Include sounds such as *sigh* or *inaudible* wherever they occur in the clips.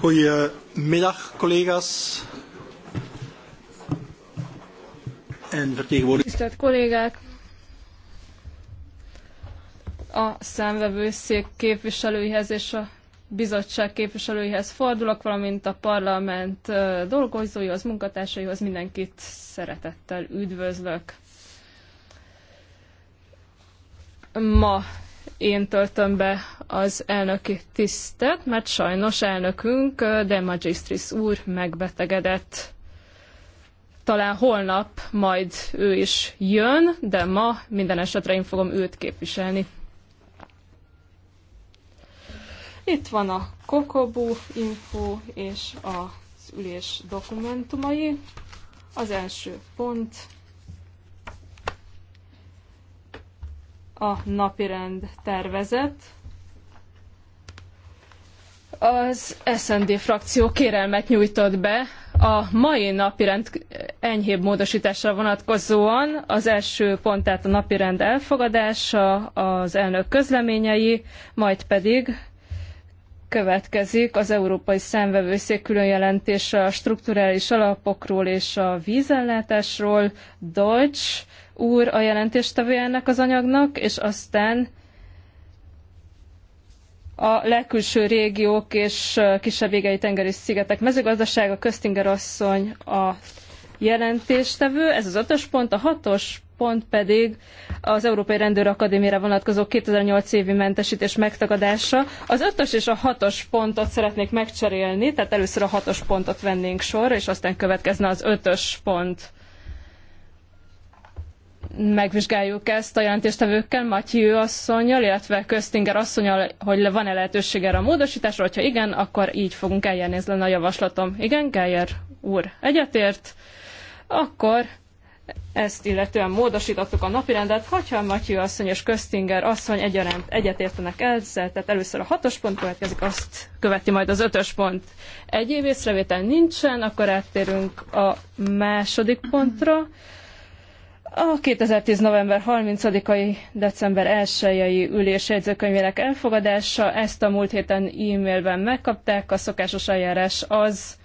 Goedemiddag, collega's. En vertegenwoordigers. Tisztelt kollégák! A számvevőszék képviselőihez és a bizottság képviselőihez fordulok, valamint a parlament dolgozóihoz, munkatársaihoz mindenkit szeretettel üdvözlök. Ma én töltöm be az elnöki tisztet, mert sajnos elnökünk, de Magistris úr megbetegedett. Talán holnap majd ő is jön, de ma minden esetre én fogom őt képviselni. Itt van a Kokobu info és az ülés dokumentumai. Az első pont a napirend tervezet. Az SND frakció kérelmet nyújtott be a mai napirend enyhébb módosításra vonatkozóan. Az első pont, tehát a napirend elfogadása, az elnök közleményei, majd pedig következik az Európai Szemvevőszék különjelentése a strukturális alapokról és a vízellátásról. Deutsch úr a jelentéstevője ennek az anyagnak, és aztán a legkülső régiók és kisebb égei tengeri szigetek mezőgazdasága, Köztinger asszony a jelentéstevő, ez az ötös pont, a hatos pont pedig az Európai Akadémiára vonatkozó 2008 évi mentesítés megtagadása. Az ötös és a hatos pontot szeretnék megcserélni, tehát először a hatos pontot vennénk sorra, és aztán következne az ötös pont megvizsgáljuk ezt a jelentéstevőkkel, Matyő asszonynal, illetve Köztinger asszonynal, hogy van-e lehetőség erre a módosításra, hogyha igen, akkor így fogunk eljárni, ez lenne a javaslatom. Igen, Geyer úr egyetért, akkor ezt illetően módosítottuk a napirendet, hogyha Matyő asszony és Köztinger asszony egyaránt egyetértenek ezzel, tehát először a hatos pont következik, azt követi majd az ötös pont. Egyéb észrevétel nincsen, akkor áttérünk a második pontra. Mm-hmm a 2010. november 30-ai december 1-i ülés jegyzőkönyvének elfogadása, ezt a múlt héten e-mailben megkapták, a szokásos eljárás az,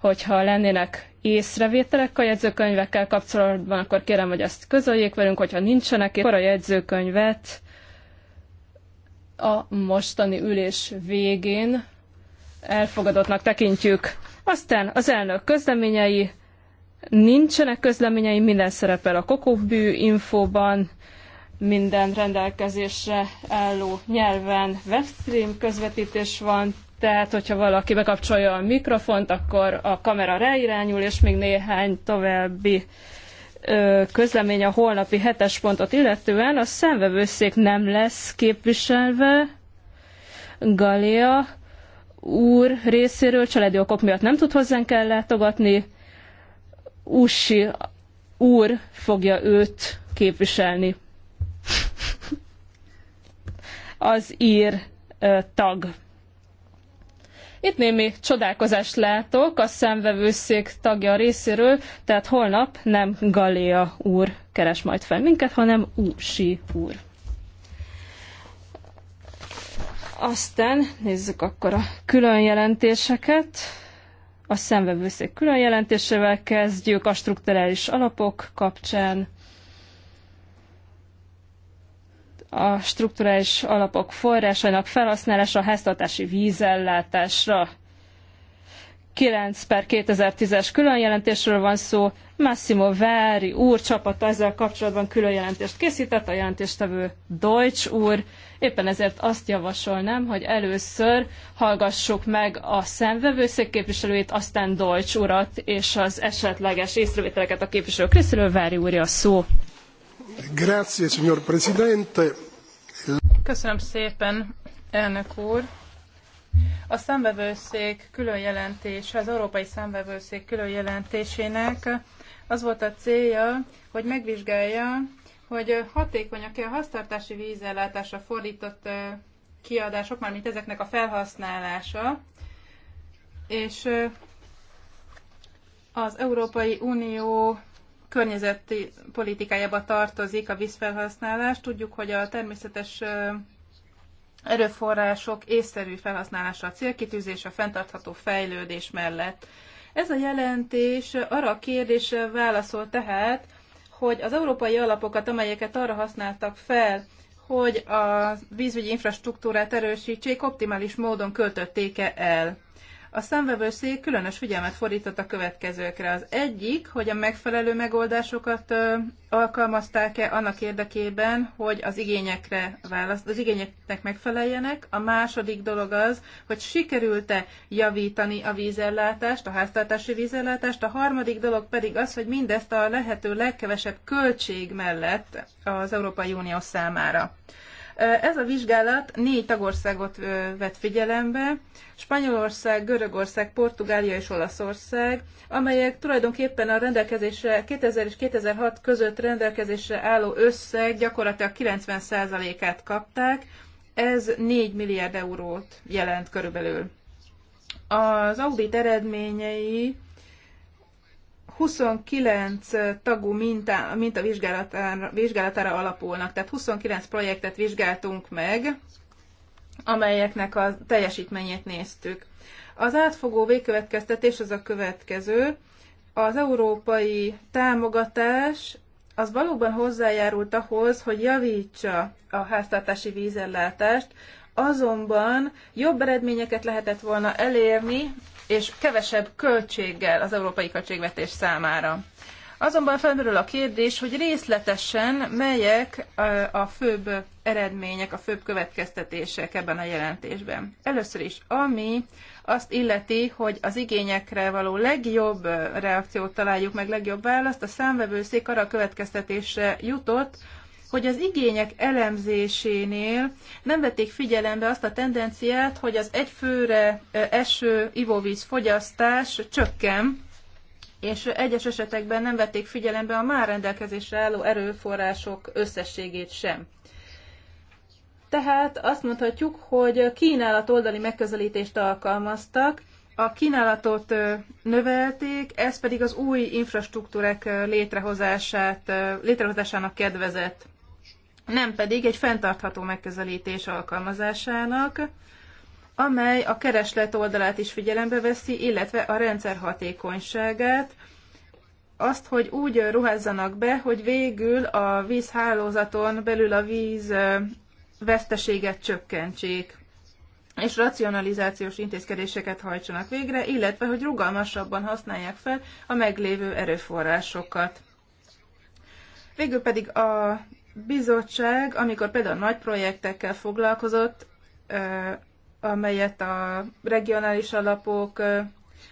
hogyha lennének észrevételek a jegyzőkönyvekkel kapcsolatban, akkor kérem, hogy ezt közöljék velünk, hogyha nincsenek, akkor a jegyzőkönyvet a mostani ülés végén elfogadottnak tekintjük. Aztán az elnök közleményei, Nincsenek közleményeim, minden szerepel a Kokóbű infóban, minden rendelkezésre álló nyelven webstream közvetítés van, tehát hogyha valaki bekapcsolja a mikrofont, akkor a kamera ráirányul, és még néhány további közlemény a holnapi hetes pontot illetően, a szemvevőszék nem lesz képviselve, Galia úr részéről családi okok miatt nem tud hozzánk ellátogatni, Ussi úr fogja őt képviselni. Az ír tag. Itt némi csodálkozást látok a szemvevőszék tagja részéről, tehát holnap nem Galéa úr keres majd fel minket, hanem Úsi úr. Aztán nézzük akkor a külön jelentéseket. A szemvevőszék külön jelentésével kezdjük a strukturális alapok kapcsán. A strukturális alapok forrásainak felhasználása a háztartási vízellátásra. 9 per 2010-es jelentésről van szó, Massimo Veri úr csapata ezzel kapcsolatban külön jelentést készített, a jelentéstevő Deutsch úr. Éppen ezért azt javasolnám, hogy először hallgassuk meg a szemvevőszék képviselőjét, aztán Deutsch urat és az esetleges észrevételeket a képviselők részéről. Veri úr a szó. Grazie, signor Presidente. Köszönöm szépen, elnök úr. A szemvevőszék külön jelentése, az Európai Szemvevőszék külön jelentésének az volt a célja, hogy megvizsgálja, hogy hatékonyak-e a háztartási vízellátásra fordított kiadások, mármint ezeknek a felhasználása, és az Európai Unió környezeti politikájába tartozik a vízfelhasználás. Tudjuk, hogy a természetes erőforrások észszerű felhasználása a célkitűzés a fenntartható fejlődés mellett. Ez a jelentés arra a kérdésre válaszol tehát, hogy az európai alapokat, amelyeket arra használtak fel, hogy a vízügyi infrastruktúrát erősítsék, optimális módon költötték-e el. A szemvevőszék különös figyelmet fordított a következőkre. Az egyik, hogy a megfelelő megoldásokat alkalmazták-e annak érdekében, hogy az igényekre választ, az igényeknek megfeleljenek. A második dolog az, hogy sikerült-e javítani a vízellátást, a háztartási vízellátást. A harmadik dolog pedig az, hogy mindezt a lehető legkevesebb költség mellett az Európai Unió számára. Ez a vizsgálat négy tagországot vett figyelembe, Spanyolország, Görögország, Portugália és Olaszország, amelyek tulajdonképpen a rendelkezésre 2000 és 2006 között rendelkezésre álló összeg gyakorlatilag 90%-át kapták, ez 4 milliárd eurót jelent körülbelül. Az audit eredményei 29 eh, tagú minta, minta vizsgálatára, vizsgálatára alapulnak. Tehát 29 projektet vizsgáltunk meg, amelyeknek a teljesítményét néztük. Az átfogó végkövetkeztetés az a következő. Az európai támogatás az valóban hozzájárult ahhoz, hogy javítsa a háztartási vízellátást, azonban jobb eredményeket lehetett volna elérni és kevesebb költséggel az európai költségvetés számára. Azonban felmerül a kérdés, hogy részletesen melyek a főbb eredmények, a főbb következtetések ebben a jelentésben. Először is, ami azt illeti, hogy az igényekre való legjobb reakciót találjuk meg, legjobb választ, a számvevőszék arra a következtetésre jutott, hogy az igények elemzésénél nem vették figyelembe azt a tendenciát, hogy az egyfőre eső ivóvíz fogyasztás csökken, és egyes esetekben nem vették figyelembe a már rendelkezésre álló erőforrások összességét sem. Tehát azt mondhatjuk, hogy kínálat oldali megközelítést alkalmaztak, a kínálatot növelték, ez pedig az új infrastruktúrek létrehozását, létrehozásának kedvezett nem pedig egy fenntartható megközelítés alkalmazásának, amely a kereslet oldalát is figyelembe veszi, illetve a rendszer hatékonyságát, azt, hogy úgy ruházzanak be, hogy végül a vízhálózaton belül a víz veszteséget csökkentsék és racionalizációs intézkedéseket hajtsanak végre, illetve hogy rugalmasabban használják fel a meglévő erőforrásokat. Végül pedig a bizottság, amikor például nagy projektekkel foglalkozott, amelyet a regionális alapok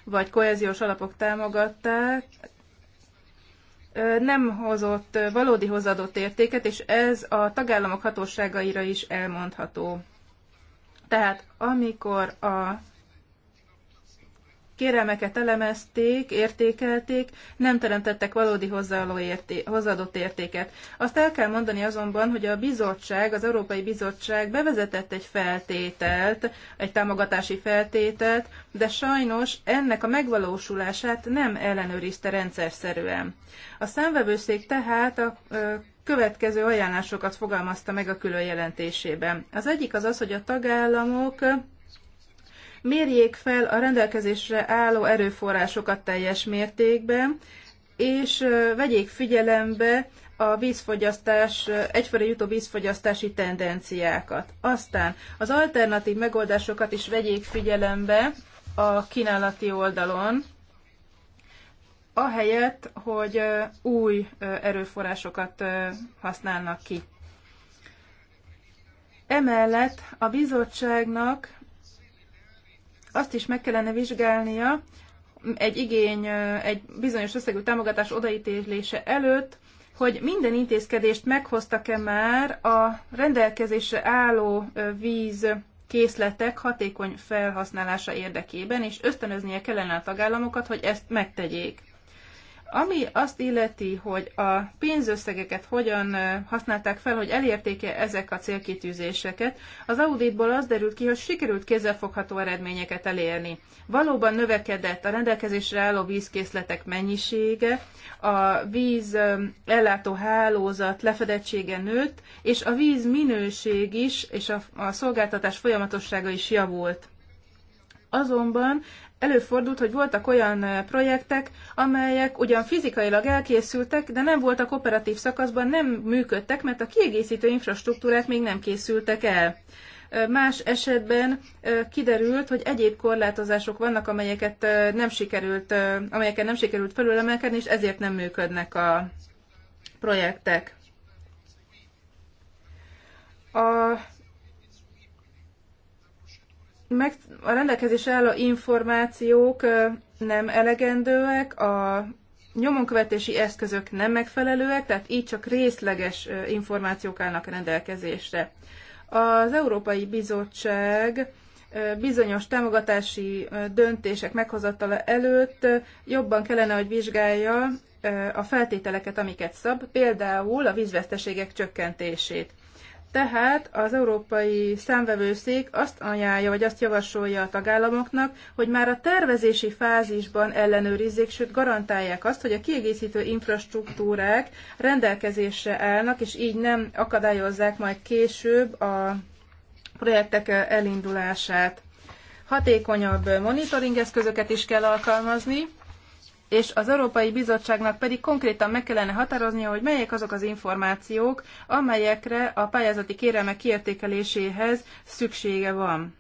vagy kohéziós alapok támogatták, nem hozott valódi hozadott értéket, és ez a tagállamok hatóságaira is elmondható. Tehát amikor a kérelmeket elemezték, értékelték, nem teremtettek valódi érté, hozzáadott értéket. Azt el kell mondani azonban, hogy a bizottság, az Európai Bizottság bevezetett egy feltételt, egy támogatási feltételt, de sajnos ennek a megvalósulását nem ellenőrizte rendszer szerűen. A számvevőszék tehát a következő ajánlásokat fogalmazta meg a külön jelentésében. Az egyik az az, hogy a tagállamok mérjék fel a rendelkezésre álló erőforrásokat teljes mértékben, és vegyék figyelembe a vízfogyasztás, egyfelé jutó vízfogyasztási tendenciákat. Aztán az alternatív megoldásokat is vegyék figyelembe a kínálati oldalon, ahelyett, hogy új erőforrásokat használnak ki. Emellett a bizottságnak azt is meg kellene vizsgálnia egy igény, egy bizonyos összegű támogatás odaítélése előtt, hogy minden intézkedést meghoztak-e már a rendelkezésre álló víz készletek hatékony felhasználása érdekében, és ösztönöznie kellene a tagállamokat, hogy ezt megtegyék. Ami azt illeti, hogy a pénzösszegeket hogyan használták fel, hogy elérték-e ezek a célkitűzéseket, az auditból az derült ki, hogy sikerült kézzelfogható eredményeket elérni. Valóban növekedett a rendelkezésre álló vízkészletek mennyisége, a víz ellátó hálózat lefedettsége nőtt, és a víz minőség is, és a, a szolgáltatás folyamatossága is javult. Azonban előfordult, hogy voltak olyan projektek, amelyek ugyan fizikailag elkészültek, de nem voltak operatív szakaszban, nem működtek, mert a kiegészítő infrastruktúrát még nem készültek el. Más esetben kiderült, hogy egyéb korlátozások vannak, amelyeket nem sikerült, amelyeket nem sikerült felülemelkedni, és ezért nem működnek a projektek. A meg, a rendelkezés álló információk nem elegendőek, a nyomonkövetési eszközök nem megfelelőek, tehát így csak részleges információk állnak rendelkezésre. Az Európai Bizottság bizonyos támogatási döntések meghozatala előtt jobban kellene, hogy vizsgálja a feltételeket, amiket szab, például a vízveszteségek csökkentését. Tehát az Európai Számvevőszék azt ajánlja, vagy azt javasolja a tagállamoknak, hogy már a tervezési fázisban ellenőrizzék, sőt garantálják azt, hogy a kiegészítő infrastruktúrák rendelkezésre állnak, és így nem akadályozzák majd később a projektek elindulását. Hatékonyabb monitoring eszközöket is kell alkalmazni, és az Európai Bizottságnak pedig konkrétan meg kellene határoznia, hogy melyek azok az információk, amelyekre a pályázati kérelmek kiértékeléséhez szüksége van.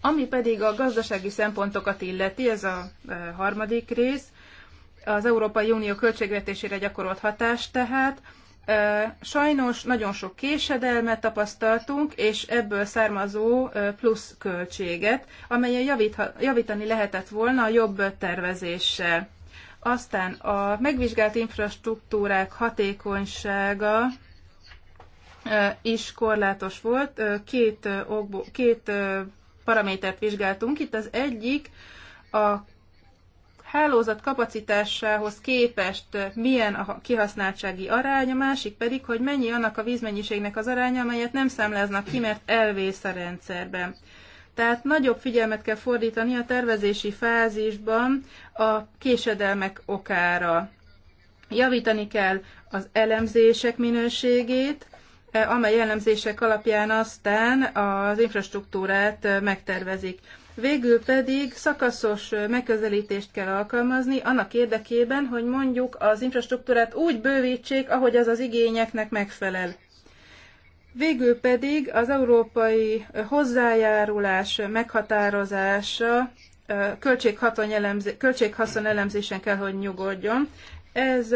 Ami pedig a gazdasági szempontokat illeti, ez a e, harmadik rész, az Európai Unió költségvetésére gyakorolt hatás tehát, Sajnos nagyon sok késedelmet tapasztaltunk, és ebből származó plusz költséget, amelyen javítani lehetett volna a jobb tervezéssel. Aztán a megvizsgált infrastruktúrák hatékonysága is korlátos volt. Két, okból, két paramétert vizsgáltunk. Itt az egyik a hálózat kapacitásához képest milyen a kihasználtsági arány, a másik pedig, hogy mennyi annak a vízmennyiségnek az aránya, amelyet nem számláznak ki, mert elvész a rendszerben. Tehát nagyobb figyelmet kell fordítani a tervezési fázisban a késedelmek okára. Javítani kell az elemzések minőségét, eh, amely elemzések alapján aztán az infrastruktúrát eh, megtervezik. Végül pedig szakaszos megközelítést kell alkalmazni annak érdekében, hogy mondjuk az infrastruktúrát úgy bővítsék, ahogy az az igényeknek megfelel. Végül pedig az európai hozzájárulás meghatározása költséghaszon elemzésen kell, hogy nyugodjon. Ez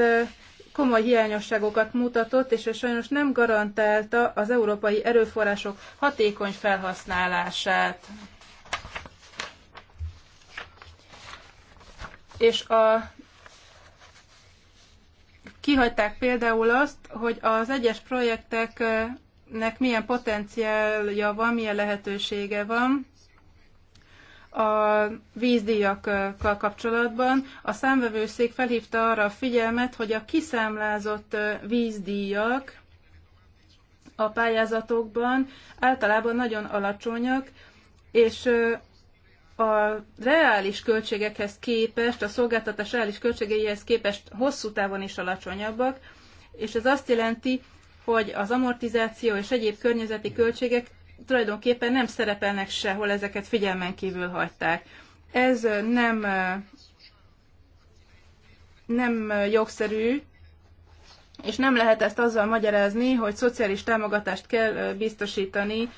komoly hiányosságokat mutatott, és sajnos nem garantálta az európai erőforrások hatékony felhasználását. és a kihagyták például azt, hogy az egyes projekteknek milyen potenciálja van, milyen lehetősége van, a vízdíjakkal kapcsolatban. A számvevőszék felhívta arra a figyelmet, hogy a kiszámlázott vízdíjak a pályázatokban általában nagyon alacsonyak, és a reális költségekhez képest, a szolgáltatás reális költségeihez képest hosszú távon is alacsonyabbak, és ez azt jelenti, hogy az amortizáció és egyéb környezeti költségek tulajdonképpen nem szerepelnek sehol, ezeket figyelmen kívül hagyták. Ez nem, nem jogszerű, és nem lehet ezt azzal magyarázni, hogy szociális támogatást kell biztosítani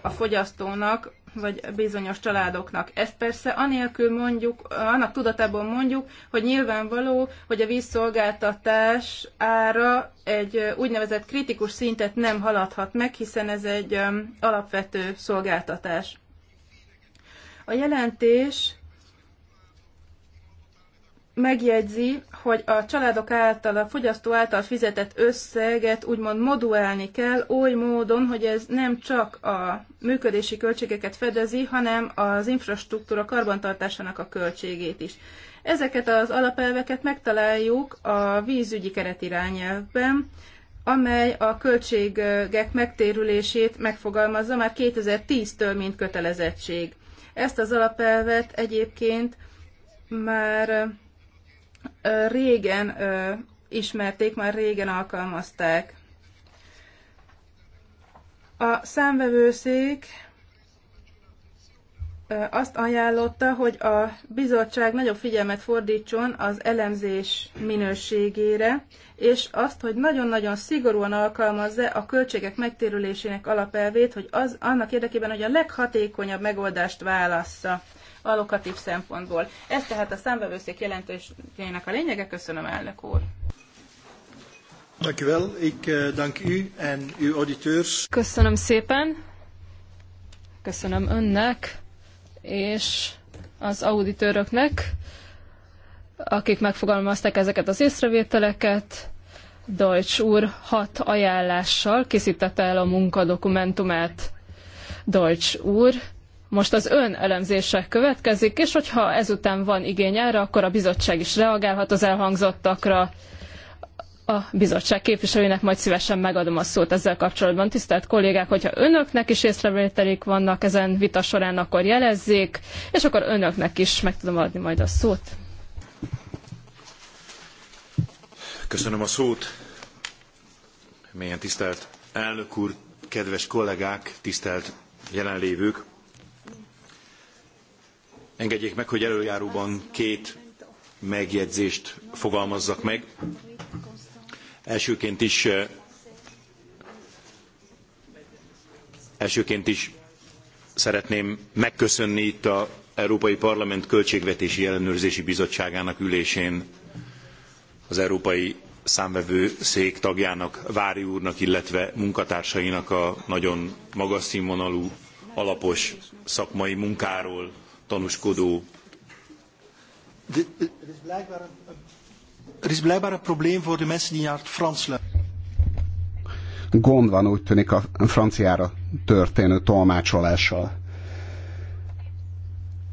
a fogyasztónak vagy bizonyos családoknak. Ezt persze anélkül mondjuk, annak tudatában mondjuk, hogy nyilvánvaló, hogy a vízszolgáltatás ára egy úgynevezett kritikus szintet nem haladhat meg, hiszen ez egy alapvető szolgáltatás. A jelentés megjegyzi, hogy a családok által, a fogyasztó által fizetett összeget úgymond modulálni kell, oly módon, hogy ez nem csak a működési költségeket fedezi, hanem az infrastruktúra karbantartásának a költségét is. Ezeket az alapelveket megtaláljuk a vízügyi keretirányelvben, amely a költségek megtérülését megfogalmazza már 2010-től, mint kötelezettség. Ezt az alapelvet egyébként már régen ismerték, már régen alkalmazták. A számvevőszék azt ajánlotta, hogy a bizottság nagyobb figyelmet fordítson az elemzés minőségére, és azt, hogy nagyon-nagyon szigorúan alkalmazza a költségek megtérülésének alapelvét, hogy az annak érdekében, hogy a leghatékonyabb megoldást válassza allokatív szempontból. Ez tehát a számbevőszék jelentésének a lényege. Köszönöm, elnök úr! Eh, Köszönöm szépen. Köszönöm önnek és az auditőröknek, akik megfogalmazták ezeket az észrevételeket. Deutsch úr hat ajánlással készítette el a munkadokumentumát. Deutsch úr most az ön elemzése következik, és hogyha ezután van igény erre, akkor a bizottság is reagálhat az elhangzottakra. A bizottság képviselőinek majd szívesen megadom a szót ezzel kapcsolatban. Tisztelt kollégák, hogyha önöknek is észrevételik vannak ezen vita során, akkor jelezzék, és akkor önöknek is meg tudom adni majd a szót. Köszönöm a szót. Mélyen tisztelt elnök úr, kedves kollégák, tisztelt jelenlévők! Engedjék meg, hogy előjáróban két megjegyzést fogalmazzak meg. Elsőként is, eh, elsőként is szeretném megköszönni itt a Európai Parlament Költségvetési Ellenőrzési Bizottságának ülésén az Európai Számvevőszék tagjának, Vári úrnak, illetve munkatársainak a nagyon magas színvonalú, alapos szakmai munkáról, tanúskodó. er, is blijkbaar een, probleem voor de mensen die naar het Frans Gond van úgy tűnik a franciára történő tolmácsolással.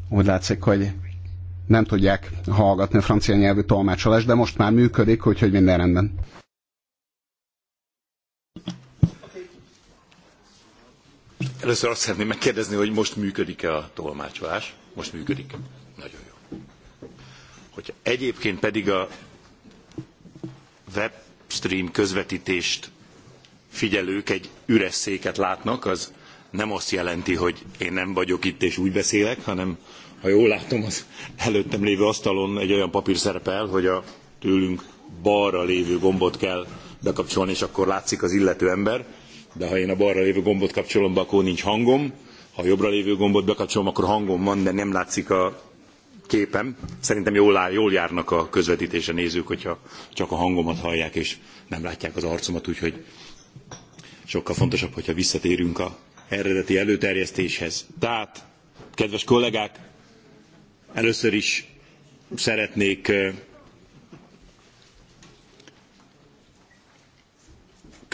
Úgy látszik, hogy nem tudják hallgatni a francia nyelvű tolmácsolást, de most már működik, úgyhogy minden rendben. Először azt szeretném megkérdezni, hogy most működik-e a tolmácsolás. Most működik. Nagyon jó. Hogyha egyébként pedig a webstream közvetítést figyelők egy üres széket látnak, az nem azt jelenti, hogy én nem vagyok itt és úgy beszélek, hanem ha jól látom, az előttem lévő asztalon egy olyan papír szerepel, hogy a tőlünk balra lévő gombot kell bekapcsolni, és akkor látszik az illető ember de ha én a balra lévő gombot kapcsolom be, akkor nincs hangom. Ha a jobbra lévő gombot bekapcsolom, akkor hangom van, de nem látszik a képem. Szerintem jól, áll, jól járnak a közvetítése nézők, hogyha csak a hangomat hallják, és nem látják az arcomat, úgyhogy sokkal fontosabb, hogyha visszatérünk a eredeti előterjesztéshez. Tehát, kedves kollégák, először is szeretnék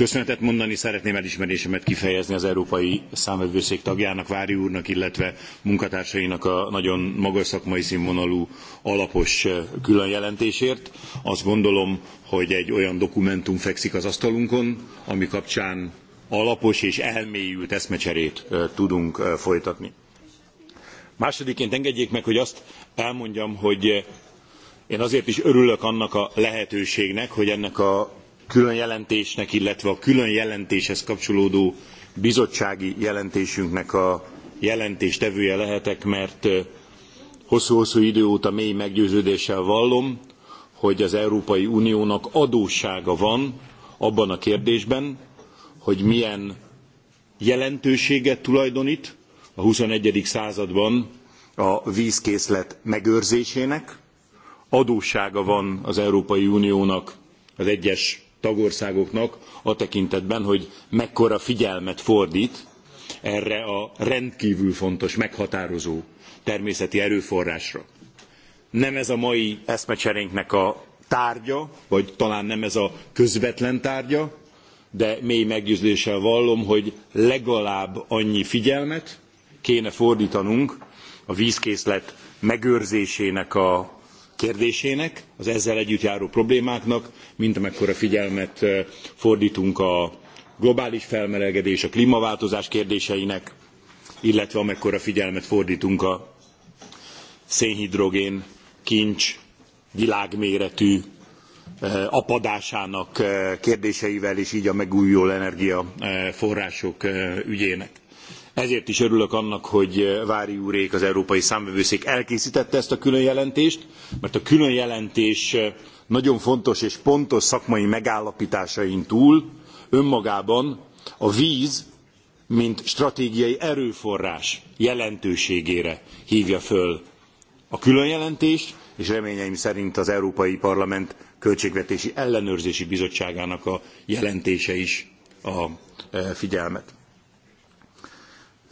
Köszönetet mondani szeretném elismerésemet kifejezni az Európai Számvevőszék tagjának, Vári úrnak, illetve munkatársainak a nagyon magas szakmai színvonalú alapos különjelentésért. Azt gondolom, hogy egy olyan dokumentum fekszik az asztalunkon, ami kapcsán alapos és elmélyült eszmecserét tudunk folytatni. Másodiként engedjék meg, hogy azt elmondjam, hogy én azért is örülök annak a lehetőségnek, hogy ennek a külön jelentésnek, illetve a külön jelentéshez kapcsolódó bizottsági jelentésünknek a jelentéstevője lehetek, mert hosszú-hosszú idő óta mély meggyőződéssel vallom, hogy az Európai Uniónak adóssága van abban a kérdésben, hogy milyen jelentőséget tulajdonít a 21. században a vízkészlet megőrzésének, adóssága van az Európai Uniónak az egyes tagországoknak a tekintetben, hogy mekkora figyelmet fordít erre a rendkívül fontos, meghatározó természeti erőforrásra. Nem ez a mai eszmecserénknek a tárgya, vagy talán nem ez a közvetlen tárgya, de mély meggyőződéssel vallom, hogy legalább annyi figyelmet kéne fordítanunk a vízkészlet megőrzésének a kérdésének, az ezzel együtt járó problémáknak, mint amekkora figyelmet fordítunk a globális felmelegedés, a klímaváltozás kérdéseinek, illetve amekkora figyelmet fordítunk a szénhidrogén kincs világméretű apadásának kérdéseivel és így a megújuló energiaforrások ügyének. Ezért is örülök annak, hogy eh, Vári úrék az Európai Számvevőszék elkészítette ezt a külön jelentést, mert a külön jelentés eh, nagyon fontos és pontos szakmai megállapításain túl önmagában a víz, mint stratégiai erőforrás jelentőségére hívja föl a külön jelentést, és reményeim szerint az Európai Parlament Költségvetési Ellenőrzési Bizottságának a jelentése is a eh, figyelmet.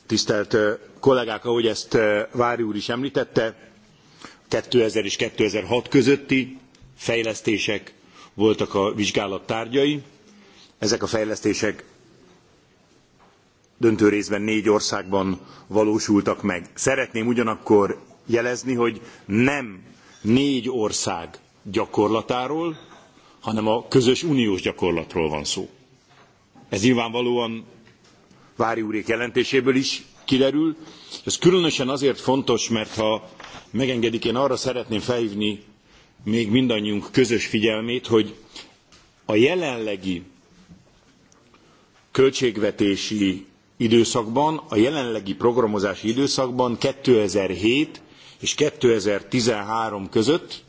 Tisztelt kollégák, ahogy ezt Vári úr is említette, 2000 és 2006 közötti fejlesztések voltak a vizsgálat tárgyai. Ezek a fejlesztések döntő részben négy országban valósultak meg. Szeretném ugyanakkor jelezni, hogy nem négy ország gyakorlatáról, hanem a közös uniós gyakorlatról van szó. Ez nyilvánvalóan Vári úrék jelentéséből is kiderül. Ez különösen azért fontos, mert ha megengedik, én arra szeretném felhívni még mindannyiunk közös figyelmét, hogy a jelenlegi költségvetési időszakban, a jelenlegi programozási időszakban 2007 és 2013 között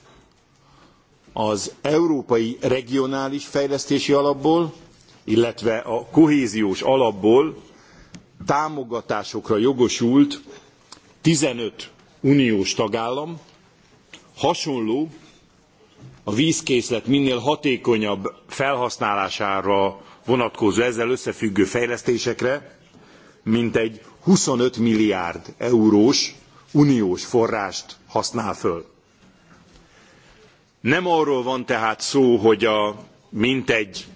az Európai Regionális Fejlesztési Alapból, illetve a kohéziós alapból támogatásokra jogosult 15 uniós tagállam hasonló a vízkészlet minél hatékonyabb felhasználására vonatkozó ezzel összefüggő fejlesztésekre mintegy 25 milliárd eurós uniós forrást használ föl. Nem arról van tehát szó, hogy a mintegy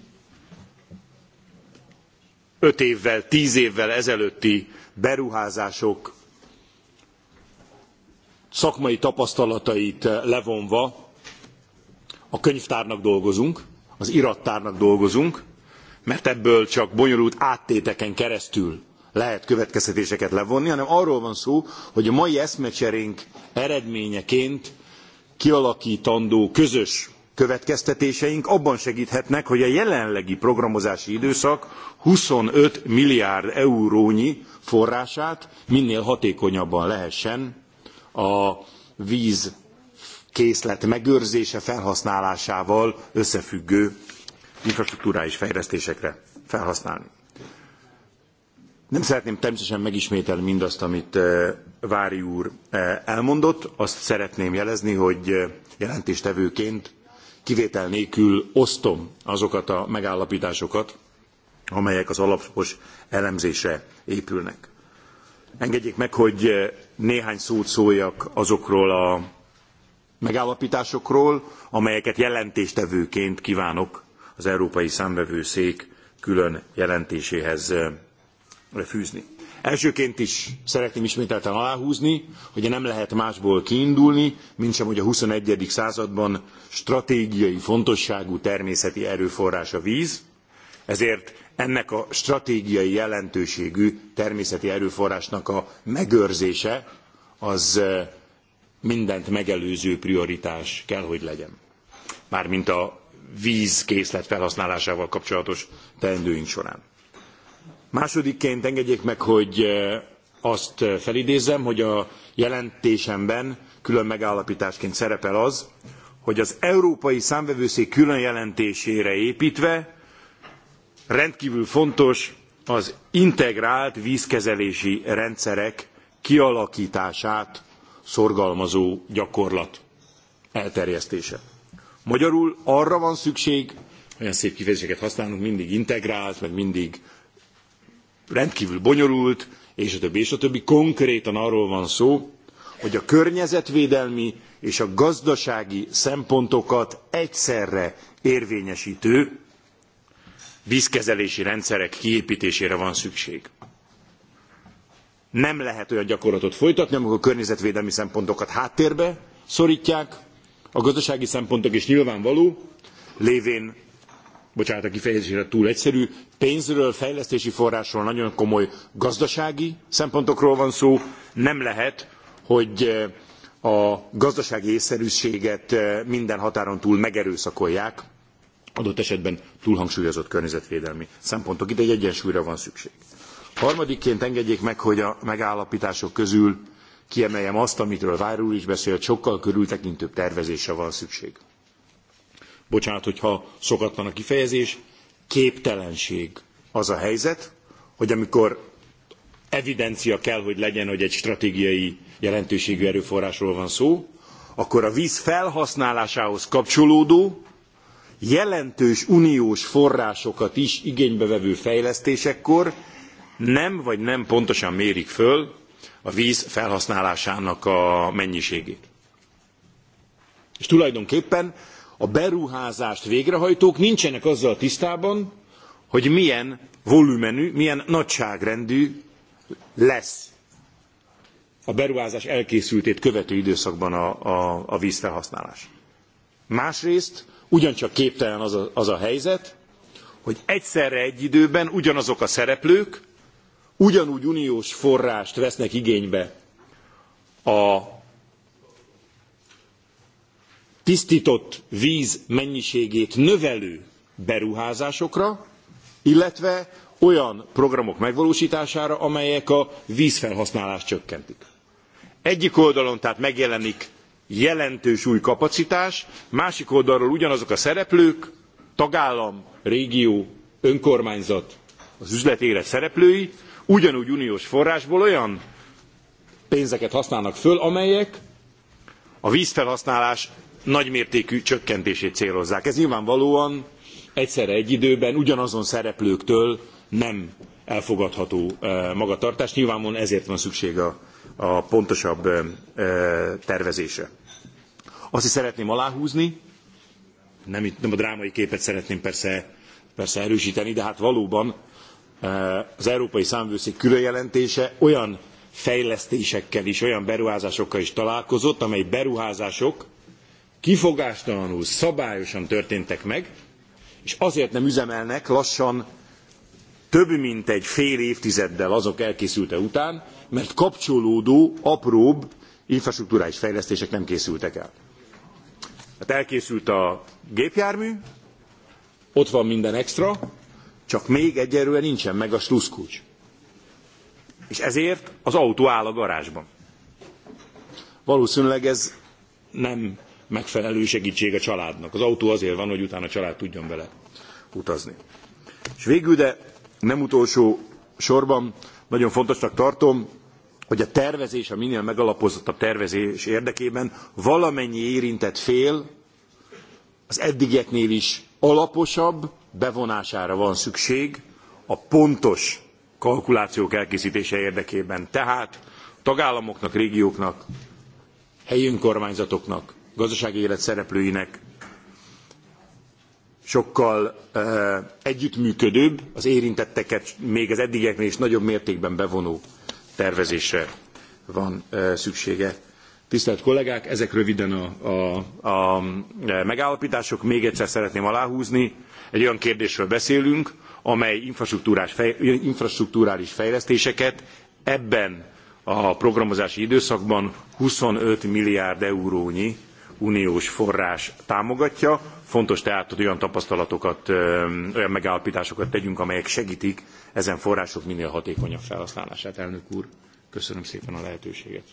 öt évvel tz évvel ezelőtti beruházások szakmai tapasztalatait levonva a könyvtárnak dolgozunk az irattárnak dolgozunk mert ebből csak bonyolult áttéteken keresztül lehet következtetéseket levonni hanem arról van szó hogy a mai eszmecserénk eredményeként kialaktandó közös következtetéseink abban segthetnek hogy a jelenlegi programozási időszak twenty five milliárd eurónyi forrását minél hatékonyabban lehessen a vzkészlet megőrzése felhasználásával összefüggő infrastrukturális fejlesztésekre felhasználni. Nem szeretném természetesen megismételni mindazt, amit eh, Vári úr eh, elmondott. Azt szeretném jelezni, hogy eh, jelentéstevőként kivétel nélkül osztom azokat a megállapításokat, amelyek az alapos elemzésre épülnek. Engedjék meg, hogy néhány szót szóljak azokról a megállapításokról, amelyeket jelentéstevőként kívánok az Európai Számvevőszék külön jelentéséhez fűzni. Elsőként is szeretném ismételten aláhúzni, hogy nem lehet másból kiindulni, mintsem, hogy a 21. században stratégiai fontosságú természeti erőforrás a víz, ezért ennek a stratégiai jelentőségű természeti erőforrásnak a megőrzése az eh, mindent megelőző prioritás kell, hogy legyen. Mármint a vízkészlet felhasználásával kapcsolatos teendőink során másodikként engedjék meg hogy eh, azt eh, felidézzem hogy a jelentésemben külön megállaptásként szerepel az hogy az európai számvevőszék külön jelentésére éptve rendkvül fontos az integrált vzkezelési rendszerek kialaktását szorgalmazó gyakorlat elterjesztése. magyarul arra van szükség olyan szép kifejezéseket használunk mindig integrált meg mindig rendkívül bonyolult, és a többi, és a többi. Konkrétan arról van szó, hogy a környezetvédelmi és a gazdasági szempontokat egyszerre érvényesítő vízkezelési rendszerek kiépítésére van szükség. Nem lehet olyan gyakorlatot folytatni, amikor a környezetvédelmi szempontokat háttérbe szorítják, a gazdasági szempontok is nyilvánvaló, lévén bocsánat a kifejezésre túl egyszerű, pénzről, fejlesztési forrásról, nagyon komoly gazdasági szempontokról van szó, nem lehet, hogy eh, a gazdasági észszerűséget eh, minden határon túl megerőszakolják, adott esetben túlhangsúlyozott környezetvédelmi szempontok. Itt egy egyensúlyra van szükség. Harmadikként engedjék meg, hogy a megállapítások közül kiemeljem azt, amiről Vár úr is beszélt, sokkal körültekintőbb tervezésre van szükség bocsánat, hogyha szokatlan a kifejezés, képtelenség az a helyzet, hogy amikor evidencia kell, hogy legyen, hogy egy stratégiai jelentőségű erőforrásról van szó, akkor a víz felhasználásához kapcsolódó, jelentős uniós forrásokat is igénybe vevő fejlesztésekkor nem vagy nem pontosan mérik föl a víz felhasználásának a mennyiségét. És tulajdonképpen a beruházást végrehajtók nincsenek azzal tisztában, hogy milyen volumenű, milyen nagyságrendű lesz a beruházás elkészültét követő időszakban a, a, a vízfelhasználás. Másrészt ugyancsak képtelen az a, az a helyzet, hogy egyszerre egy időben ugyanazok a szereplők ugyanúgy uniós forrást vesznek igénybe a tisztított víz mennyiségét növelő beruházásokra, illetve olyan programok megvalósítására, amelyek a vízfelhasználást csökkentik. Egyik oldalon tehát megjelenik jelentős új kapacitás, másik oldalról ugyanazok a szereplők, tagállam, régió, önkormányzat, az üzletére szereplői ugyanúgy uniós forrásból olyan pénzeket használnak föl, amelyek a vízfelhasználás nagymértékű csökkentését célozzák. Ez nyilvánvalóan egyszerre egy időben ugyanazon szereplőktől nem elfogadható eh, magatartás. Nyilvánvalóan ezért van szükség a, a pontosabb eh, tervezésre. Azt is szeretném aláhúzni, nem, nem a drámai képet szeretném persze, persze erősíteni, de hát valóban eh, az Európai Számvőszék különjelentése olyan fejlesztésekkel is, olyan beruházásokkal is találkozott, amely beruházások kifogástalanul, szabályosan történtek meg, és azért nem üzemelnek lassan több mint egy fél évtizeddel azok elkészülte után, mert kapcsolódó, apróbb infrastruktúrális fejlesztések nem készültek el. Hát elkészült a gépjármű, ott van minden extra, csak még egyelőre nincsen meg a sluszkulcs. És ezért az autó áll a garázsban. Valószínűleg ez nem megfelelő segítség a családnak. Az autó azért van, hogy utána a család tudjon vele utazni. És végül, de nem utolsó sorban nagyon fontosnak tartom, hogy a tervezés, a minél megalapozottabb tervezés érdekében valamennyi érintett fél az eddigieknél is alaposabb bevonására van szükség a pontos kalkulációk elkészítése érdekében. Tehát tagállamoknak, régióknak, helyi önkormányzatoknak, gazdasági élet szereplőinek sokkal együttműködőbb, az érintetteket még az eddigieknél is nagyobb mértékben bevonó tervezésre van szüksége. Tisztelt kollégák, ezek röviden a, a, a e, megállapítások. Még egyszer szeretném aláhúzni, egy olyan kérdésről beszélünk, amely infrastrukturális infrastruktúrális fejlesztéseket ebben a programozási időszakban 25 milliárd eurónyi uniós forrás támogatja. Fontos tehát, hogy olyan tapasztalatokat, olyan megállapításokat tegyünk, amelyek segítik ezen források minél hatékonyabb felhasználását. Elnök úr, köszönöm szépen a lehetőséget.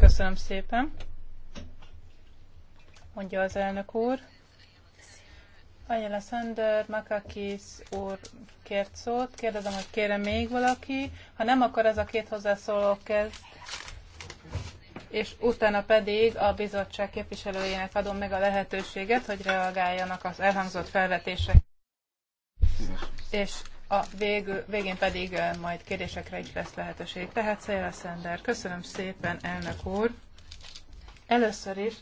Köszönöm szépen, mondja az elnök úr. Ajala Sander, Makakis úr kért szót. Kérdezem, hogy kérem még valaki. Ha nem, akkor ez a két hozzászóló kezd. És utána pedig a bizottság képviselőjének adom meg a lehetőséget, hogy reagáljanak az elhangzott felvetések. És a vég, végén pedig majd kérdésekre is lesz lehetőség. Tehát Szajla Szender, köszönöm szépen, elnök úr. Először is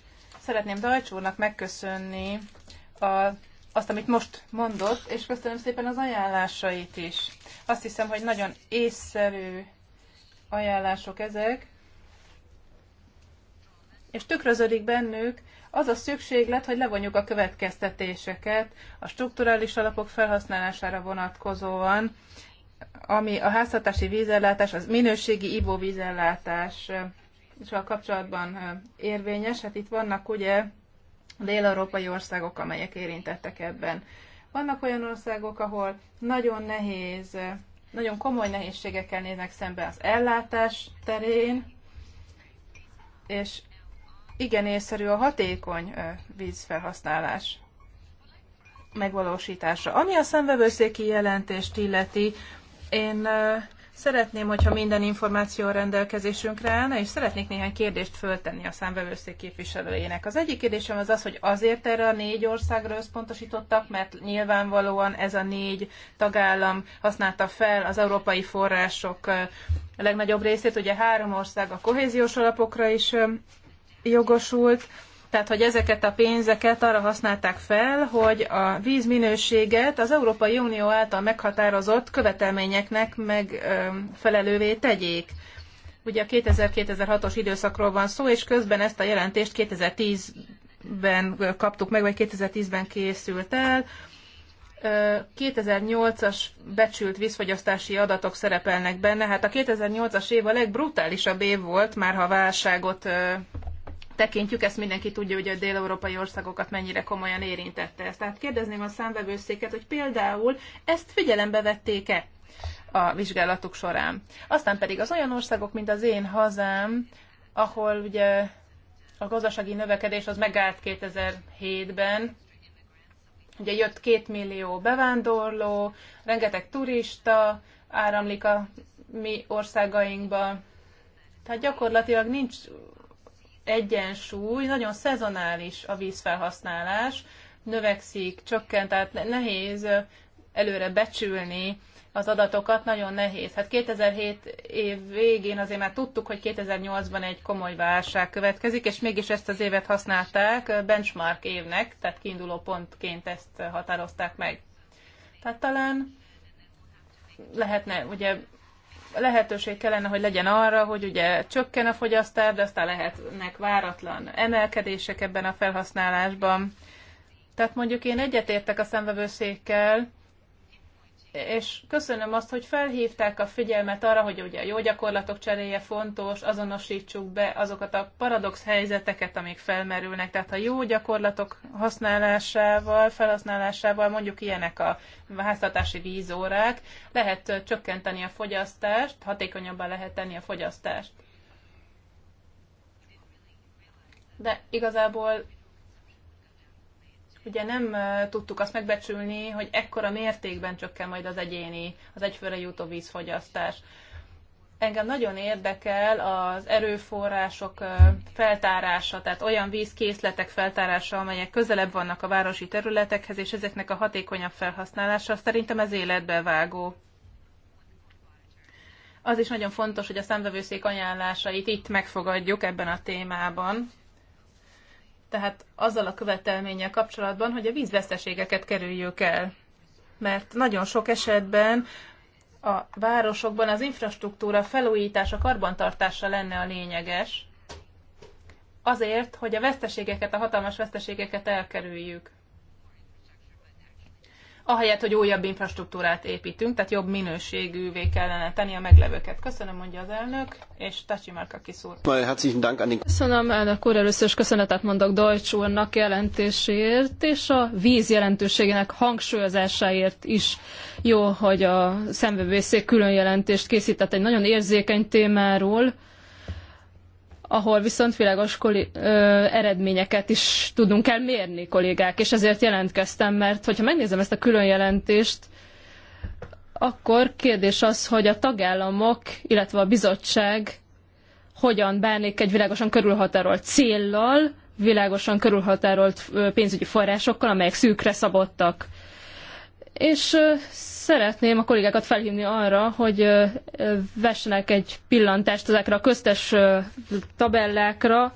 szeretném Dajcsúrnak megköszönni a azt, amit most mondott, és köszönöm szépen az ajánlásait is. Azt hiszem, hogy nagyon észszerű ajánlások ezek, és tükröződik bennük az a szükséglet, hogy levonjuk a következtetéseket a strukturális alapok felhasználására vonatkozóan, ami a háztartási vízellátás, az minőségi ivóvízellátás és a kapcsolatban érvényes. Hát itt vannak ugye dél-európai országok, amelyek érintettek ebben. Vannak olyan országok, ahol nagyon nehéz, nagyon komoly nehézségekkel néznek szembe az ellátás terén, és igen észszerű a hatékony vízfelhasználás megvalósítása. Ami a szemvevőszéki jelentést illeti, én Szeretném, hogyha minden információ rendelkezésünkre állna, és szeretnék néhány kérdést föltenni a számvevőszék képviselőjének. Az egyik kérdésem az az, hogy azért erre a négy országra összpontosítottak, mert nyilvánvalóan ez a négy tagállam használta fel az európai források legnagyobb részét. Ugye három ország a kohéziós alapokra is jogosult, tehát, hogy ezeket a pénzeket arra használták fel, hogy a vízminőséget az Európai Unió által meghatározott követelményeknek megfelelővé tegyék. Ugye a 2000-2006-os időszakról van szó, és közben ezt a jelentést 2010-ben kaptuk meg, vagy 2010-ben készült el. 2008-as becsült vízfogyasztási adatok szerepelnek benne. Hát a 2008-as év a legbrutálisabb év volt, már ha válságot tekintjük, ezt mindenki tudja, hogy a dél-európai országokat mennyire komolyan érintette ezt. Tehát kérdezném a számvevőszéket, hogy például ezt figyelembe vették-e a vizsgálatuk során. Aztán pedig az olyan országok, mint az én hazám, ahol ugye a gazdasági növekedés az megállt 2007-ben, ugye jött két millió bevándorló, rengeteg turista áramlik a mi országainkba, tehát gyakorlatilag nincs egyensúly, nagyon szezonális a vízfelhasználás, növekszik, csökken, tehát nehéz előre becsülni az adatokat, nagyon nehéz. Hát 2007 év végén azért már tudtuk, hogy 2008-ban egy komoly válság következik, és mégis ezt az évet használták benchmark évnek, tehát kiinduló pontként ezt határozták meg. Tehát talán lehetne ugye lehetőség kellene, hogy legyen arra, hogy ugye csökken a fogyasztás, de aztán lehetnek váratlan emelkedések ebben a felhasználásban. Tehát mondjuk én egyetértek a szemvevőszékkel, és köszönöm azt, hogy felhívták a figyelmet arra, hogy ugye a jó gyakorlatok cseréje fontos, azonosítsuk be azokat a paradox helyzeteket, amik felmerülnek. Tehát a jó gyakorlatok használásával, felhasználásával mondjuk ilyenek a háztartási vízórák, lehet csökkenteni a fogyasztást, hatékonyabban lehet tenni a fogyasztást. De igazából ugye nem tudtuk azt megbecsülni, hogy ekkora mértékben csökken majd az egyéni, az egyfőre jutó vízfogyasztás. Engem nagyon érdekel az erőforrások feltárása, tehát olyan vízkészletek feltárása, amelyek közelebb vannak a városi területekhez, és ezeknek a hatékonyabb felhasználása szerintem ez életbe vágó. Az is nagyon fontos, hogy a számvevőszék ajánlásait itt megfogadjuk ebben a témában tehát azzal a követelménnyel kapcsolatban, hogy a vízveszteségeket kerüljük el. Mert nagyon sok esetben a városokban az infrastruktúra felújítása, karbantartása lenne a lényeges, azért, hogy a veszteségeket, a hatalmas veszteségeket elkerüljük ahelyett, hogy újabb infrastruktúrát építünk, tehát jobb minőségűvé kellene tenni a meglevőket. Köszönöm, mondja az elnök, és Tachi Márka kiszúr. Köszönöm, elnök úr, először is köszönetet mondok Deutsch úrnak jelentéséért, és a víz jelentőségének hangsúlyozásáért is jó, hogy a szemvevőszék külön jelentést készített egy nagyon érzékeny témáról, ahol viszont világos ö, eredményeket is tudunk kell mérni, kollégák, és ezért jelentkeztem, mert hogyha megnézem ezt a külön jelentést, akkor kérdés az, hogy a tagállamok, illetve a bizottság hogyan bánik egy világosan körülhatárolt céllal, világosan körülhatárolt pénzügyi forrásokkal, amelyek szűkre szabottak és szeretném a kollégákat felhívni arra, hogy vessenek egy pillantást ezekre a köztes tabellákra.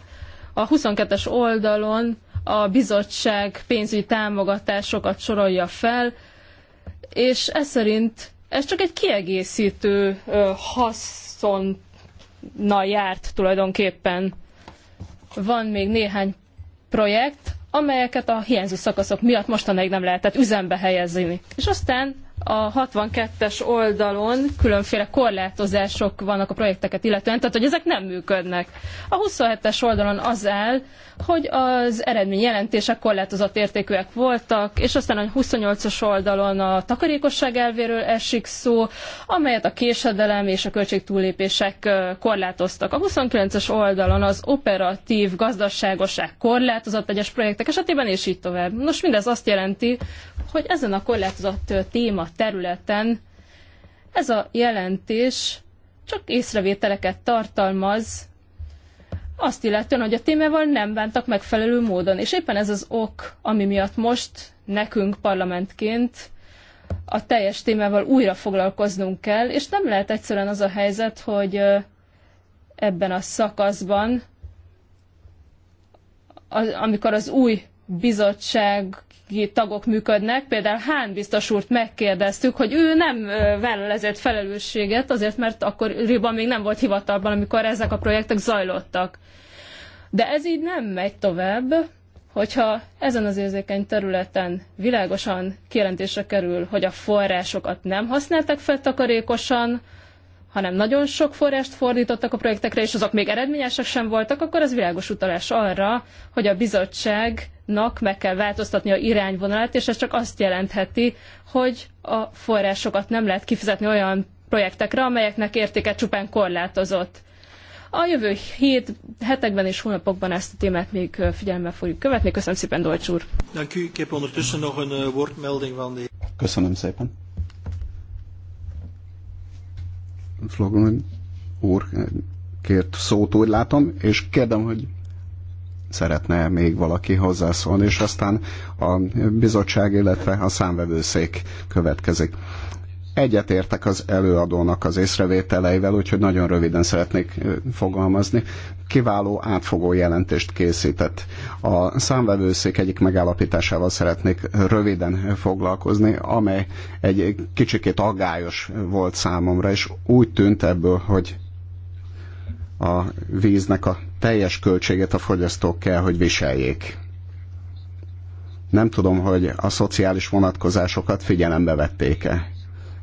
A 22-es oldalon a bizottság pénzügyi támogatásokat sorolja fel, és ez szerint ez csak egy kiegészítő haszonnal járt tulajdonképpen. Van még néhány projekt, amelyeket a hiányzó szakaszok miatt mostanáig nem lehetett üzembe helyezni. És aztán a 62-es oldalon különféle korlátozások vannak a projekteket illetően, tehát hogy ezek nem működnek. A 27-es oldalon az áll, hogy az eredményjelentések korlátozott értékűek voltak, és aztán a 28-as oldalon a takarékosság elvéről esik szó, amelyet a késedelem és a költségtúlépések korlátoztak. A 29-es oldalon az operatív gazdaságosság korlátozott egyes projektek esetében, és így tovább. Nos, mindez azt jelenti, hogy ezen a korlátozott téma területen. Ez a jelentés csak észrevételeket tartalmaz, azt illetően, hogy a témával nem bántak megfelelő módon. És éppen ez az ok, ami miatt most nekünk parlamentként a teljes témával újra foglalkoznunk kell, és nem lehet egyszerűen az a helyzet, hogy ebben a szakaszban, amikor az új bizottság bizottsági tagok működnek. Például Hán biztos úrt megkérdeztük, hogy ő nem vállal ezért felelősséget, azért mert akkoriban még nem volt hivatalban, amikor ezek a projektek zajlottak. De ez így nem megy tovább, hogyha ezen az érzékeny területen világosan kijelentésre kerül, hogy a forrásokat nem használták fel takarékosan, hanem nagyon sok forrást fordítottak a projektekre, és azok még eredményesek sem voltak, akkor az világos utalás arra, hogy a bizottságnak meg kell változtatni a irányvonalát, és ez csak azt jelentheti, hogy a forrásokat nem lehet kifizetni olyan projektekre, amelyeknek értéke csupán korlátozott. A jövő hét, hetekben és hónapokban ezt a témát még figyelemmel fogjuk követni. Köszönöm szépen, Dolcs úr! Eh, Köszönöm szépen! Flogon úr kért szót, úgy látom, és kérdem, hogy szeretne még valaki hozzászólni, és aztán a bizottság, illetve a számvevőszék következik. Egyetértek az előadónak az észrevételeivel, úgyhogy nagyon röviden szeretnék fogalmazni. Kiváló átfogó jelentést készített. A számvevőszék egyik megállapításával szeretnék röviden foglalkozni, amely egy kicsikét aggályos volt számomra, és úgy tűnt ebből, hogy a víznek a teljes költséget a fogyasztók kell, hogy viseljék. Nem tudom, hogy a szociális vonatkozásokat figyelembe vették-e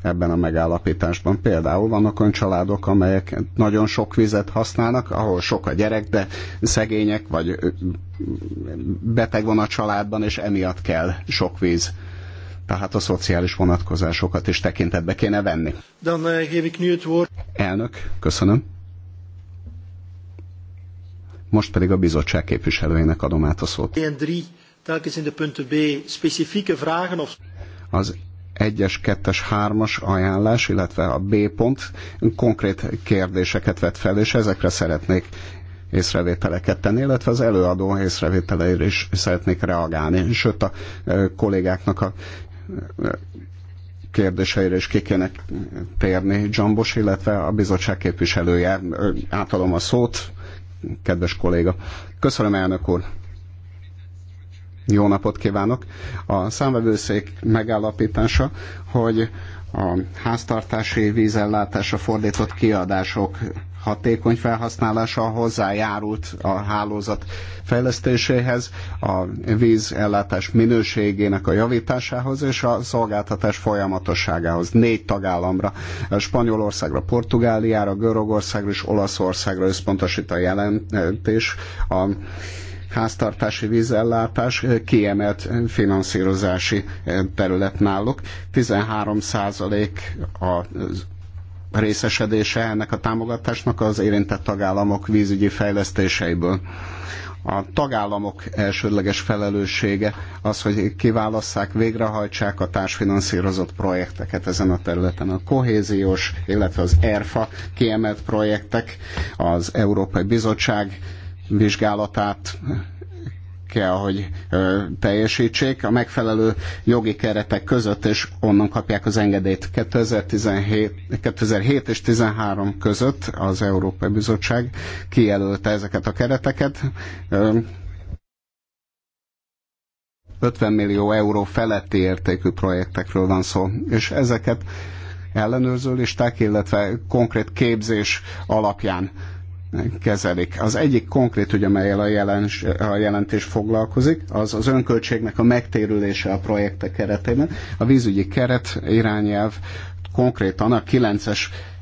ebben a megállapításban. Például vannak olyan családok, amelyek nagyon sok vizet használnak, ahol sok a gyerek, de szegények, vagy beteg van a családban, és emiatt kell sok víz. Tehát a szociális vonatkozásokat is tekintetbe kéne venni. Eh, Elnök, köszönöm. Most pedig a bizottság képviselőjének adom át a szót. Az 1-es, 2-es, 3-as ajánlás, illetve a B pont konkrét kérdéseket vet fel, és ezekre szeretnék észrevételeket tenni, illetve az előadó észrevételeire is szeretnék reagálni. Sőt, a kollégáknak a kérdéseire is ki kéne térni Dzsambos, illetve a bizottság képviselője. Átadom a szót, kedves kolléga. Köszönöm, elnök úr! Jó napot kívánok! A számvevőszék megállapítása, hogy a háztartási vízellátásra fordított kiadások hatékony felhasználása hozzájárult a hálózat fejlesztéséhez, a vízellátás minőségének a javításához és a szolgáltatás folyamatosságához. Négy tagállamra, Spanyolországra, Portugáliára, Görögországra és Olaszországra összpontosít a jelentés. A háztartási vízellátás eh, kiemelt finanszírozási eh, terület náluk. 13 százalék a eh, részesedése ennek a támogatásnak az érintett tagállamok vízügyi fejlesztéseiből. A tagállamok elsődleges felelőssége az, hogy kiválasszák, végrehajtsák a társfinanszírozott projekteket ezen a területen. A kohéziós, illetve az ERFA kiemelt projektek, az Európai Bizottság vizsgálatát kell, hogy teljesítsék a megfelelő jogi keretek között, és onnan kapják az engedélyt. 2017, 2007 és 2013 között az Európai Bizottság kijelölte ezeket a kereteket. 50 millió euró feletti értékű projektekről van szó, és ezeket ellenőrző listák, illetve konkrét képzés alapján kezelik. Az egyik konkrét hogy amelyel a, jelens, a jelentés foglalkozik, az az önköltségnek a megtérülése a projektek keretében. A vízügyi keret irányelv konkrétan a 9-es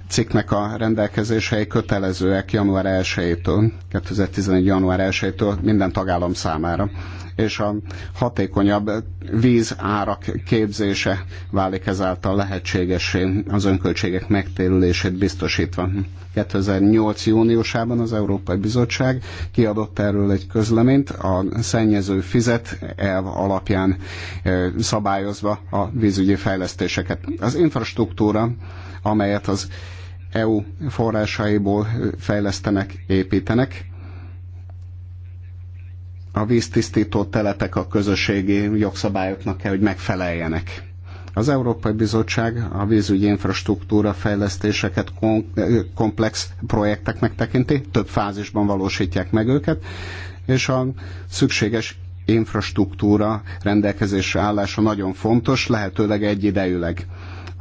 cikknek a rendelkezései kötelezőek január 1-től, 2011. január 1-től minden tagállam számára, és a hatékonyabb árak képzése válik ezáltal lehetségesé az önköltségek megtérülését biztosítva. 2008. júniusában az Európai Bizottság kiadott erről egy közleményt, a szennyező fizet elv alapján szabályozva a vízügyi fejlesztéseket. Az infrastruktúra, amelyet az EU forrásaiból fejlesztenek, építenek. A víztisztító telepek a közösségi jogszabályoknak kell, hogy megfeleljenek. Az Európai Bizottság a vízügyi infrastruktúra fejlesztéseket komplex projekteknek tekinti, több fázisban valósítják meg őket, és a szükséges infrastruktúra rendelkezésre állása nagyon fontos, lehetőleg egyidejűleg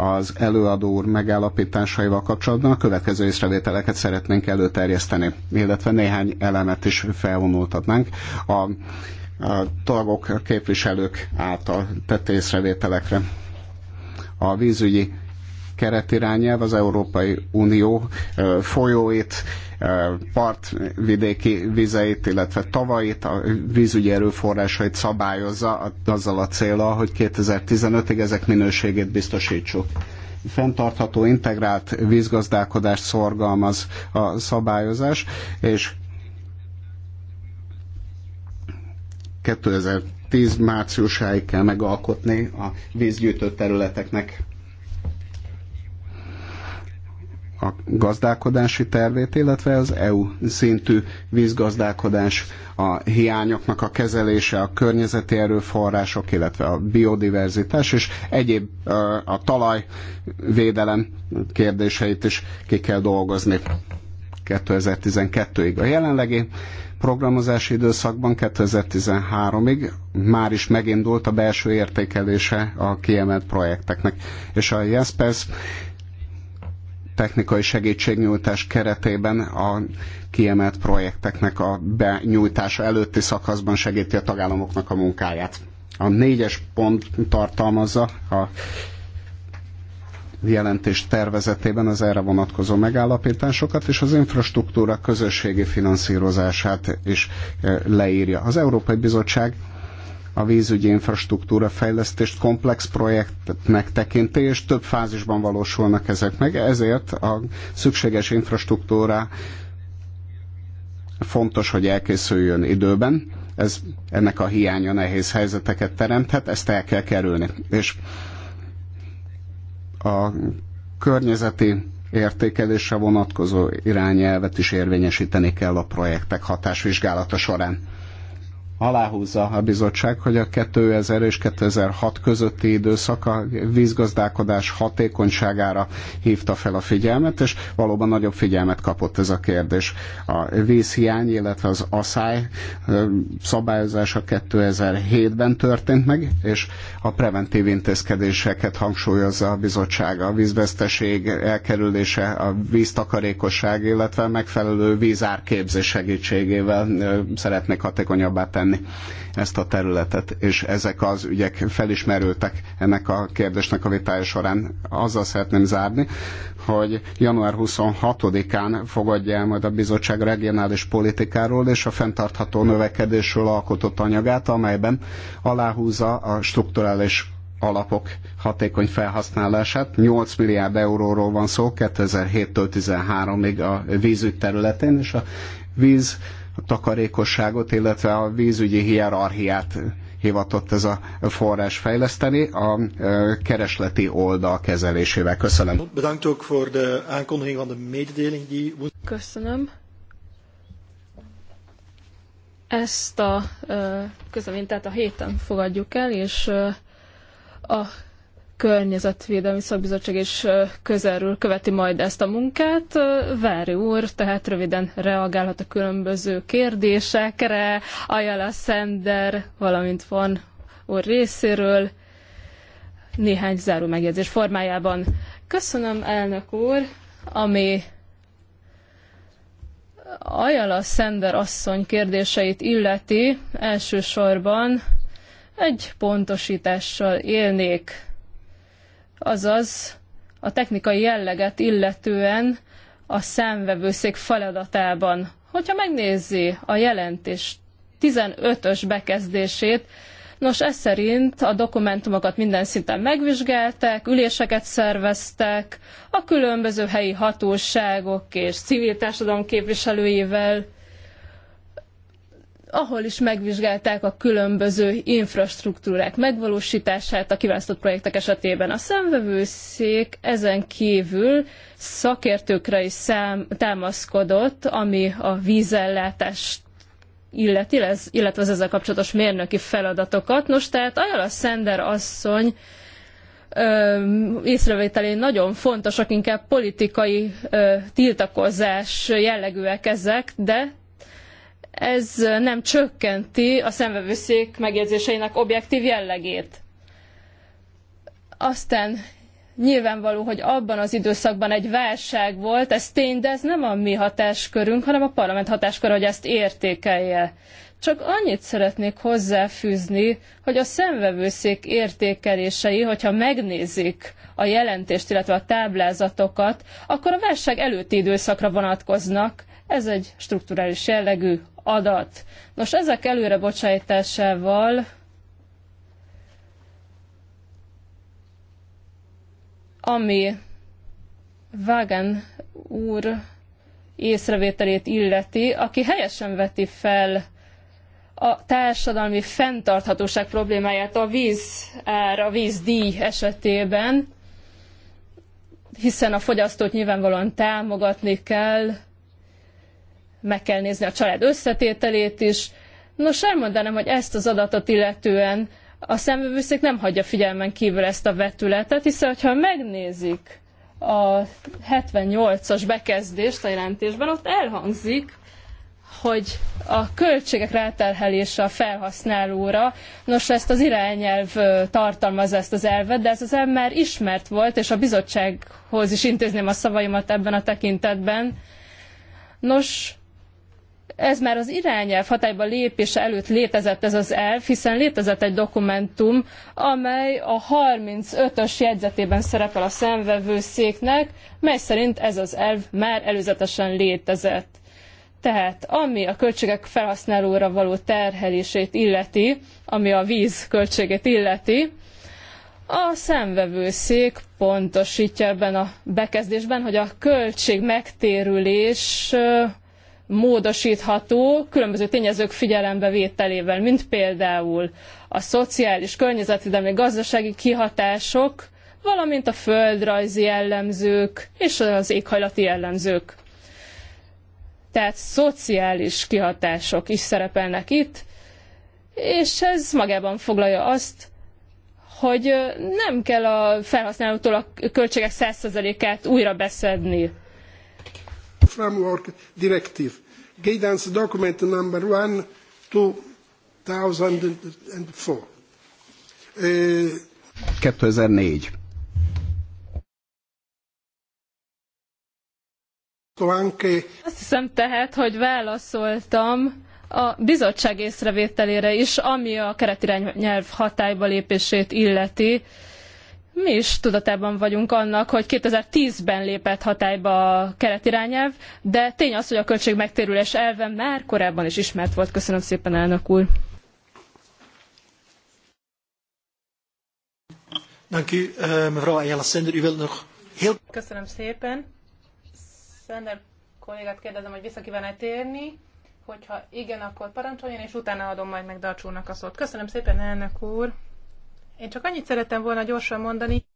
az előadó úr megállapításaival kapcsolatban a következő észrevételeket szeretnénk előterjeszteni, illetve néhány elemet is felvonultatnánk. A, a tagok, a képviselők által tett észrevételekre. A vízügyi keretirányelv az Európai Unió folyóit, partvidéki vizeit, illetve tavait, a vízügyi erőforrásait szabályozza azzal a célral, hogy 2015-ig ezek minőségét biztosítsuk Fentartható, integrált vízgazdálkodást szorgalmaz a szabályozás, és 2010 márciusáig kell megalkotni a vízgyűjtő területeknek a gazdálkodási tervét, illetve az EU szintű vízgazdálkodás, a hiányoknak a kezelése, a környezeti erőforrások, illetve a biodiverzitás és egyéb a talajvédelem kérdéseit is ki kell dolgozni 2012-ig. A jelenlegi programozási időszakban 2013-ig már is megindult a belső értékelése a kiemelt projekteknek. És a Jespers technikai segítségnyújtás keretében a kiemelt projekteknek a benyújtása előtti szakaszban segíti a tagállamoknak a munkáját. A négyes pont tartalmazza a jelentés tervezetében az erre vonatkozó megállapításokat, és az infrastruktúra közösségi finanszírozását is eh, leírja. Az Európai Bizottság a vízügyi infrastruktúra fejlesztést komplex projektnek tekinti, és több fázisban valósulnak ezek meg, ezért a szükséges infrastruktúra fontos, hogy elkészüljön időben. Ez, ennek a hiánya nehéz helyzeteket teremthet, ezt el kell kerülni. És a környezeti értékelésre vonatkozó irányelvet is érvényesíteni kell a projektek hatásvizsgálata során aláhúzza a bizottság, hogy a 2000 és 2006 közötti időszak a vízgazdálkodás hatékonyságára hívta fel a figyelmet, és valóban nagyobb figyelmet kapott ez a kérdés. A vízhiány, illetve az asszály szabályozása 2007-ben történt meg, és a preventív intézkedéseket hangsúlyozza a bizottság, a vízveszteség elkerülése, a víztakarékosság, illetve megfelelő vízárképzés segítségével szeretnék hatékonyabbá tenni tenni ezt a területet, és ezek az ügyek felismerültek ennek a kérdésnek a vitája során. Azzal szeretném zárni, hogy január 26-án fogadja el majd a bizottság regionális politikáról és a fenntartható növekedésről alkotott anyagát, amelyben aláhúzza a strukturális alapok hatékony felhasználását. 8 milliárd euróról van szó 2007-től 13-ig a vízügy területén, és a víz takarékosságot, illetve a vízügyi hierarchiát hivatott ez a forrás fejleszteni a keresleti oldal kezelésével. Köszönöm. Köszönöm. Ezt a tehát a héten fogadjuk el, és a Környezetvédelmi Szakbizottság is közelről követi majd ezt a munkát. Vári úr, tehát röviden reagálhat a különböző kérdésekre, Ajala Szender, valamint van úr részéről néhány záró megjegyzés formájában. Köszönöm, elnök úr, ami Ajala Szender asszony kérdéseit illeti, elsősorban egy pontosítással élnék azaz a technikai jelleget illetően a számvevőszék feladatában. Hogyha megnézi a jelentés 15-ös bekezdését, nos ez szerint a dokumentumokat minden szinten megvizsgálták, üléseket szerveztek, a különböző helyi hatóságok és civil társadalom képviselőivel, ahol is megvizsgálták a különböző infrastruktúrák megvalósítását a kiválasztott projektek esetében. A szemvevőszék ezen kívül szakértőkre is szám, támaszkodott, ami a vízellátást illeti, illetve az ezzel kapcsolatos mérnöki feladatokat. Nos, tehát Ajala Szender asszony észrevételén nagyon fontosak, inkább politikai ö, tiltakozás jellegűek ezek, de ez nem csökkenti a szemvevőszék megjegyzéseinek objektív jellegét. Aztán nyilvánvaló, hogy abban az időszakban egy válság volt, ez tény, de ez nem a mi hatáskörünk, hanem a parlament hatásköre, hogy ezt értékelje. Csak annyit szeretnék hozzáfűzni, hogy a szemvevőszék értékelései, hogyha megnézik a jelentést, illetve a táblázatokat, akkor a válság előtti időszakra vonatkoznak. Ez egy strukturális jellegű adat. Nos, ezek előre bocsájtásával ami Wagen úr észrevételét illeti, aki helyesen veti fel a társadalmi fenntarthatóság problémáját a víz ár, a vízdíj esetében, hiszen a fogyasztót nyilvánvalóan támogatni kell, meg kell nézni a család összetételét is. Nos, elmondanám, hogy ezt az adatot illetően a szemvevőszék nem hagyja figyelmen kívül ezt a vetületet, hiszen ha megnézik a 78-as bekezdést a jelentésben, ott elhangzik, hogy a költségek ráterhelése a felhasználóra, nos ezt az irányelv tartalmazza ezt az elvet, de ez az elv már ismert volt, és a bizottsághoz is intézném a szavaimat ebben a tekintetben. Nos, ez már az irányelv hatályba lépése előtt létezett ez az elv, hiszen létezett egy dokumentum, amely a 35-ös jegyzetében szerepel a szemvevőszéknek, mely szerint ez az elv már előzetesen létezett. Tehát ami a költségek felhasználóra való terhelését illeti, ami a víz költségét illeti, a szemvevőszék pontosítja ebben a bekezdésben, hogy a költség megtérülés módosítható különböző tényezők figyelembevételével, mint például a szociális, környezetvédelmi, gazdasági kihatások, valamint a földrajzi jellemzők és az éghajlati jellemzők. Tehát szociális kihatások is szerepelnek itt, és ez magában foglalja azt, hogy nem kell a felhasználótól a költségek 100%-át újra beszedni Framework Directive, guidance document number one, 2004. 2004. Uh, Azt hiszem tehát, hogy válaszoltam a bizottság észrevételére is, ami a keretirányelv hatályba lépését illeti, mi is tudatában vagyunk annak, hogy 2010-ben lépett hatályba a keretirányelv, de tény az, hogy a költség megtérülés elve már korábban is ismert volt. Köszönöm szépen, elnök úr. Dank u, eh, mevrouw Ayala Sender. U wilt nog heel... Köszönöm szépen. Sender kollégát kérdezem, hogy vissza kíván-e térni. Hogyha igen, akkor parancsoljon, és utána adom majd meg Darcsónak a szót. Köszönöm szépen, elnök úr. Én csak annyit szerettem volna gyorsan mondani,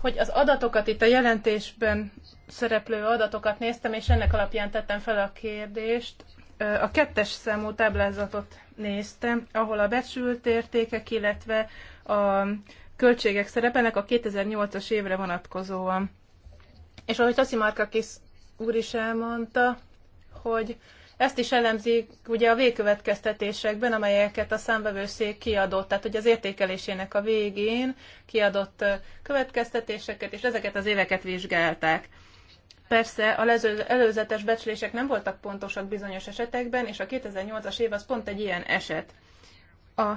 hogy az adatokat itt a jelentésben szereplő adatokat néztem, és ennek alapján tettem fel a kérdést. A kettes számú táblázatot néztem, ahol a becsült értékek, illetve a költségek szerepelnek a 2008-as évre vonatkozóan. És ahogy Tassi Márka úr is elmondta, hogy ezt is elemzik ugye a végkövetkeztetésekben, amelyeket a számbevőszék kiadott, tehát hogy az értékelésének a végén kiadott következtetéseket, és ezeket az éveket vizsgálták. Persze a előzetes becslések nem voltak pontosak bizonyos esetekben, és a 2008-as év az pont egy ilyen eset. A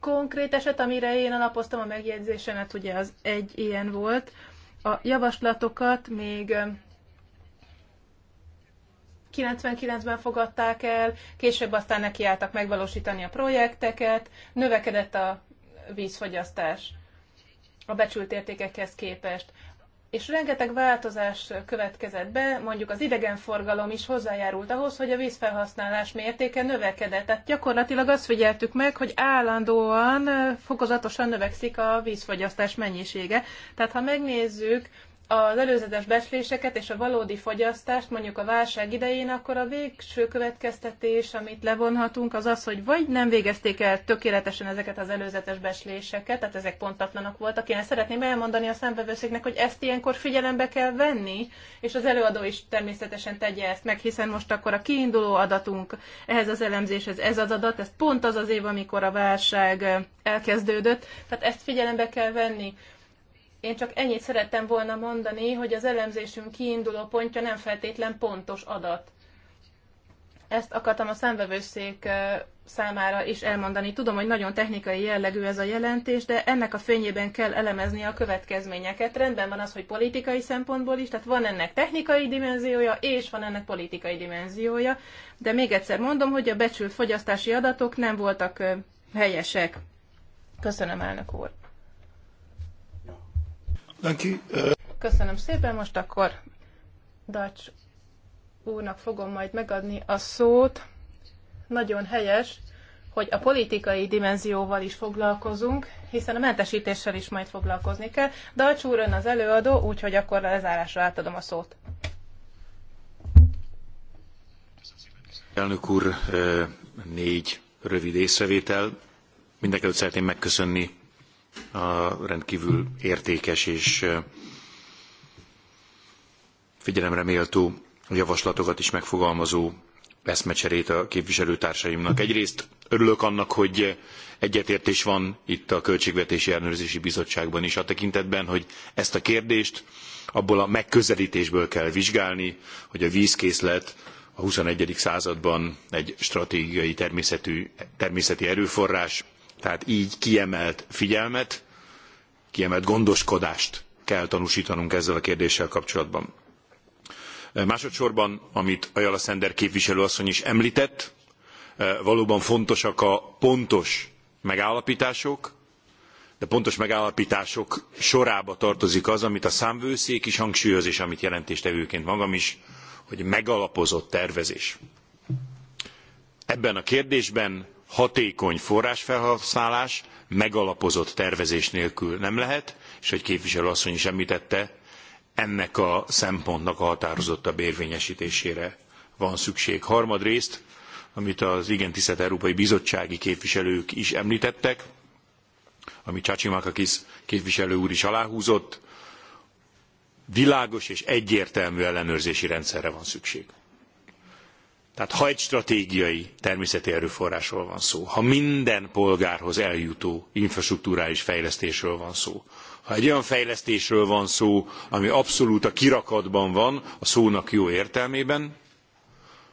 konkrét eset, amire én alapoztam a megjegyzésemet, ugye az egy ilyen volt. A javaslatokat még 99-ben fogadták el, később aztán nekiálltak megvalósítani a projekteket, növekedett a vízfogyasztás a becsült értékekhez képest. És rengeteg változás következett be, mondjuk az idegenforgalom is hozzájárult ahhoz, hogy a vízfelhasználás mértéke növekedett. Tehát gyakorlatilag azt figyeltük meg, hogy állandóan, fokozatosan növekszik a vízfogyasztás mennyisége. Tehát ha megnézzük, az előzetes becsléseket és a valódi fogyasztást mondjuk a válság idején, akkor a végső következtetés, amit levonhatunk, az az, hogy vagy nem végezték el tökéletesen ezeket az előzetes becsléseket, tehát ezek pontatlanok voltak. Én szeretném elmondani a szembevőszéknek, hogy ezt ilyenkor figyelembe kell venni, és az előadó is természetesen tegye ezt meg, hiszen most akkor a kiinduló adatunk ehhez az elemzéshez, ez az adat, ez pont az az év, amikor a válság elkezdődött, tehát ezt figyelembe kell venni én csak ennyit szerettem volna mondani, hogy az elemzésünk kiinduló pontja nem feltétlen pontos adat. Ezt akartam a számvevőszék számára is elmondani. Tudom, hogy nagyon technikai jellegű ez a jelentés, de ennek a fényében kell elemezni a következményeket. Rendben van az, hogy politikai szempontból is, tehát van ennek technikai dimenziója, és van ennek politikai dimenziója, de még egyszer mondom, hogy a becsült fogyasztási adatok nem voltak helyesek. Köszönöm, elnök úr. Köszönöm szépen, most akkor Dacs úrnak fogom majd megadni a szót. Nagyon helyes, hogy a politikai dimenzióval is foglalkozunk, hiszen a mentesítéssel is majd foglalkozni kell. Dacs úr ön az előadó, úgyhogy akkor lezárásra átadom a szót. Elnök úr, eh, négy rövid észrevétel. Mindenkelőtt szeretném megköszönni a rendkívül értékes és figyelemre méltó javaslatokat is megfogalmazó eszmecserét a képviselőtársaimnak. Egyrészt örülök annak, hogy egyetértés van itt a Költségvetési Ellenőrzési Bizottságban is a tekintetben, hogy ezt a kérdést abból a megközelítésből kell vizsgálni, hogy a vízkészlet a 21. században egy stratégiai természetű, természeti erőforrás, tehát így kiemelt figyelmet, kiemelt gondoskodást kell tanúsítanunk ezzel a kérdéssel kapcsolatban. Másodszorban, amit Ajala Szender képviselőasszony is említett, eh, valóban fontosak a pontos megállapítások, de pontos megállapítások sorába tartozik az, amit a számvőszék is hangsúlyoz, és amit jelentéstevőként magam is, hogy megalapozott tervezés. Ebben a kérdésben hatékony forrásfelhasználás megalapozott tervezés nélkül nem lehet, és egy képviselő asszony is említette, ennek a szempontnak a határozottabb érvényesítésére van szükség. Harmadrészt, amit az igen tisztelt Európai Bizottsági képviselők is említettek, amit Csácsimákakis képviselő úr is aláhúzott, világos és egyértelmű ellenőrzési rendszerre van szükség. Tehát ha egy stratégiai természeti erőforrásról van szó, ha minden polgárhoz eljutó infrastruktúrális fejlesztésről van szó, ha egy olyan fejlesztésről van szó, ami abszolút a kirakatban van, a szónak jó értelmében,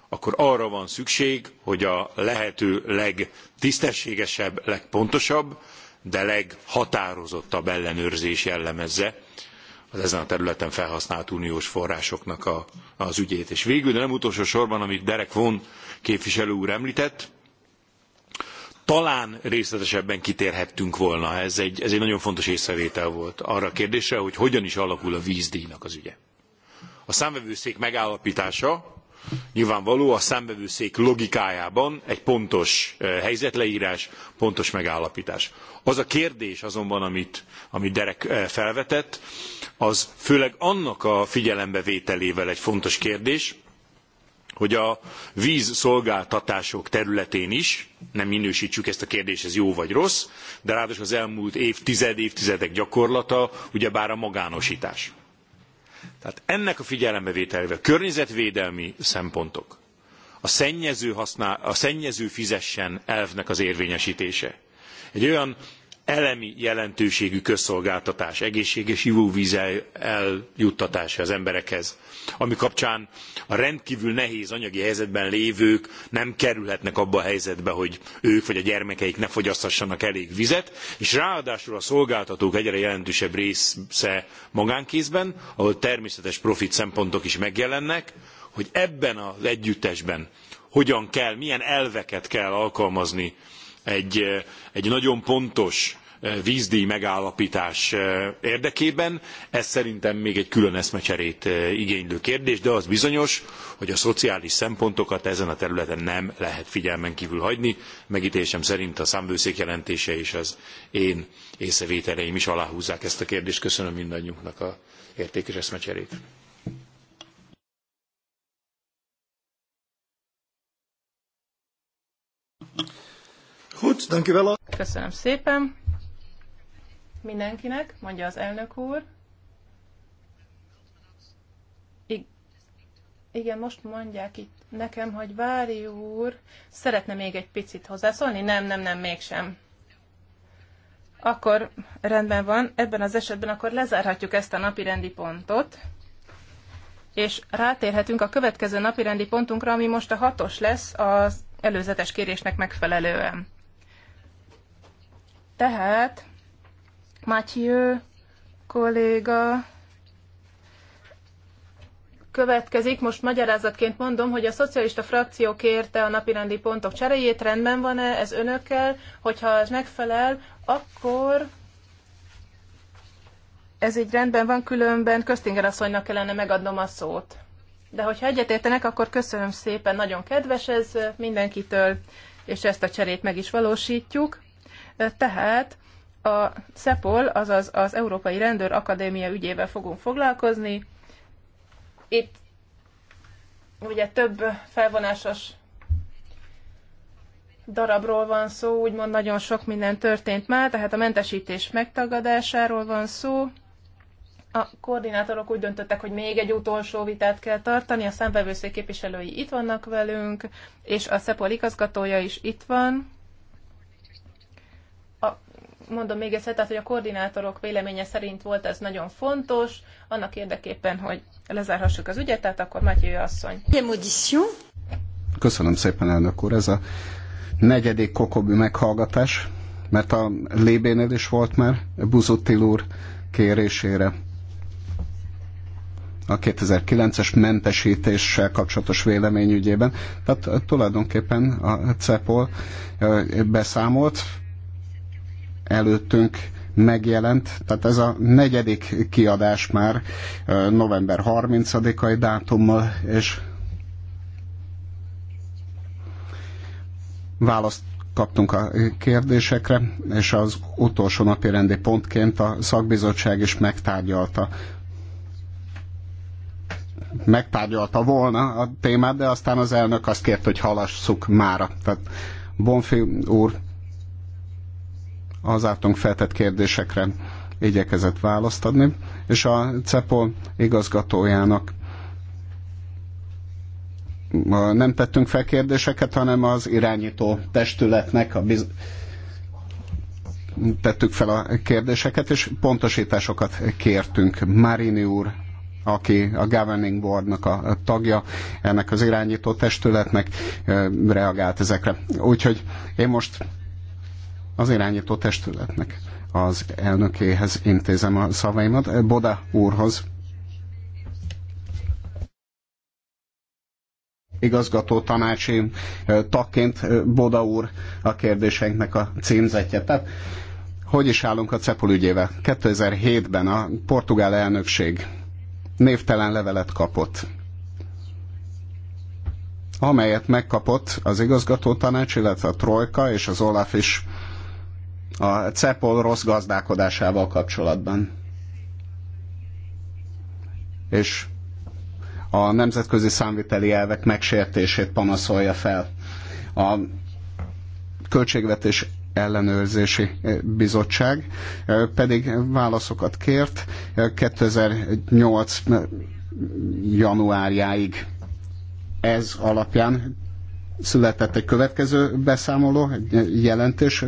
akkor arra van szükség, hogy a lehető legtisztességesebb, legpontosabb, de leghatározottabb ellenőrzés jellemezze az ezen a területen felhasznált uniós forrásoknak a, az ügyét. És végül, de nem utolsó sorban, amit Derek von képviselő úr említett, talán részletesebben kitérhettünk volna. Ez egy, ez egy nagyon fontos észrevétel volt arra a kérdésre, hogy hogyan is alakul a vízdíjnak az ügye. A számvevőszék megállapítása, Nyilvánvaló a számvevőszék logikájában egy pontos eh, helyzetleírás, pontos megállapítás. Az a kérdés azonban, amit, amit Derek eh, felvetett, az főleg annak a figyelembevételével egy fontos kérdés, hogy a vízszolgáltatások területén is, nem minősítsük ezt a kérdést, ez jó vagy rossz, de ráadásul az elmúlt évtized, évtizedek gyakorlata, ugyebár a magánosítás. Tehát ennek a figyelembevételével környezetvédelmi szempontok, a szennyező, használ, a szennyező fizessen elvnek az érvényesítése. Egy olyan elemi jelentőségű közszolgáltatás, egészséges ivóvíz eljuttatása az emberekhez, ami kapcsán a rendkívül nehéz anyagi helyzetben lévők nem kerülhetnek abba a helyzetbe, hogy ők vagy a gyermekeik ne fogyaszthassanak elég vizet, és ráadásul a szolgáltatók egyre jelentősebb része magánkézben, ahol természetes profit szempontok is megjelennek, hogy ebben az együttesben hogyan kell, milyen elveket kell alkalmazni egy, egy nagyon pontos vízdíj megállapítás eh, érdekében. Ez szerintem még egy külön eszmecserét eh, igénylő kérdés, de az bizonyos, hogy a szociális szempontokat ezen a területen nem lehet figyelmen kívül hagyni. Megítésem szerint a számbőszék jelentése és az én észrevételeim is aláhúzzák ezt a kérdést. Köszönöm mindannyiunknak a értékes eszmecserét. Köszönöm szépen mindenkinek, mondja az elnök úr. Igen, most mondják itt nekem, hogy Vári úr szeretne még egy picit hozzászólni. Nem, nem, nem, mégsem. Akkor rendben van, ebben az esetben akkor lezárhatjuk ezt a napi rendi pontot, és rátérhetünk a következő napi rendi pontunkra, ami most a hatos lesz az előzetes kérésnek megfelelően. Tehát Mathieu kolléga következik. Most magyarázatként mondom, hogy a szocialista frakció kérte a napirendi pontok cseréjét. Rendben van-e ez önökkel? Hogyha ez megfelel, akkor ez így rendben van, különben Köztinger asszonynak kellene megadnom a szót. De hogyha egyetértenek, akkor köszönöm szépen, nagyon kedves ez mindenkitől, és ezt a cserét meg is valósítjuk. Tehát a CEPOL, azaz az Európai Rendőr Akadémia ügyével fogunk foglalkozni. Itt ugye több felvonásos darabról van szó, úgymond nagyon sok minden történt már, tehát a mentesítés megtagadásáról van szó. A koordinátorok úgy döntöttek, hogy még egy utolsó vitát kell tartani, a számvevőszék képviselői itt vannak velünk, és a SZEPOL igazgatója is itt van mondom még egyszer, tehát hogy a koordinátorok véleménye szerint volt ez nagyon fontos, annak érdekében, hogy lezárhassuk az ügyet, tehát akkor Matyő asszony. Köszönöm szépen, elnök úr. Ez a negyedik kokobű meghallgatás, mert a lébénél is volt már Buzutil úr kérésére a 2009-es mentesítéssel kapcsolatos véleményügyében. Tehát tulajdonképpen a CEPOL beszámolt, előttünk megjelent, tehát ez a negyedik kiadás már november 30-ai dátummal, és választ kaptunk a kérdésekre, és az utolsó napi rendi pontként a szakbizottság is megtárgyalta megtárgyalta volna a témát, de aztán az elnök azt kért, hogy halasszuk mára. Tehát Bonfi úr az általunk feltett kérdésekre igyekezett választ adni, és a CEPOL igazgatójának nem tettünk fel kérdéseket, hanem az irányító testületnek a biz... tettük fel a kérdéseket, és pontosításokat kértünk. Marini úr, aki a Governing Boardnak a tagja, ennek az irányító testületnek reagált ezekre. Úgyhogy én most az irányító testületnek. Az elnökéhez intézem a szavaimat, Boda úrhoz. igazgató tanácsi tagként Boda úr a kérdéseinknek a címzetje. Tehát hogy is állunk a CEPOL ügyével? 2007-ben a portugál elnökség névtelen levelet kapott, amelyet megkapott az igazgató tanács, illetve a Trojka és az Olaf is a CEPOL rossz gazdálkodásával kapcsolatban. És a nemzetközi számviteli elvek megsértését panaszolja fel. A költségvetés ellenőrzési bizottság pedig válaszokat kért 2008 januárjáig. Ez alapján született egy következő beszámoló, egy jelentés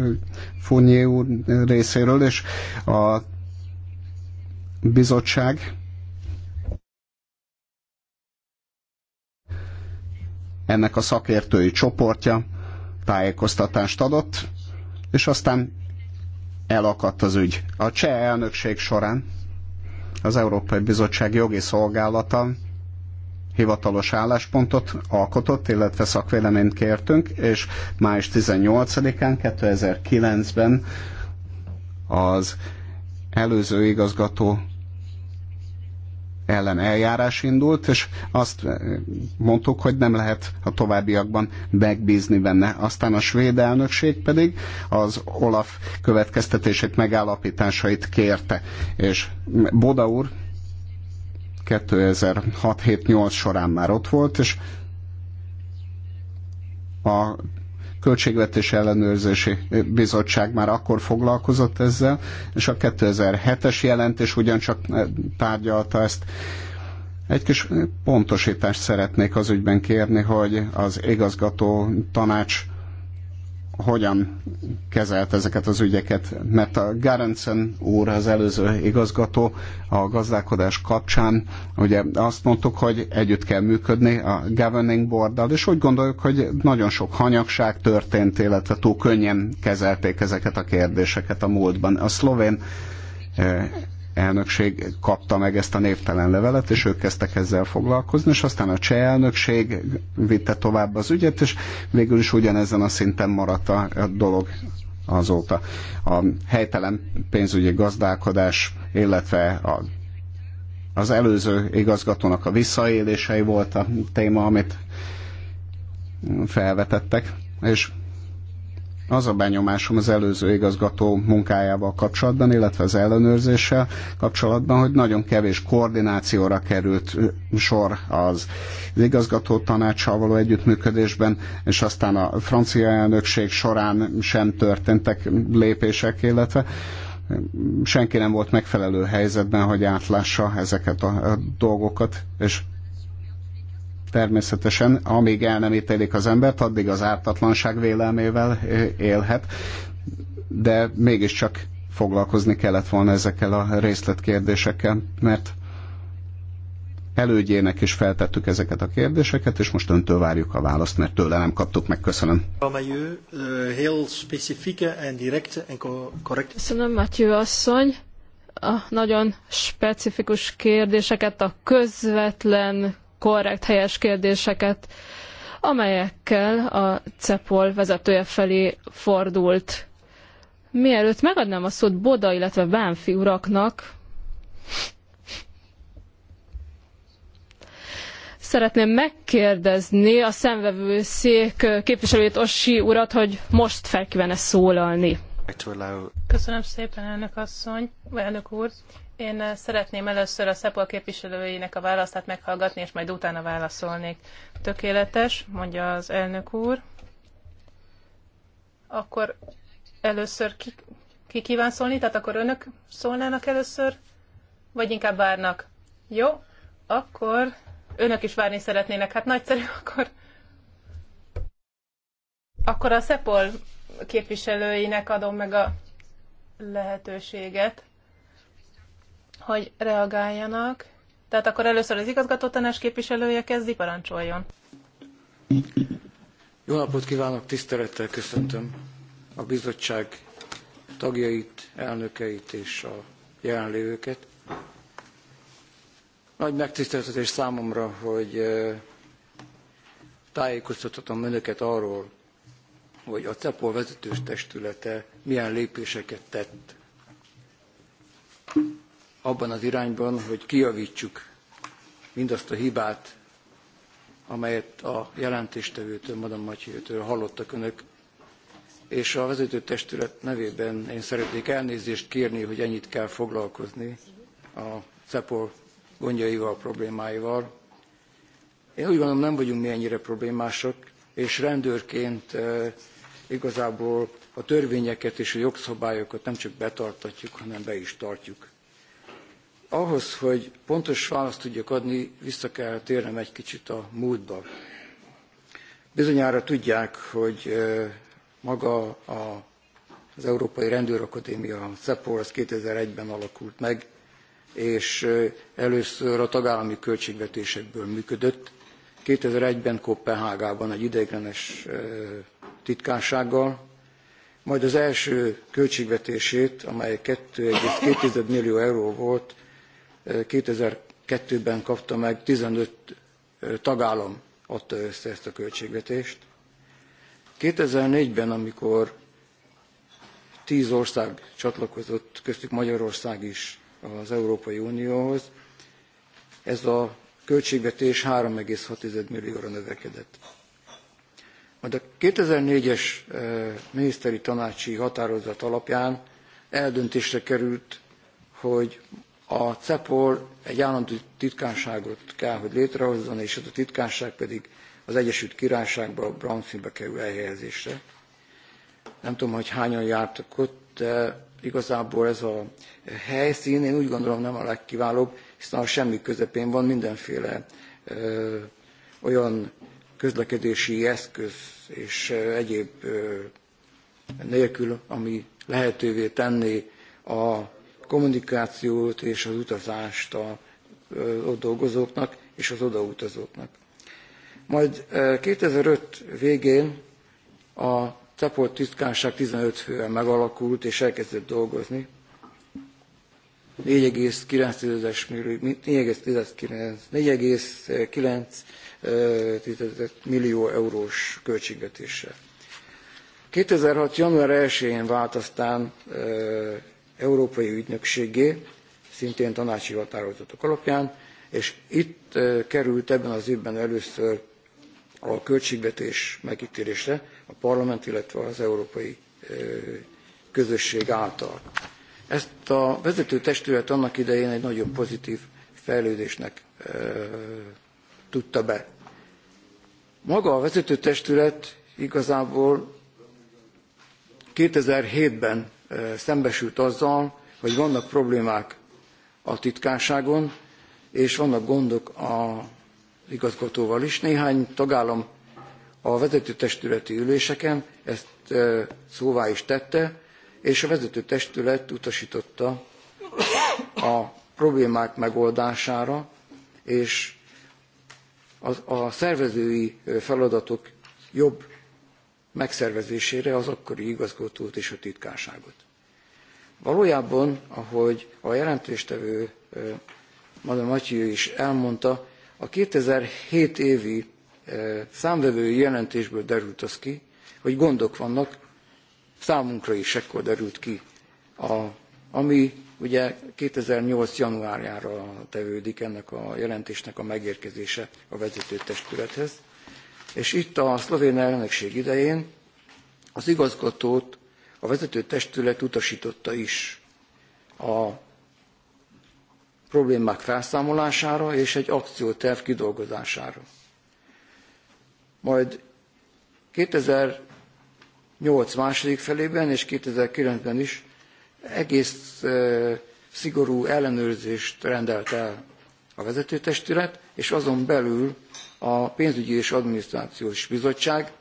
Fournier úr részéről, és a bizottság ennek a szakértői csoportja tájékoztatást adott, és aztán elakadt az ügy. A cseh elnökség során az Európai Bizottság jogi szolgálata hivatalos álláspontot alkotott, illetve szakvéleményt kértünk, és május 18-án 2009-ben az előző igazgató ellen eljárás indult, és azt mondtuk, hogy nem lehet a továbbiakban megbízni benne. Aztán a svéd elnökség pedig az Olaf következtetését, megállapításait kérte, és Boda úr 2006-7-8 során már ott volt, és a Költségvetés Ellenőrzési Bizottság már akkor foglalkozott ezzel, és a 2007-es jelentés ugyancsak eh, tárgyalta ezt. Egy kis pontosítást szeretnék az ügyben kérni, hogy az igazgató tanács hogyan kezelt ezeket az ügyeket, mert a Garensen úr, az előző igazgató a gazdálkodás kapcsán, ugye azt mondtuk, hogy együtt kell működni a governing boarddal, és úgy gondoljuk, hogy nagyon sok hanyagság történt, illetve túl könnyen kezelték ezeket a kérdéseket a múltban. A szlovén eh, elnökség kapta meg ezt a névtelen levelet, és ők kezdtek ezzel foglalkozni, és aztán a cseh elnökség vitte tovább az ügyet, és végül is ugyanezen a szinten maradt a, dolog azóta. A helytelen pénzügyi gazdálkodás, illetve a, az előző igazgatónak a visszaélései volt a téma, amit felvetettek, és az a benyomásom az előző igazgató munkájával kapcsolatban, illetve az ellenőrzéssel kapcsolatban, hogy nagyon kevés koordinációra került sor az igazgató tanácssal való együttműködésben, és aztán a francia elnökség során sem történtek lépések, illetve senki nem volt megfelelő helyzetben, hogy átlássa ezeket a dolgokat, és természetesen, amíg el nem ítélik az embert, addig az ártatlanság vélelmével élhet, de mégiscsak foglalkozni kellett volna ezekkel a részletkérdésekkel, mert elődjének is feltettük ezeket a kérdéseket, és most öntől várjuk a választ, mert tőle nem kaptuk meg. Köszönöm. Köszönöm, Matyő asszony. A nagyon specifikus kérdéseket, a közvetlen korrekt, helyes kérdéseket, amelyekkel a CEPOL vezetője felé fordult. Mielőtt megadnám a szót Boda, illetve Bánfi uraknak, szeretném megkérdezni a szemvevőszék képviselőjét Ossi urat, hogy most fel szólalni. Köszönöm szépen, elnök asszony, elnök úr. Én szeretném először a SZEPOL képviselőjének a választát meghallgatni, és majd utána válaszolnék. Tökéletes, mondja az elnök úr. Akkor először ki, ki kíván szólni? Tehát akkor önök szólnának először? Vagy inkább várnak? Jó, akkor önök is várni szeretnének. Hát nagyszerű, *laughs* akkor... Akkor a SZEPOL képviselőinek adom meg a lehetőséget hogy reagáljanak. Tehát akkor először az tanás képviselője kezdi, parancsoljon. Jó napot kívánok, tisztelettel köszöntöm a bizottság tagjait, elnökeit és a jelenlévőket. Nagy megtiszteltetés számomra, hogy tájékoztathatom önöket arról, hogy a CEPOL vezetős testülete milyen lépéseket tett abban az irányban, hogy kijavítsuk mindazt a hibát, amelyet a jelentéstevőtől, Madame Matyőtől hallottak önök, és a vezetőtestület nevében én szeretnék elnézést kérni, hogy ennyit kell foglalkozni a CEPOL gondjaival, problémáival. Én úgy gondolom, nem vagyunk mi ennyire problémások, és rendőrként eh, igazából a törvényeket és a jogszabályokat nem csak betartatjuk, hanem be is tartjuk. Ahhoz, hogy pontos választ tudjak adni, vissza kell térnem egy kicsit a múltba. Bizonyára tudják, hogy eh, maga a, az Európai Rendőrakadémia, a CEPOL, az 2001-ben alakult meg, és eh, először a tagállami költségvetésekből működött. 2001-ben Kopenhágában egy ideiglenes eh, titkársággal, majd az első költségvetését, amely 2,2 millió euró volt, 2002-ben kapta meg 15 tagállam adta össze ezt a költségvetést. 2004-ben, amikor 10 ország csatlakozott, köztük Magyarország is az Európai Unióhoz, ez a költségvetés 3,6 millióra növekedett. Majd a 2004-es miniszteri tanácsi határozat alapján eldöntésre került, hogy a CEPOL egy állandó titkárságot kell, hogy létrehozzon, és ez a titkárság pedig az Egyesült Királyságba, Brownfinbe kerül elhelyezésre. Nem tudom, hogy hányan jártak ott, de igazából ez a helyszín, én úgy gondolom nem a legkiválóbb, hiszen a semmi közepén van mindenféle ö, olyan közlekedési eszköz és egyéb ö, nélkül, ami lehetővé tenné a kommunikációt és az utazást a ott dolgozóknak és az odautazóknak. Majd 2005 végén a CEPOL titkárság 15 fővel megalakult és elkezdett dolgozni. 4,9 millió eurós költségvetéssel. 2006. január 1-én vált aztán Európai Ügynökségé, szintén tanácsi határozatok alapján, és itt került ebben az évben először a költségvetés megítélésre a parlament, illetve az Európai Közösség által. Ezt a vezető testület annak idején egy nagyon pozitív fejlődésnek tudta be. Maga a vezető testület igazából 2007-ben szembesült azzal, hogy vannak problémák a titkárságon, és vannak gondok a igazgatóval is. Néhány tagállam a vezetőtestületi üléseken ezt szóvá is tette, és a vezetőtestület utasította a problémák megoldására, és a, a szervezői feladatok jobb megszervezésére az akkori igazgatót és a titkárságot. Valójában, ahogy a jelentéstevő Madame Matyő is elmondta, a 2007 évi számvevői jelentésből derült az ki, hogy gondok vannak, számunkra is ekkor derült ki, a, ami ugye 2008. januárjára tevődik ennek a jelentésnek a megérkezése a vezető testülethez és itt a szlovén elnökség idején az igazgatót a vezető testület utasította is a problémák felszámolására és egy akcióterv kidolgozására. Majd 2008 második felében és 2009-ben is egész szigorú ellenőrzést rendelt el a vezetőtestület, és azon belül a pénzügyi és adminisztrációs bizottság,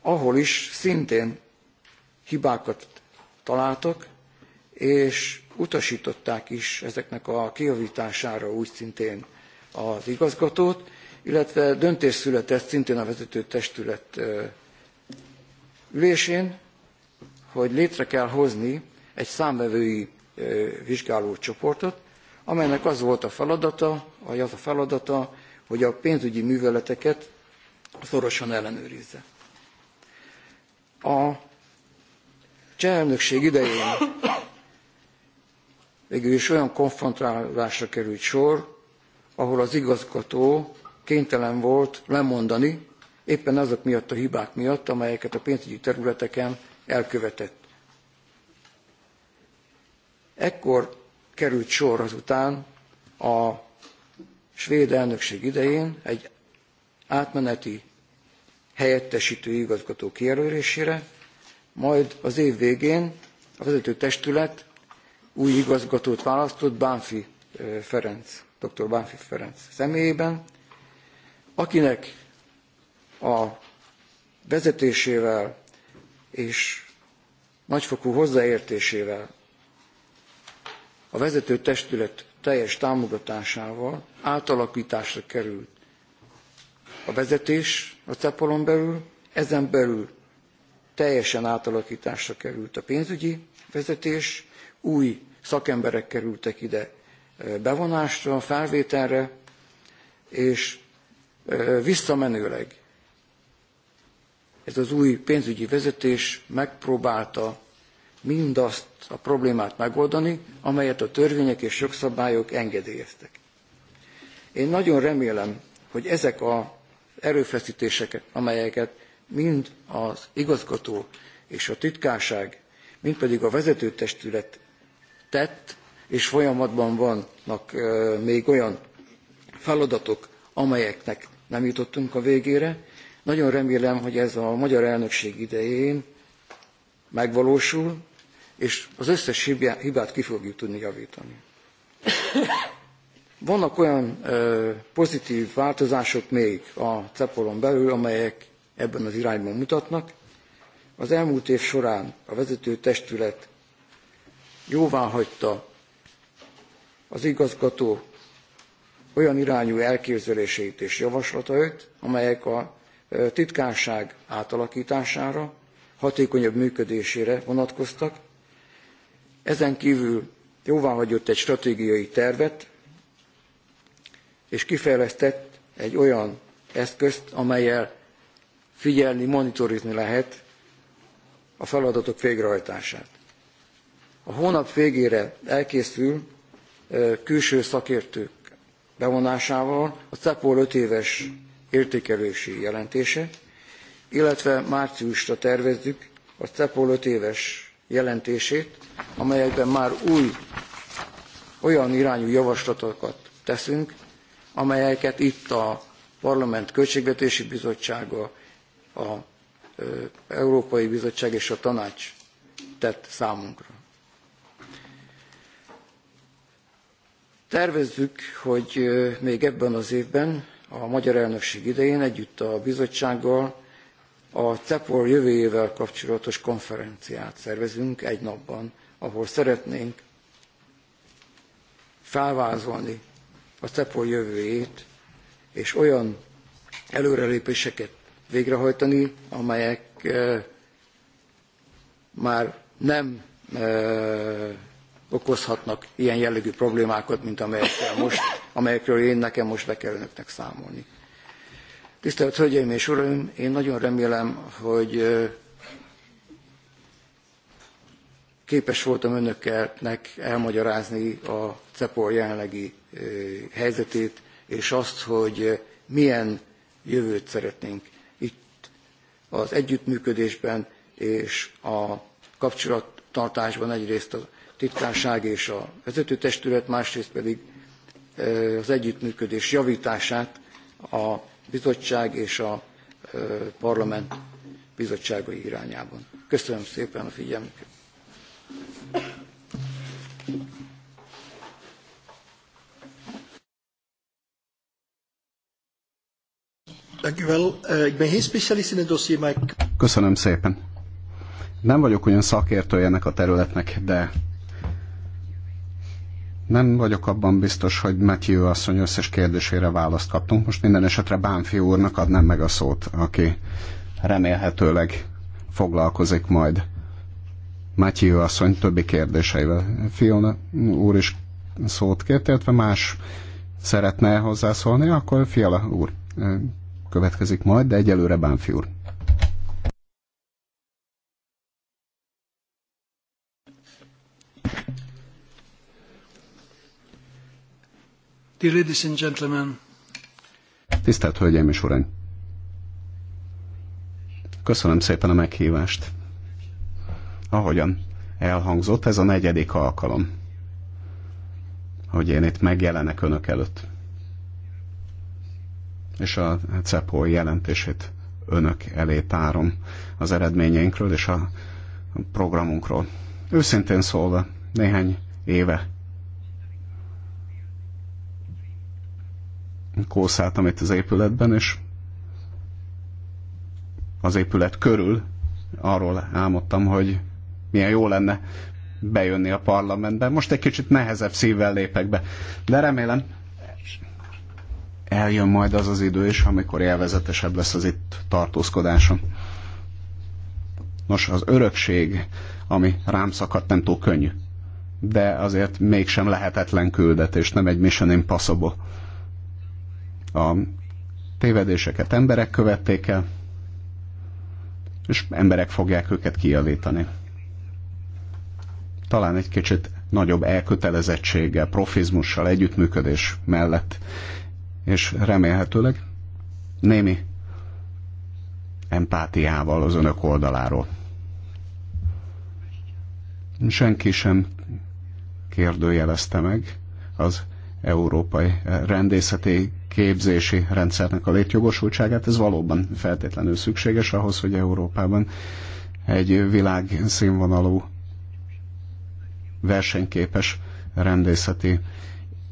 ahol is szintén hibákat találtak, és utasították is ezeknek a kiavítására úgy szintén az igazgatót, illetve döntés született szintén a vezető testület ülésén, hogy létre kell hozni egy számvevői csoportot amelynek az volt a feladata, vagy az a feladata, hogy a pénzügyi műveleteket szorosan ellenőrizze. A cseh elnökség idején végül is olyan konfrontálásra került sor, ahol az igazgató kénytelen volt lemondani, éppen azok miatt a hibák miatt, amelyeket a pénzügyi területeken elkövetett. Ekkor került sor azután a svéd elnökség idején egy átmeneti helyettesítő igazgató kijelölésére, majd az év végén a vezető testület új igazgatót választott Bánfi Ferenc, dr. Bánfi Ferenc személyében, akinek a vezetésével és nagyfokú hozzáértésével a vezető testület teljes támogatásával átalakításra került a vezetés a cepolon belül, ezen belül teljesen átalakításra került a pénzügyi vezetés, új szakemberek kerültek ide eh, bevonásra, felvételre, és eh, visszamenőleg ez az új pénzügyi vezetés megpróbálta mindazt a problémát megoldani, amelyet a törvények és jogszabályok engedélyeztek. Én nagyon remélem, hogy ezek az erőfeszítések, amelyeket mind az igazgató és a titkárság, mind pedig a vezetőtestület tett, és folyamatban vannak még olyan feladatok, amelyeknek nem jutottunk a végére. Nagyon remélem, hogy ez a magyar elnökség idején megvalósul, és az összes hibát ki fogjuk tudni javítani. Vannak olyan pozitív változások még a cepolon belül, amelyek ebben az irányban mutatnak. Az elmúlt év során a vezető testület jóváhagyta az igazgató olyan irányú elképzeléseit és javaslatait, amelyek a titkárság átalakítására, hatékonyabb működésére vonatkoztak, ezen kívül jóváhagyott egy stratégiai tervet, és kifejlesztett egy olyan eszközt, amelyel figyelni, monitorizni lehet a feladatok végrehajtását. A hónap végére elkészül külső szakértők bevonásával a CEPOL 5 éves értékelési jelentése, illetve márciusra tervezzük a CEPOL 5 éves jelentését, amelyekben már új, olyan irányú javaslatokat teszünk, amelyeket itt a Parlament Költségvetési Bizottsága, a Európai Bizottság és a Tanács tett számunkra. Tervezzük, hogy még ebben az évben, a magyar elnökség idején együtt a bizottsággal a CEPOL jövőjével kapcsolatos konferenciát szervezünk egy napban, ahol szeretnénk felvázolni a CEPOL jövőjét, és olyan előrelépéseket végrehajtani, amelyek eh, már nem eh, okozhatnak ilyen jellegű problémákat, mint amelyekről, most, amelyekről én nekem most be kell önöknek számolni. Tisztelt Hölgyeim és Uraim, én nagyon remélem, hogy képes voltam önöknek elmagyarázni a CEPOL jelenlegi helyzetét, és azt, hogy milyen jövőt szeretnénk itt az együttműködésben és a kapcsolattartásban egyrészt a titkárság és a vezetőtestület, másrészt pedig az együttműködés javítását a bizottság és a parlament bizottságai irányában. Köszönöm szépen a figyelmüket! Eh, Köszönöm szépen. Nem vagyok olyan szakértője ennek a területnek, de nem vagyok abban biztos, hogy Matthew asszony összes kérdésére választ kaptunk. Most minden esetre Bánfi úrnak adnám meg a szót, aki remélhetőleg foglalkozik majd Matthew asszony többi kérdéseivel. Fiona úr is szót kért, illetve más szeretne hozzászólni, akkor Fiala úr következik majd, de egyelőre Bánfi úr. Dear ladies and gentlemen. Tisztelt Hölgyeim és Uraim! Köszönöm szépen a meghívást. Ahogyan elhangzott, ez a negyedik alkalom, hogy én itt megjelenek Önök előtt. És a CEPOL jelentését Önök elé tárom az eredményeinkről és a programunkról. Őszintén szólva, néhány éve kószáltam itt az épületben, és az épület körül arról álmodtam, hogy milyen jó lenne bejönni a parlamentbe. Most egy kicsit nehezebb szívvel lépek be, de remélem eljön majd az az idő is, amikor élvezetesebb lesz az itt tartózkodásom. Nos, az örökség, ami rám szakadt, nem túl könnyű. De azért mégsem lehetetlen küldetés, nem egy mission impossible. A tévedéseket emberek követték el, és emberek fogják őket kijavítani. Talán egy kicsit nagyobb elkötelezettséggel, profizmussal, együttműködés mellett, és remélhetőleg némi empátiával az önök oldaláról. Senki sem kérdőjelezte meg az európai rendészeti képzési rendszernek a létjogosultságát. Ez valóban feltétlenül szükséges ahhoz, hogy Európában egy világ színvonalú versenyképes rendészeti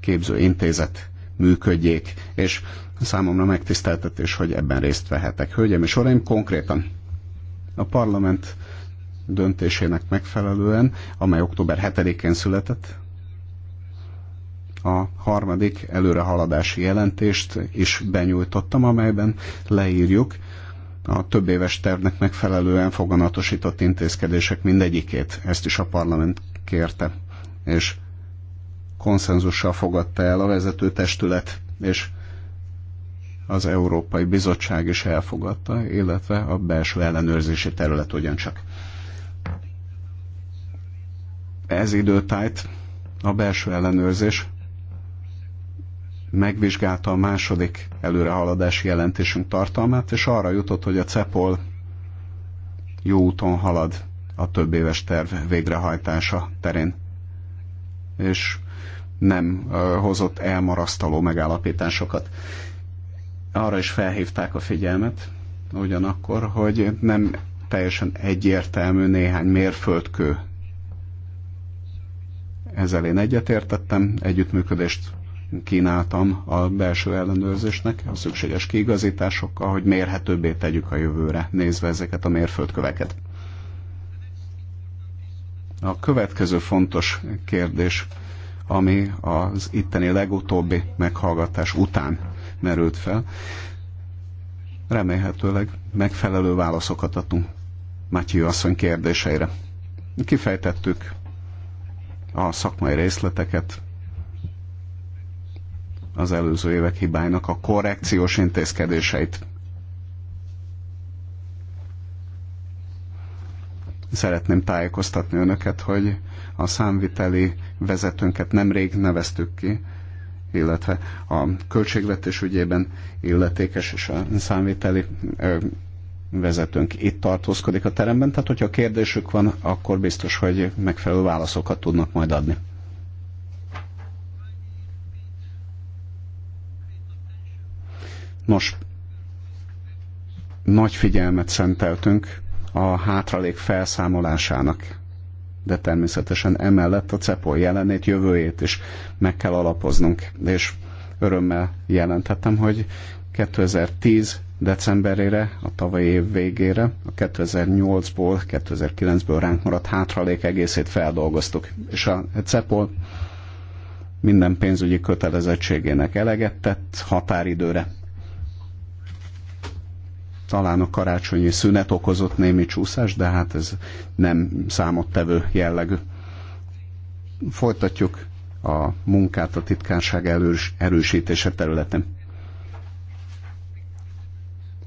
képzőintézet működjék, és számomra megtiszteltetés, hogy ebben részt vehetek. Hölgyem és uraim, konkrétan a parlament döntésének megfelelően, amely október 7-én született, a harmadik előrehaladási jelentést is benyújtottam, amelyben leírjuk a több éves tervnek megfelelően foganatosított intézkedések mindegyikét. Ezt is a parlament kérte, és konszenzussal fogadta el a vezető testület, és az Európai Bizottság is elfogadta, illetve a belső ellenőrzési terület ugyancsak. Ez időtájt a belső ellenőrzés megvizsgálta a második előrehaladási jelentésünk tartalmát, és arra jutott, hogy a CEPOL jó úton halad a több éves terv végrehajtása terén. És nem hozott elmarasztaló megállapításokat. Arra is felhívták a figyelmet, ugyanakkor, hogy nem teljesen egyértelmű néhány mérföldkő. Ezzel én egyetértettem, együttműködést kínáltam a belső ellenőrzésnek, a szükséges kiigazításokkal, hogy mérhetőbbé tegyük a jövőre, nézve ezeket a mérföldköveket. A következő fontos kérdés, ami az itteni legutóbbi meghallgatás után merült fel, remélhetőleg megfelelő válaszokat adtunk Matyi asszony kérdéseire. Kifejtettük a szakmai részleteket, az előző évek hibáinak a korrekciós intézkedéseit. Szeretném tájékoztatni önöket, hogy a számviteli vezetőnket nemrég neveztük ki, illetve a költségvetés ügyében illetékes és a számviteli vezetőnk itt tartózkodik a teremben, tehát hogyha kérdésük van, akkor biztos, hogy megfelelő válaszokat tudnak majd adni. Nos, nagy figyelmet szenteltünk a hátralék felszámolásának, de természetesen emellett a CEPOL jelenét, jövőjét is meg kell alapoznunk, és örömmel jelentettem, hogy 2010 decemberére, a tavalyi év végére, a 2008-ból, 2009-ből ránk maradt hátralék egészét feldolgoztuk. És a CEPOL minden pénzügyi kötelezettségének eleget tett határidőre. Talán a karácsonyi szünet okozott némi csúszás, de hát ez nem számottevő jellegű. Folytatjuk a munkát a titkárság erős, erősítése területen.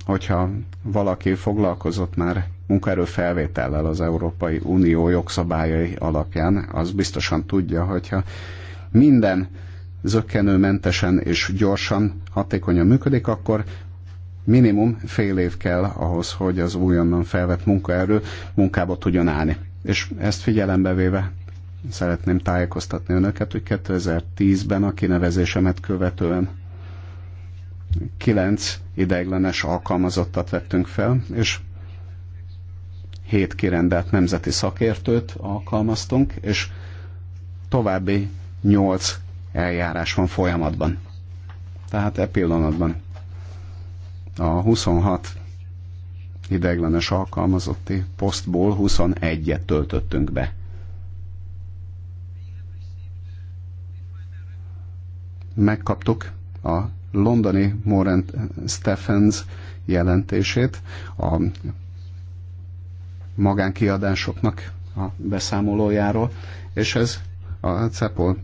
Hogyha valaki foglalkozott már munkaerő felvétellel az Európai Unió jogszabályai alapján, az biztosan tudja, hogyha minden zöggenőmentesen és gyorsan, hatékonyan működik, akkor minimum fél év kell ahhoz, hogy az újonnan felvett munkaerő munkába tudjon állni. És ezt figyelembe véve szeretném tájékoztatni önöket, hogy 2010-ben a kinevezésemet követően kilenc ideiglenes alkalmazottat vettünk fel, és hét kirendelt nemzeti szakértőt alkalmaztunk, és további nyolc eljárás van folyamatban. Tehát e pillanatban a 26 ideglenes alkalmazotti posztból 21-et töltöttünk be. Megkaptuk a londoni Morant Stephens jelentését a magánkiadásoknak a beszámolójáról, és ez a CEPOL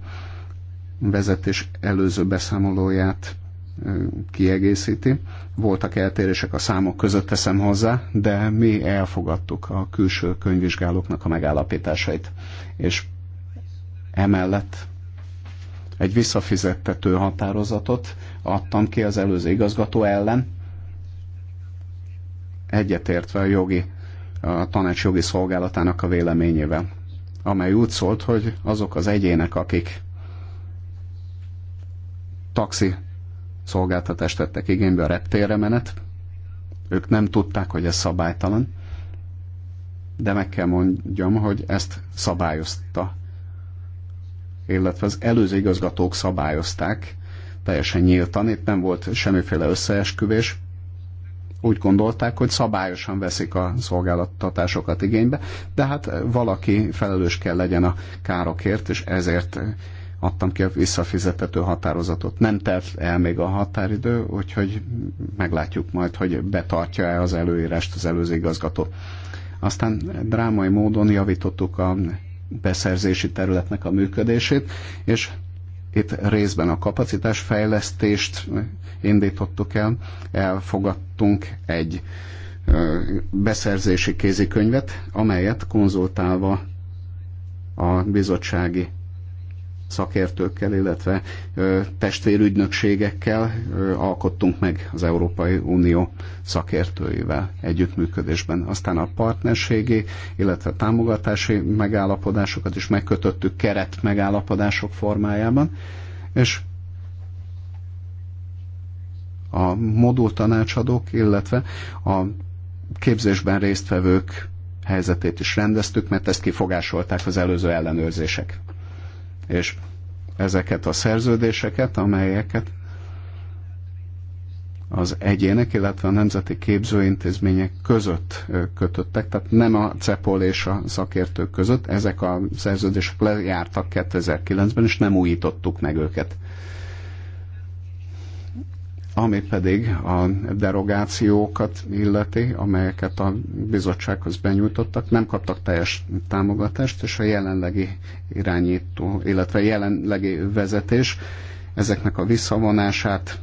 vezetés előző beszámolóját kiegészíti. Voltak eltérések a számok között, teszem hozzá, de mi elfogadtuk a külső könyvvizsgálóknak a megállapításait. És emellett egy visszafizettető határozatot adtam ki az előző igazgató ellen, egyetértve a jogi, a tanács jogi szolgálatának a véleményével, amely úgy szólt, hogy azok az egyének, akik taxi szolgáltatást vettek igénybe a reptérre menet. Ők nem tudták, hogy ez szabálytalan, de meg kell mondjam, hogy ezt szabályozta, illetve az előző igazgatók szabályozták teljesen nyíltan, itt nem volt semmiféle összeesküvés, úgy gondolták, hogy szabályosan veszik a szolgáltatásokat igénybe, de hát valaki felelős kell legyen a károkért, és ezért adtam ki a visszafizetető határozatot. Nem telt el még a határidő, úgyhogy meglátjuk majd, hogy betartja-e az előírást az előző igazgató. Aztán drámai módon javítottuk a beszerzési területnek a működését, és itt részben a kapacitásfejlesztést indítottuk el, elfogadtunk egy beszerzési kézikönyvet, amelyet konzultálva a bizottsági szakértőkkel, illetve testvérügynökségekkel alkottunk meg az Európai Unió szakértőivel együttműködésben. Aztán a partnerségi, illetve a támogatási megállapodásokat is megkötöttük keret megállapodások formájában, és a modul tanácsadók, illetve a képzésben résztvevők helyzetét is rendeztük, mert ezt kifogásolták az előző ellenőrzések és ezeket a szerződéseket, amelyeket az egyének, illetve a nemzeti képzőintézmények között kötöttek, tehát nem a CEPOL és a szakértők között. Ezek a szerződések lejártak 2009-ben, és nem újítottuk meg őket ami pedig a derogációkat illeti, amelyeket a bizottsághoz benyújtottak, nem kaptak teljes támogatást, és a jelenlegi irányító, illetve jelenlegi vezetés ezeknek a visszavonását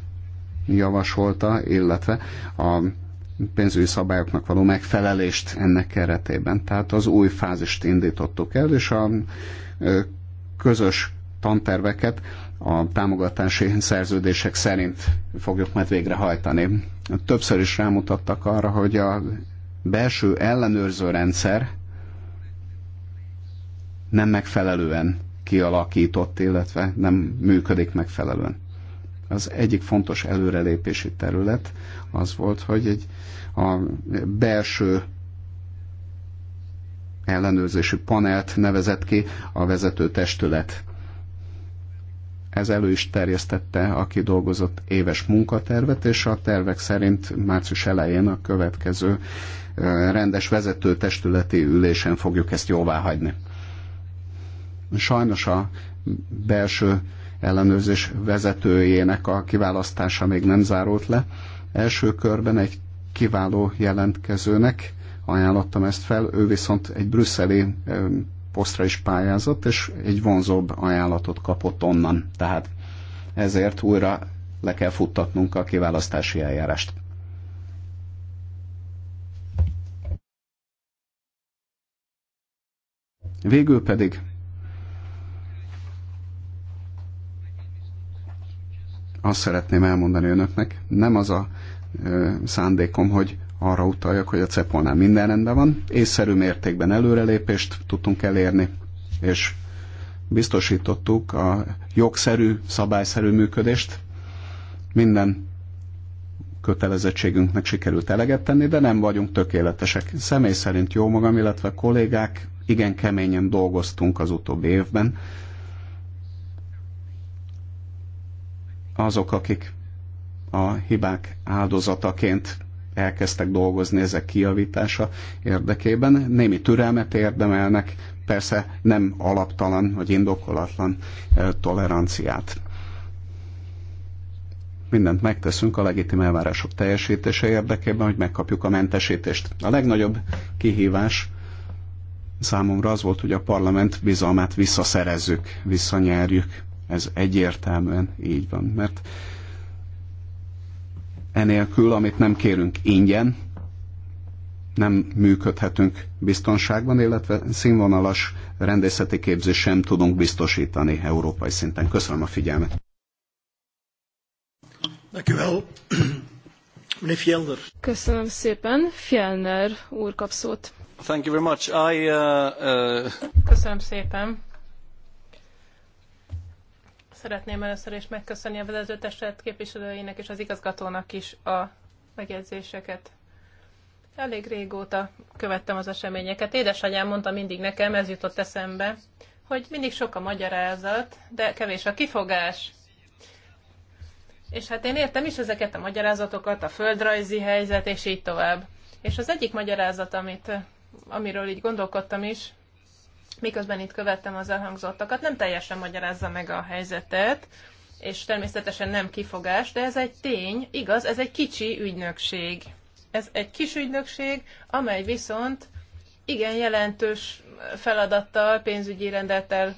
javasolta, illetve a pénzügyi szabályoknak való megfelelést ennek keretében. Tehát az új fázist indítottuk el, és a közös tanterveket a támogatási szerződések szerint fogjuk majd végrehajtani. Többször is rámutattak arra, hogy a belső ellenőrző rendszer nem megfelelően kialakított, illetve nem működik megfelelően. Az egyik fontos előrelépési terület az volt, hogy egy a belső ellenőrzési panelt nevezett ki a vezető testület ez elő is terjesztette a kidolgozott éves munkatervet, és a tervek szerint március elején a következő rendes vezető testületi ülésen fogjuk ezt jóvá hagyni. Sajnos a belső ellenőrzés vezetőjének a kiválasztása még nem zárult le. Első körben egy kiváló jelentkezőnek ajánlottam ezt fel, ő viszont egy brüsszeli posztra is pályázott, és egy vonzóbb ajánlatot kapott onnan. Tehát ezért újra le kell futtatnunk a kiválasztási eljárást. Végül pedig azt szeretném elmondani önöknek, nem az a ö, szándékom, hogy arra utaljak, hogy a CEPOL-nál minden rendben van, észszerű mértékben előrelépést tudtunk elérni, és biztosítottuk a jogszerű, szabályszerű működést. Minden kötelezettségünknek sikerült eleget tenni, de nem vagyunk tökéletesek. Személy szerint jó magam, illetve kollégák, igen keményen dolgoztunk az utóbbi évben. Azok, akik a hibák áldozataként elkezdtek dolgozni ezek kiavítása érdekében. Némi türelmet érdemelnek, persze nem alaptalan vagy indokolatlan eh, toleranciát. Mindent megteszünk a legitim elvárások teljesítése érdekében, hogy megkapjuk a mentesítést. A legnagyobb kihívás számomra az volt, hogy a parlament bizalmát visszaszerezzük, visszanyerjük. Ez egyértelműen így van, mert enélkül, amit nem kérünk ingyen, nem működhetünk biztonságban, illetve színvonalas rendészeti képzés sem tudunk biztosítani európai szinten. Köszönöm a figyelmet. *clears throat* Köszönöm szépen. Fjellner úr kap szót. Thank you very much. I, uh, uh... Köszönöm szépen Szeretném először is megköszönni a vezetőtestet képviselőinek és az igazgatónak is a megjegyzéseket. Elég régóta követtem az eseményeket. Édesanyám mondta mindig nekem, ez jutott eszembe, hogy mindig sok a magyarázat, de kevés a kifogás. És hát én értem is ezeket a magyarázatokat, a földrajzi helyzet, és így tovább. És az egyik magyarázat, amit, amiről így gondolkodtam is, miközben itt követtem az elhangzottakat, nem teljesen magyarázza meg a helyzetet, és természetesen nem kifogás, de ez egy tény, igaz, ez egy kicsi ügynökség. Ez egy kis ügynökség, amely viszont igen jelentős feladattal, pénzügyi rendettel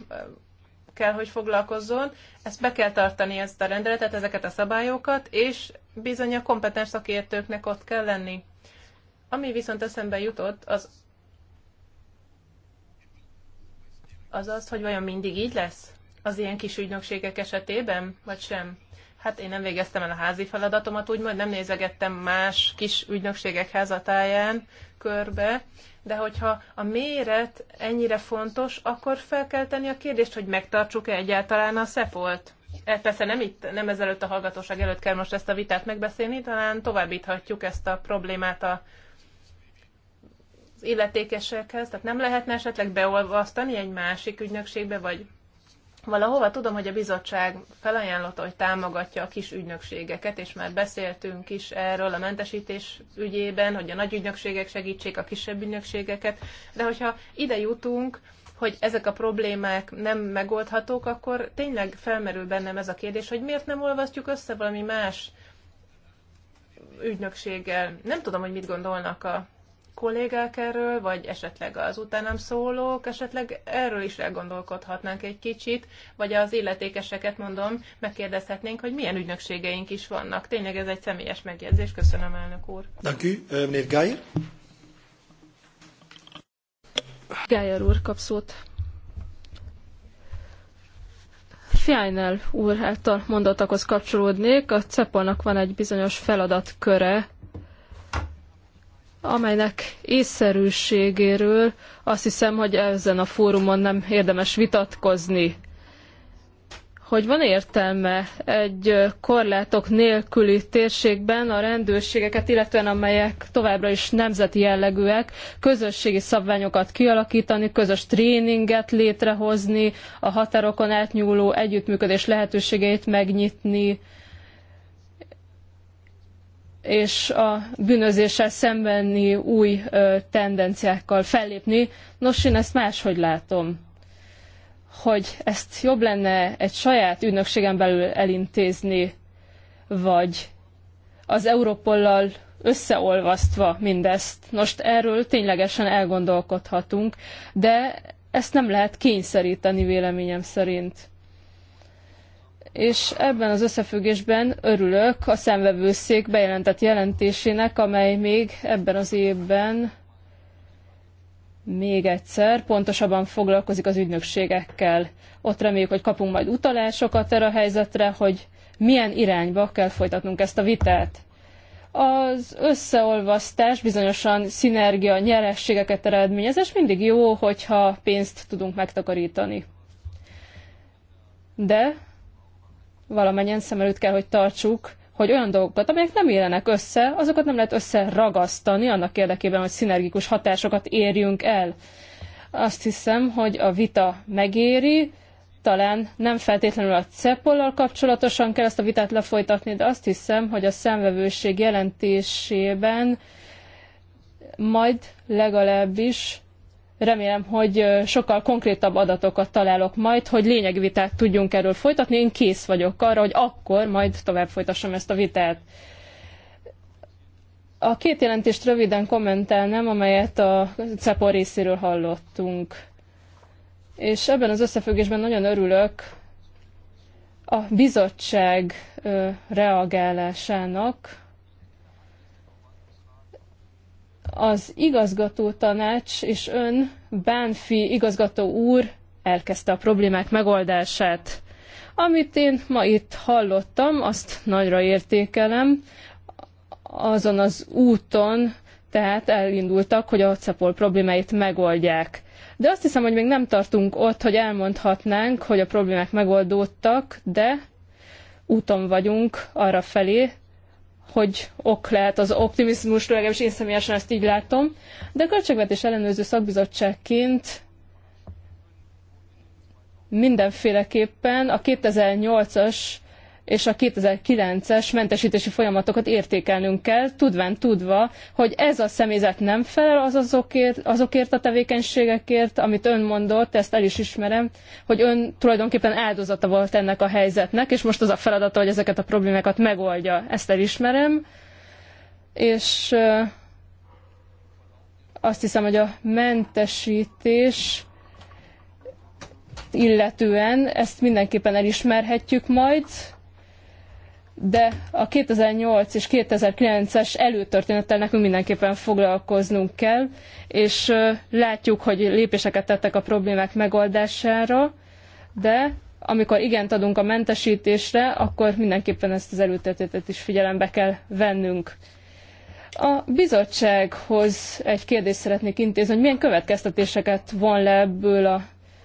kell, hogy foglalkozzon, ezt be kell tartani ezt a rendeletet, ezeket a szabályokat, és bizony a kompetens szakértőknek ott kell lenni. Ami viszont eszembe jutott, az az az, hogy vajon mindig így lesz az ilyen kis ügynökségek esetében, vagy sem? Hát én nem végeztem el a házi feladatomat, úgymond nem nézegettem más kis ügynökségek házatáján körbe, de hogyha a méret ennyire fontos, akkor fel kell tenni a kérdést, hogy megtartsuk-e egyáltalán a szepolt. E, persze nem, itt, nem ezelőtt a hallgatóság előtt kell most ezt a vitát megbeszélni, talán továbbíthatjuk ezt a problémát a illetékesekhez, tehát nem lehetne esetleg beolvasztani egy másik ügynökségbe, vagy valahova tudom, hogy a bizottság felajánlotta, hogy támogatja a kis ügynökségeket, és már beszéltünk is erről a mentesítés ügyében, hogy a nagy ügynökségek segítsék a kisebb ügynökségeket, de hogyha ide jutunk, hogy ezek a problémák nem megoldhatók, akkor tényleg felmerül bennem ez a kérdés, hogy miért nem olvasztjuk össze valami más ügynökséggel. Nem tudom, hogy mit gondolnak a kollégák erről, vagy esetleg az utánam szólók, esetleg erről is elgondolkodhatnánk egy kicsit, vagy az illetékeseket mondom, megkérdezhetnénk, hogy milyen ügynökségeink is vannak. Tényleg ez egy személyes megjegyzés. Köszönöm, elnök úr. Dank u, uh, meneer Geyer. Geyer úr kap szót. Fjánel úr által mondatokhoz kapcsolódnék. A Cepolnak van egy bizonyos feladatköre, amelynek észszerűségéről azt hiszem, hogy ezen a fórumon nem érdemes vitatkozni. Hogy van értelme egy korlátok nélküli térségben a rendőrségeket, illetően amelyek továbbra is nemzeti jellegűek, közösségi szabványokat kialakítani, közös tréninget létrehozni, a határokon átnyúló együttműködés lehetőségeit megnyitni, és a bűnözéssel szembeni új tendenciákkal fellépni. Nos, én ezt máshogy látom, hogy ezt jobb lenne egy saját ügynökségen belül elintézni, vagy az Európollal összeolvasztva mindezt. Most erről ténylegesen elgondolkodhatunk, de ezt nem lehet kényszeríteni véleményem szerint és ebben az összefüggésben örülök a szemvevőszék bejelentett jelentésének, amely még ebben az évben még egyszer pontosabban foglalkozik az ügynökségekkel. Ott reméljük, hogy kapunk majd utalásokat erre a helyzetre, hogy milyen irányba kell folytatnunk ezt a vitát. Az összeolvasztás bizonyosan szinergia, nyerességeket eredményez, és mindig jó, hogyha pénzt tudunk megtakarítani. De valamennyien szem előtt kell, hogy tartsuk, hogy olyan dolgokat, amelyek nem élenek össze, azokat nem lehet összeragasztani annak érdekében, hogy szinergikus hatásokat érjünk el. Azt hiszem, hogy a vita megéri, talán nem feltétlenül a cepollal kapcsolatosan kell ezt a vitát lefolytatni, de azt hiszem, hogy a szemvevőség jelentésében majd legalábbis Remélem, hogy sokkal konkrétabb adatokat találok majd, hogy lényegvitát tudjunk erről folytatni. Én kész vagyok arra, hogy akkor majd tovább folytassam ezt a vitát. A két jelentést röviden kommentálnám, amelyet a CEPO részéről hallottunk. És ebben az összefüggésben nagyon örülök a bizottság reagálásának, Az igazgató tanács és ön, Bánfi igazgató úr elkezdte a problémák megoldását. Amit én ma itt hallottam, azt nagyra értékelem. Azon az úton, tehát elindultak, hogy a CEPOL problémáit megoldják. De azt hiszem, hogy még nem tartunk ott, hogy elmondhatnánk, hogy a problémák megoldódtak, de úton vagyunk arra felé, hogy ok lehet az optimizmus legalábbis én személyesen ezt így látom, de a költségvetés ellenőrző szakbizottságként mindenféleképpen a 2008-as és a 2009-es mentesítési folyamatokat értékelnünk kell, tudván tudva, hogy ez a személyzet nem felel az azokért, azokért a tevékenységekért, amit ön mondott, ezt el is ismerem, hogy ön tulajdonképpen áldozata volt ennek a helyzetnek, és most az a feladata, hogy ezeket a problémákat megoldja, ezt elismerem, és azt hiszem, hogy a mentesítés illetően ezt mindenképpen elismerhetjük majd, de a 2008 és 2009-es előtörténettel nekünk mindenképpen foglalkoznunk kell, és látjuk, hogy lépéseket tettek a problémák megoldására, de amikor igent adunk a mentesítésre, akkor mindenképpen ezt az előtörténetet is figyelembe kell vennünk. A bizottsághoz egy kérdést szeretnék intézni, hogy milyen következtetéseket von le ebből a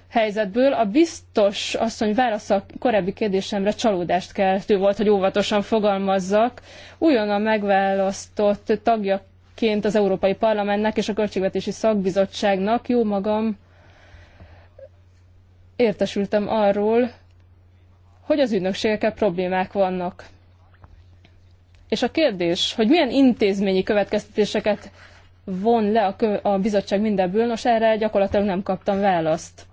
helyzetből. A biztos asszony válasza a korábbi kérdésemre csalódást keltő volt, hogy óvatosan fogalmazzak. Újonnan megválasztott tagjaként az Európai Parlamentnek és a Költségvetési Szakbizottságnak jó magam értesültem arról, hogy az ügynökségekkel problémák vannak. És a kérdés, hogy milyen intézményi következtetéseket von le a, a bizottság mindebből, nos erre gyakorlatilag nem kaptam választ.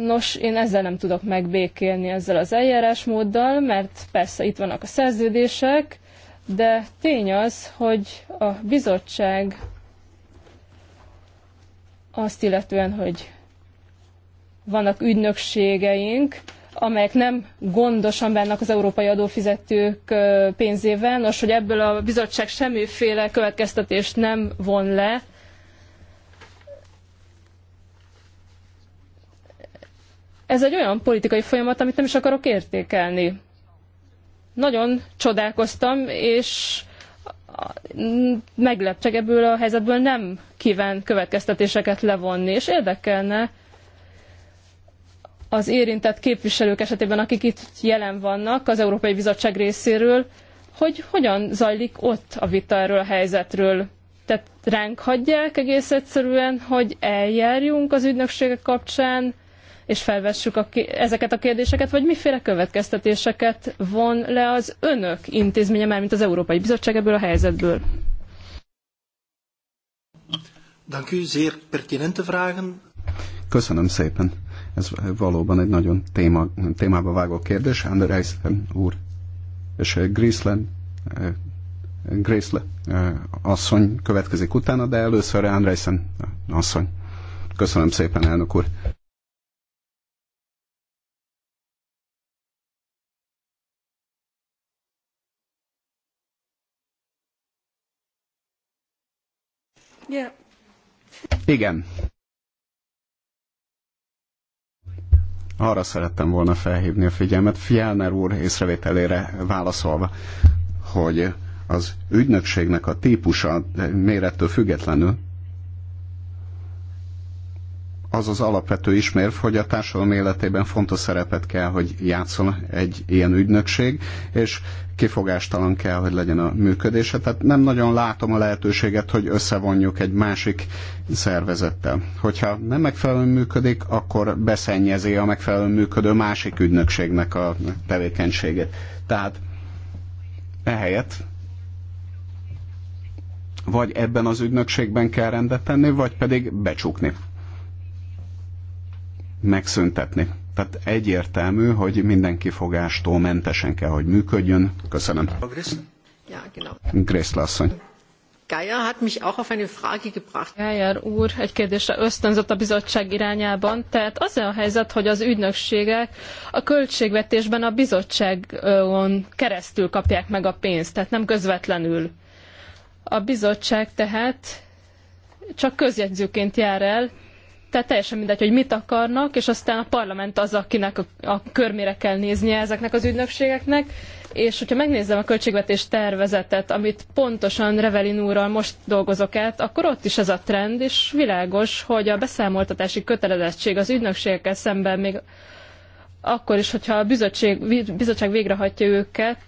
Nos, én ezzel nem tudok megbékélni ezzel az eljárásmóddal, mert persze itt vannak a szerződések, de tény az, hogy a bizottság azt illetően, hogy vannak ügynökségeink, amelyek nem gondosan bennak az európai adófizetők pénzével. Nos, hogy ebből a bizottság semmiféle következtetést nem von le, Ez egy olyan politikai folyamat, amit nem is akarok értékelni. Nagyon csodálkoztam, és megleptek ebből a helyzetből, nem kíván következtetéseket levonni, és érdekelne az érintett képviselők esetében, akik itt jelen vannak az Európai Bizottság részéről, hogy hogyan zajlik ott a vita erről a helyzetről. Tehát ránk hagyják egész egyszerűen, hogy eljárjunk az ügynökségek kapcsán, és felvessük a, ezeket a kérdéseket, vagy miféle következtetéseket von le az önök intézménye, már mint az Európai Bizottság ebből a helyzetből? Dank u, zeer pertinente vragen. Köszönöm szépen. Ez valóban egy nagyon téma, témába vágó kérdés. Eisen eh, úr és eh, Grislen eh, Grace asszony következik utána, de először Andrészen asszony. Köszönöm szépen, elnök úr. Yeah. Igen. Arra szerettem volna felhívni a figyelmet, Fjellner úr észrevételére válaszolva, hogy az ügynökségnek a típusa eh, mérettől függetlenül az az alapvető ismérv, hogy a társadalom életében fontos szerepet kell, hogy játszon egy ilyen ügynökség, és kifogástalan kell, hogy legyen a működése. Tehát nem nagyon látom a lehetőséget, hogy összevonjuk egy másik szervezettel. Hogyha nem megfelelően működik, akkor beszennyezi a megfelelően működő másik ügynökségnek a tevékenységét. Tehát ehelyett vagy ebben az ügynökségben kell rendet tenni, vagy pedig becsukni megszüntetni. Tehát egyértelmű, hogy mindenki fogástól mentesen kell, hogy működjön. Köszönöm. Ja, genau. Grészle asszony. Geyer Geyer úr egy kérdésre ösztönzött a bizottság irányában, tehát az -e a helyzet, hogy az ügynökségek a költségvetésben a bizottságon keresztül kapják meg a pénzt, tehát nem közvetlenül. A bizottság tehát csak közjegyzőként jár el, tehát teljesen mindegy, hogy mit akarnak, és aztán a parlament az, akinek a, a körmére kell néznie ezeknek az ügynökségeknek. És hogyha megnézem a költségvetés tervezetet, amit pontosan Revelin úrral most dolgozok át, akkor ott is ez a trend, és világos, hogy a beszámoltatási kötelezettség az ügynökségekkel szemben még akkor is, hogyha a bizottság, bizottság végrehajtja őket,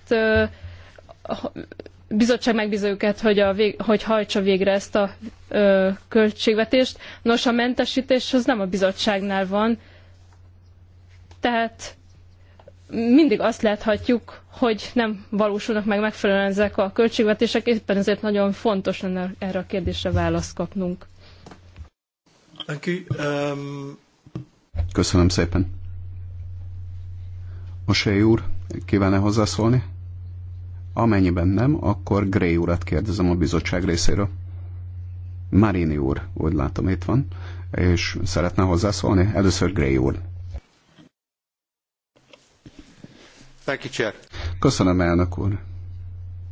bizottság megbízza őket, hogy, a vég, hogy hajtsa végre ezt a ö, költségvetést. Nos, a mentesítés az nem a bizottságnál van. Tehát mindig azt láthatjuk, hogy nem valósulnak meg megfelelően ezek a költségvetések, éppen ezért nagyon fontos lenne erre a kérdésre választ kapnunk. Um, Köszönöm szépen. Osei úr, kíván hozzászólni? Amennyiben nem, akkor Gray urat kérdezem a bizottság részéről. Marini úr, úgy látom itt van, és szeretne hozzászólni. Először Gray úr. Thank you, Chair. Köszönöm, elnök úr.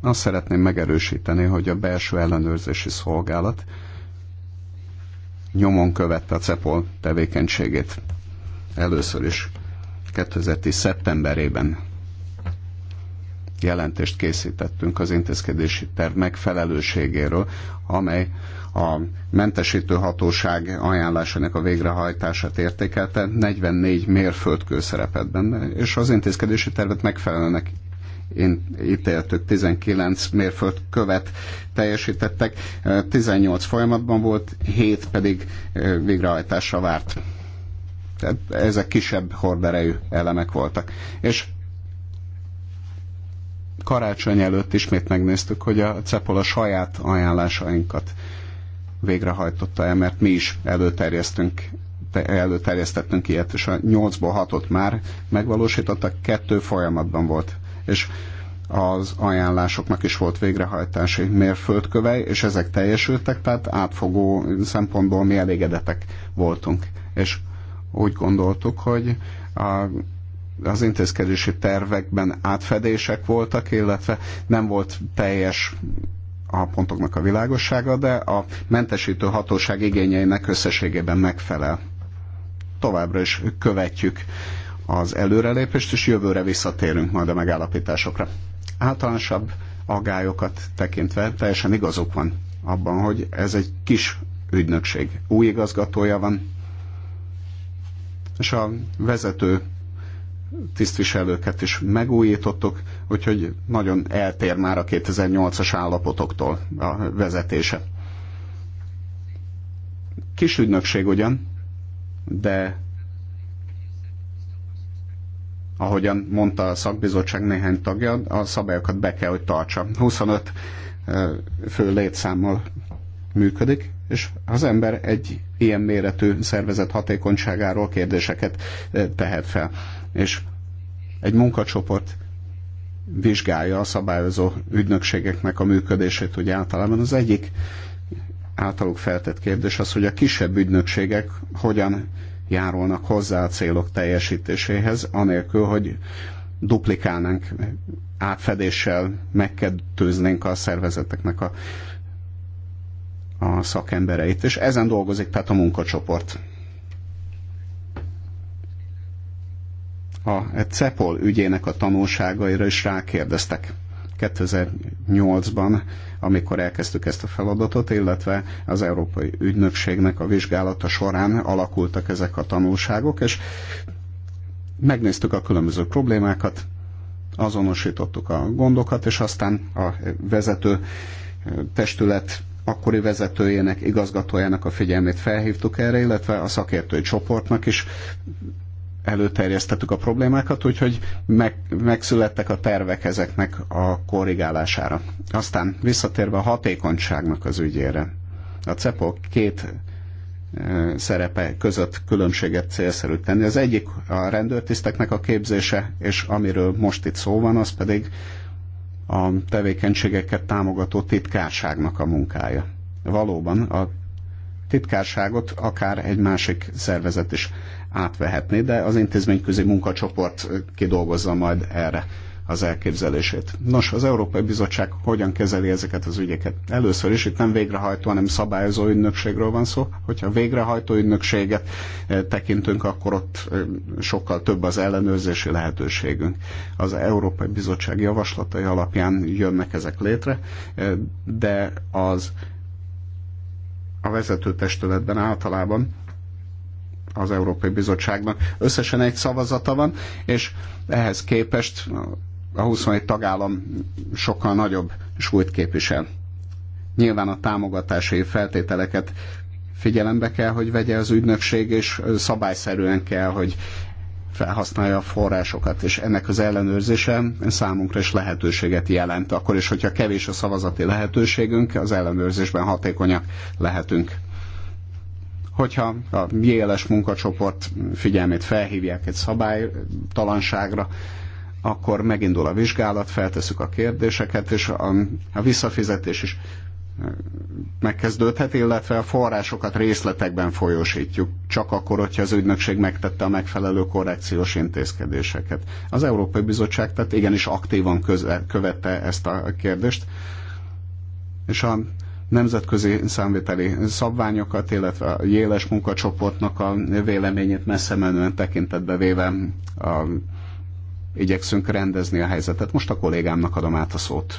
Azt szeretném megerősíteni, hogy a belső ellenőrzési szolgálat nyomon követte a CEPOL tevékenységét először is 2010. szeptemberében jelentést készítettünk az intézkedési terv megfelelőségéről, amely a mentesítő hatóság ajánlásának a végrehajtását értékelte 44 mérföldkő szerepet benne, és az intézkedési tervet megfelelőnek én ítéltük, 19 mérföld követ teljesítettek, 18 folyamatban volt, 7 pedig végrehajtásra várt. Tehát ezek kisebb horderejű elemek voltak. És karácsony előtt ismét megnéztük, hogy a CEPOL a saját ajánlásainkat végrehajtotta el, mert mi is előterjesztünk előterjesztettünk ilyet, és a 8-ból 6-ot már megvalósítottak, kettő folyamatban volt. És az ajánlásoknak is volt végrehajtási mérföldköve, és ezek teljesültek, tehát átfogó szempontból mi elégedetek voltunk. És úgy gondoltuk, hogy a az intézkedési tervekben átfedések voltak, illetve nem volt teljes a pontoknak a világossága, de a mentesítő hatóság igényeinek összességében megfelel. Továbbra is követjük az előrelépést, és jövőre visszatérünk majd a megállapításokra. Általánosabb agályokat tekintve teljesen igazuk van abban, hogy ez egy kis ügynökség. Új igazgatója van, és a vezető tisztviselőket is megújítottuk, úgyhogy nagyon eltér már a 2008-as állapotoktól a vezetése. Kis ügynökség ugyan, de ahogyan mondta a szakbizottság néhány tagja, a szabályokat be kell, hogy tartsa. 25 fő létszámmal működik, és az ember egy ilyen méretű szervezet hatékonyságáról kérdéseket tehet fel és egy munkacsoport vizsgálja a szabályozó ügynökségeknek a működését, hogy általában az egyik általuk feltett kérdés az, hogy a kisebb ügynökségek hogyan járulnak hozzá a célok teljesítéséhez, anélkül, hogy duplikálnánk átfedéssel, megkettőznénk a szervezeteknek a, a szakembereit, és ezen dolgozik tehát a munkacsoport. a CEPOL ügyének a tanulságaira is rákérdeztek. 2008-ban, amikor elkezdtük ezt a feladatot, illetve az Európai Ügynökségnek a vizsgálata során alakultak ezek a tanulságok, és megnéztük a különböző problémákat, azonosítottuk a gondokat, és aztán a vezető testület akkori vezetőjének, igazgatójának a figyelmét felhívtuk erre, illetve a szakértői csoportnak is előterjesztettük a problémákat, úgyhogy meg, megszülettek a tervek ezeknek a korrigálására. Aztán visszatérve a hatékonyságnak az ügyére. A CEPO két e, szerepe között különbséget célszerű tenni. Az egyik a rendőrtiszteknek a képzése, és amiről most itt szó van, az pedig a tevékenységeket támogató titkárságnak a munkája. Valóban a titkárságot akár egy másik szervezet is átvehetni, de az intézményközi munkacsoport kidolgozza majd erre az elképzelését. Nos, az Európai Bizottság hogyan kezeli ezeket az ügyeket? Először is itt nem végrehajtó, hanem szabályozó ügynökségről van szó. Hogyha végrehajtó ügynökséget tekintünk, akkor ott sokkal több az ellenőrzési lehetőségünk. Az Európai Bizottság javaslatai alapján jönnek ezek létre, de az a vezető testületben általában az Európai Bizottságnak összesen egy szavazata van, és ehhez képest a 21 tagállam sokkal nagyobb súlyt képvisel. Nyilván a támogatási feltételeket figyelembe kell, hogy vegye az ügynökség, és szabályszerűen kell, hogy felhasználja a forrásokat, és ennek az ellenőrzése számunkra is lehetőséget jelent. Akkor is, hogyha kevés a szavazati lehetőségünk, az ellenőrzésben hatékonyak lehetünk hogyha a JLS munkacsoport figyelmét felhívják egy szabálytalanságra, akkor megindul a vizsgálat, feltesszük a kérdéseket, és a, a visszafizetés is megkezdődhet, illetve a forrásokat részletekben folyósítjuk, csak akkor, hogyha az ügynökség megtette a megfelelő korrekciós intézkedéseket. Az Európai Bizottság tehát igenis aktívan közve, követte ezt a kérdést, és a nemzetközi számviteli szabványokat, illetve a jéles munkacsoportnak a véleményét messze menően tekintetbe véve a, igyekszünk rendezni a helyzetet. Most a kollégámnak adom át a szót.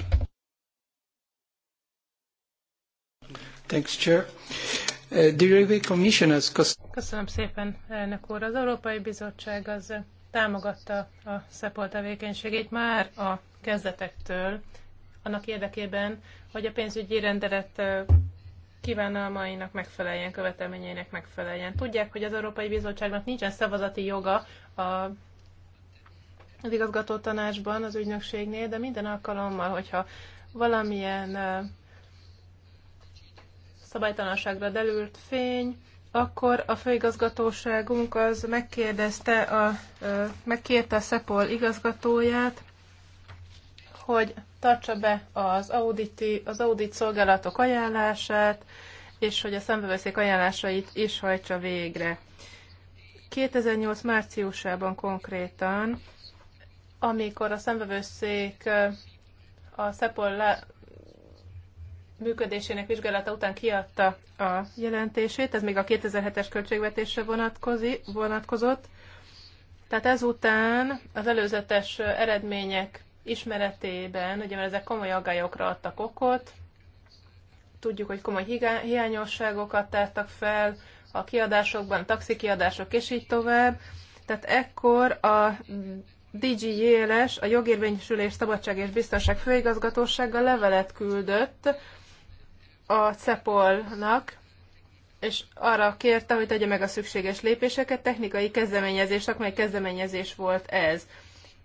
Thanks, Chair. Uh, Köszönöm szépen, elnök úr. Az Európai Bizottság az támogatta a SZEPOL tevékenységét már a kezdetektől, annak érdekében, hogy a pénzügyi rendelet kívánalmainak megfeleljen, követelményeinek megfeleljen. Tudják, hogy az Európai Bizottságnak nincsen szavazati joga a az igazgató tanácsban, az ügynökségnél, de minden alkalommal, hogyha valamilyen szabálytalanságra delült fény, akkor a főigazgatóságunk az megkérdezte a, megkérte a Szepol igazgatóját, hogy tartsa be az, auditi, az audit szolgálatok ajánlását, és hogy a szembeveszék ajánlásait is hajtsa végre. 2008 márciusában konkrétan, amikor a szembevőszék a Szepol működésének vizsgálata után kiadta a jelentését, ez még a 2007-es költségvetésre vonatkozott, tehát ezután az előzetes eredmények ismeretében, ugye mert ezek komoly aggályokra adtak okot, tudjuk, hogy komoly hiányosságokat tártak fel a kiadásokban, taxikiadások és így tovább. Tehát ekkor a DG Jéles, a Jogérvényesülés Szabadság és Biztonság Főigazgatósága levelet küldött a CEPOL-nak, és arra kérte, hogy tegye meg a szükséges lépéseket, technikai kezdeményezés, szakmai kezdeményezés volt ez.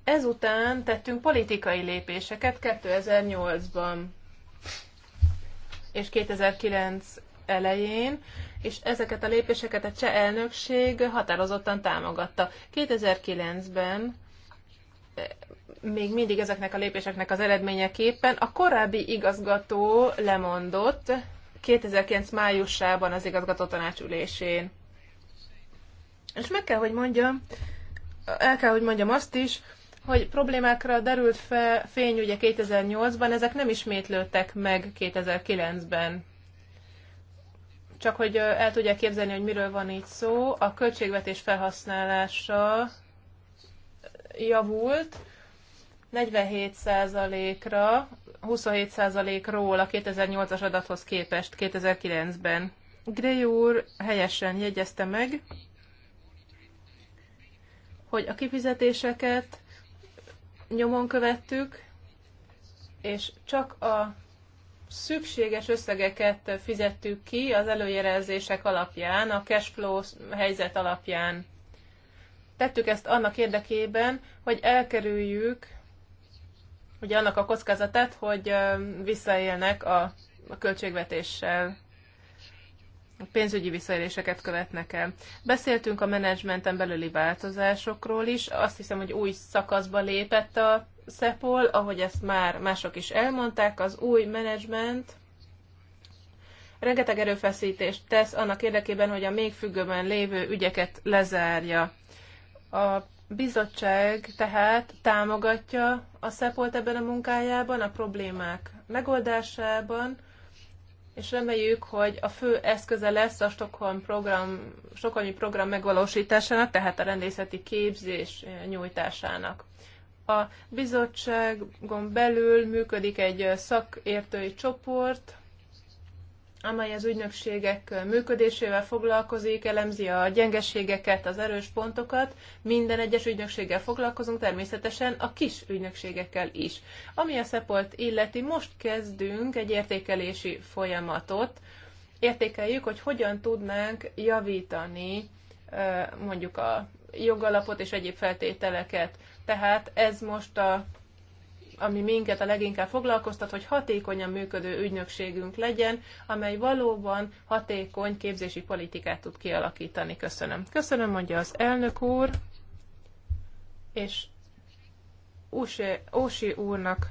Ezután tettünk politikai lépéseket 2008-ban és 2009 elején, és ezeket a lépéseket a cseh elnökség határozottan támogatta. 2009-ben eh, még mindig ezeknek a lépéseknek az eredményeképpen a korábbi igazgató lemondott 2009 májusában az igazgató tanácsülésén. ülésén. És meg kell, hogy mondjam, el kell, hogy mondjam azt is, hogy problémákra derült fe, fény ugye 2008-ban, ezek nem ismétlődtek meg 2009-ben. Csak hogy el tudják képzelni, hogy miről van itt szó, a költségvetés felhasználása javult 47%-ra, 27%-ról a 2008-as adathoz képest 2009-ben. Gray úr helyesen jegyezte meg, hogy a kifizetéseket nyomon követtük, és csak a szükséges összegeket fizettük ki az előjelzések alapján, a cashflow helyzet alapján. Tettük ezt annak érdekében, hogy elkerüljük ugye annak a kockázatát, hogy visszaélnek a költségvetéssel pénzügyi visszaéléseket követnek el. Beszéltünk a menedzsmenten belüli változásokról is. Azt hiszem, hogy új szakaszba lépett a Szepol, ahogy ezt már mások is elmondták, az új menedzsment rengeteg erőfeszítést tesz annak érdekében, hogy a még függőben lévő ügyeket lezárja. A bizottság tehát támogatja a Szepolt ebben a munkájában, a problémák megoldásában, és reméljük, hogy a fő eszköze lesz a Stockholm program, Stockholmi program megvalósításának, tehát a rendészeti képzés eh, nyújtásának. A bizottságon belül működik egy eh, szakértői csoport, amely az ügynökségek működésével foglalkozik, elemzi a gyengeségeket, az erős pontokat. Minden egyes ügynökséggel foglalkozunk, természetesen a kis ügynökségekkel is. Ami a szepolt illeti, most kezdünk egy értékelési folyamatot. Értékeljük, hogy hogyan tudnánk javítani mondjuk a jogalapot és egyéb feltételeket. Tehát ez most a ami minket a leginkább foglalkoztat, hogy hatékonyan működő ügynökségünk legyen, amely valóban hatékony képzési politikát tud kialakítani. Köszönöm. Köszönöm, mondja az elnök úr, és Ósi, Ósi úrnak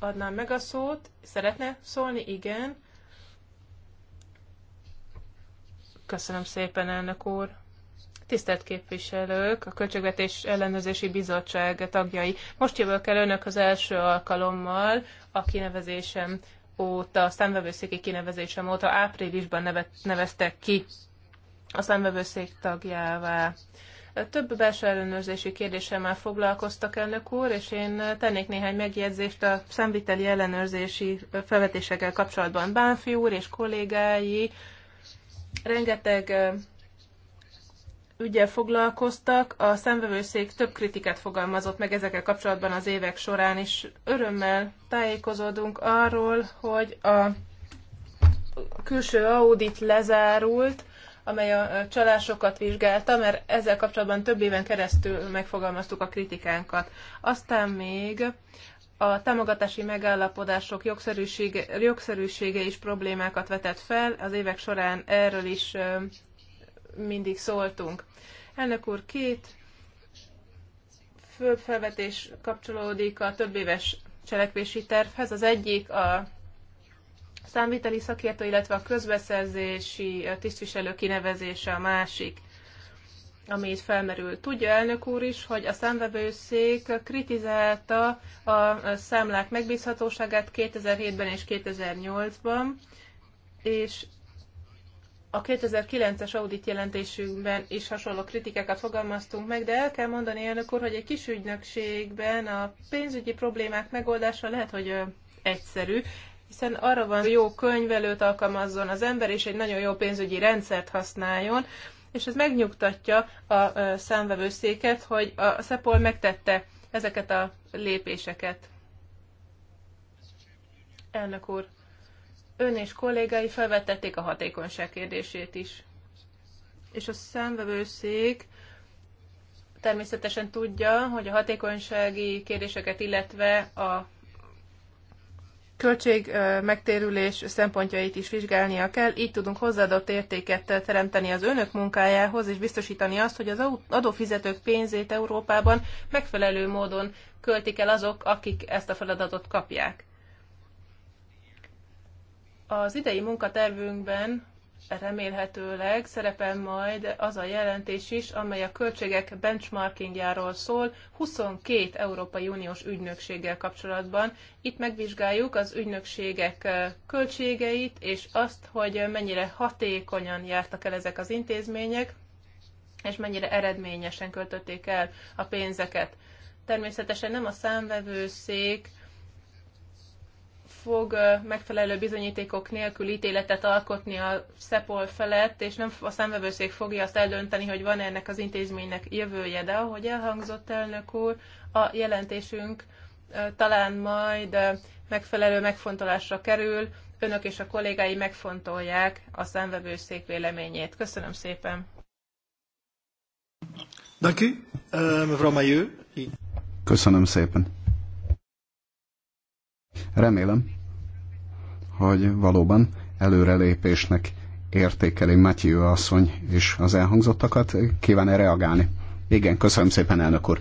adnám meg a szót. Szeretne szólni? Igen. Köszönöm szépen, elnök úr. Tisztelt képviselők, a Költségvetés Ellenőrzési Bizottság tagjai. Most jövök el az első alkalommal a kinevezésem óta, a számvevőszéki kinevezésem óta áprilisban nevet, neveztek ki a számvevőszék tagjává. Több belső ellenőrzési kérdéssel már foglalkoztak, elnök úr, és én tennék néhány megjegyzést a szemviteli ellenőrzési felvetésekkel kapcsolatban. Bánfi úr és kollégái rengeteg ügyel foglalkoztak, a szemvevőszék több kritikát fogalmazott meg ezekkel kapcsolatban az évek során, és örömmel tájékozódunk arról, hogy a külső audit lezárult, amely a csalásokat vizsgálta, mert ezzel kapcsolatban több éven keresztül megfogalmaztuk a kritikánkat. Aztán még a támogatási megállapodások jogszerűsége, jogszerűsége is problémákat vetett fel, az évek során erről is mindig szóltunk. Elnök úr, két fölfelvetés kapcsolódik a több éves cselekvési tervhez. Az egyik a számviteli szakértő, illetve a közbeszerzési tisztviselő kinevezése a másik ami itt felmerül. Tudja elnök úr is, hogy a számvevőszék kritizálta a számlák megbízhatóságát 2007-ben és 2008-ban, és a 2009-es audit jelentésünkben is hasonló kritikákat fogalmaztunk meg, de el kell mondani, elnök úr, hogy egy kis ügynökségben a pénzügyi problémák megoldása lehet, hogy egyszerű, hiszen arra van, hogy jó könyvelőt alkalmazzon az ember, és egy nagyon jó pénzügyi rendszert használjon, és ez megnyugtatja a számvevőszéket, hogy a SZEPOL megtette ezeket a lépéseket. Elnök úr, ön és kollégái felvetették a hatékonyság kérdését is. És a szemvevőszék természetesen tudja, hogy a hatékonysági kérdéseket, illetve a költség megtérülés szempontjait is vizsgálnia kell, így tudunk hozzáadott értéket teremteni az önök munkájához, és biztosítani azt, hogy az adófizetők pénzét Európában megfelelő módon költik el azok, akik ezt a feladatot kapják. Az idei munkatervünkben remélhetőleg szerepel majd az a jelentés is, amely a költségek benchmarkingjáról szól 22 Európai Uniós ügynökséggel kapcsolatban. Itt megvizsgáljuk az ügynökségek költségeit, és azt, hogy mennyire hatékonyan jártak el ezek az intézmények, és mennyire eredményesen költötték el a pénzeket. Természetesen nem a számvevőszék, fog megfelelő bizonyítékok nélkül ítéletet alkotni a SZEPOL felett, és nem a számvevőszék fogja azt eldönteni, hogy van ennek az intézménynek jövője. De ahogy elhangzott elnök úr, a jelentésünk talán majd megfelelő megfontolásra kerül, önök és a kollégái megfontolják a számvevőszék véleményét. Köszönöm szépen! Köszönöm szépen! Remélem, hogy valóban előrelépésnek értékeli Matthew asszony és az elhangzottakat. Kíván-e reagálni? Igen, köszönöm szépen, elnök úr.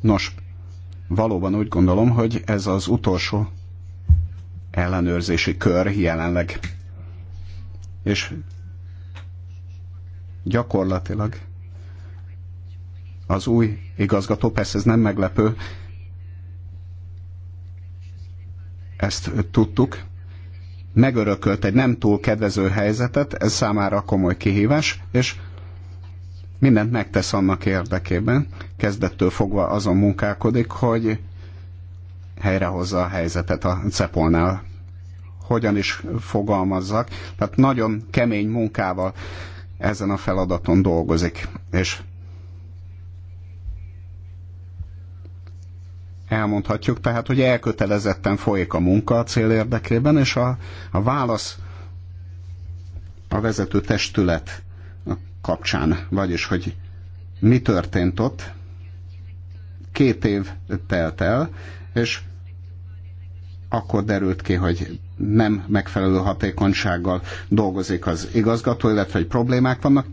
Nos, valóban úgy gondolom, hogy ez az utolsó ellenőrzési kör jelenleg. És gyakorlatilag az új igazgató, persze ez nem meglepő, ezt tudtuk, megörökölt egy nem túl kedvező helyzetet, ez számára komoly kihívás, és mindent megtesz annak érdekében, kezdettől fogva azon munkálkodik, hogy helyrehozza a helyzetet a cepolnál. Hogyan is fogalmazzak. Tehát nagyon kemény munkával ezen a feladaton dolgozik, és elmondhatjuk, tehát hogy elkötelezetten folyik a munka a cél érdekében, és a, a válasz a vezető testület kapcsán, vagyis hogy mi történt ott, két év telt el, és akkor derült ki, hogy nem megfelelő hatékonysággal dolgozik az igazgató, illetve hogy problémák vannak,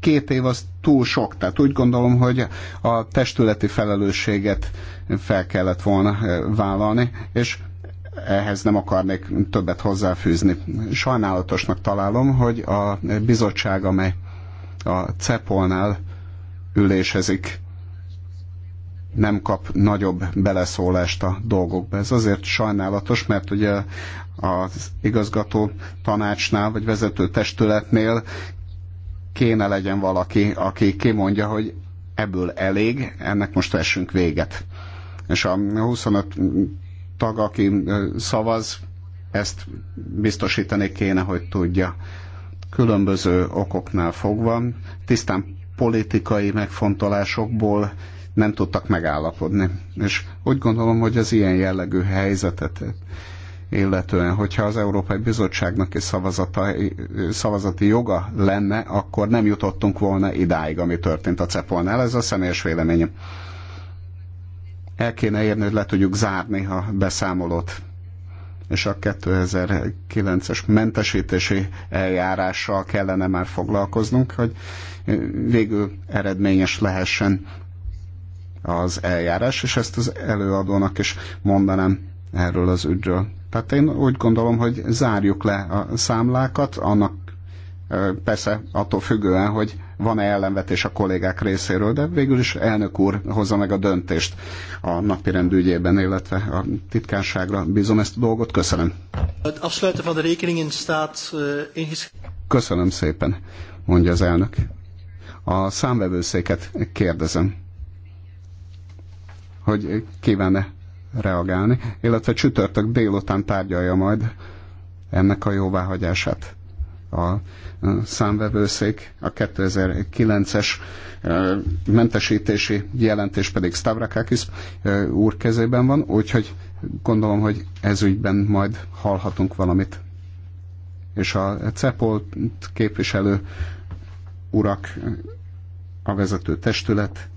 két év az túl sok, tehát úgy gondolom, hogy a testületi felelősséget fel kellett volna vállalni, és ehhez nem akarnék többet hozzáfűzni. Sajnálatosnak találom, hogy a bizottság, amely a CEPOL-nál ülésezik, nem kap nagyobb beleszólást a dolgokba. Ez azért sajnálatos, mert ugye az igazgató tanácsnál, vagy vezető testületnél kéne legyen valaki, aki kimondja, hogy ebből elég, ennek most vessünk véget. És a 25 tag, aki szavaz, ezt biztosítani kéne, hogy tudja. Különböző okoknál fogva, tisztán politikai megfontolásokból nem tudtak megállapodni. És úgy gondolom, hogy az ilyen jellegű helyzetet illetően, hogyha az Európai Bizottságnak is szavazata, szavazati joga lenne, akkor nem jutottunk volna idáig, ami történt a CEPOL-nál. Ez a személyes véleményem. El kéne érni, hogy le tudjuk zárni a beszámolót és a 2009-es mentesítési eljárással kellene már foglalkoznunk, hogy végül eredményes lehessen az eljárás, és ezt az előadónak is mondanám erről az ügyről. Tehát én úgy gondolom, hogy zárjuk le a számlákat, annak persze attól függően, hogy van-e ellenvetés a kollégák részéről, de végül is elnök úr hozza meg a döntést a napi ügyében, illetve a titkárságra bízom ezt a dolgot. Köszönöm. Eh, Köszönöm szépen, mondja az elnök. A számvevőszéket kérdezem, hogy kívánne reagálni, illetve csütörtök délután tárgyalja majd ennek a jóváhagyását a számvevőszék, a 2009-es mentesítési jelentés pedig Stavrakakis úr kezében van, úgyhogy gondolom, hogy ez ügyben majd hallhatunk valamit. És a CEPOL képviselő urak, a vezető testület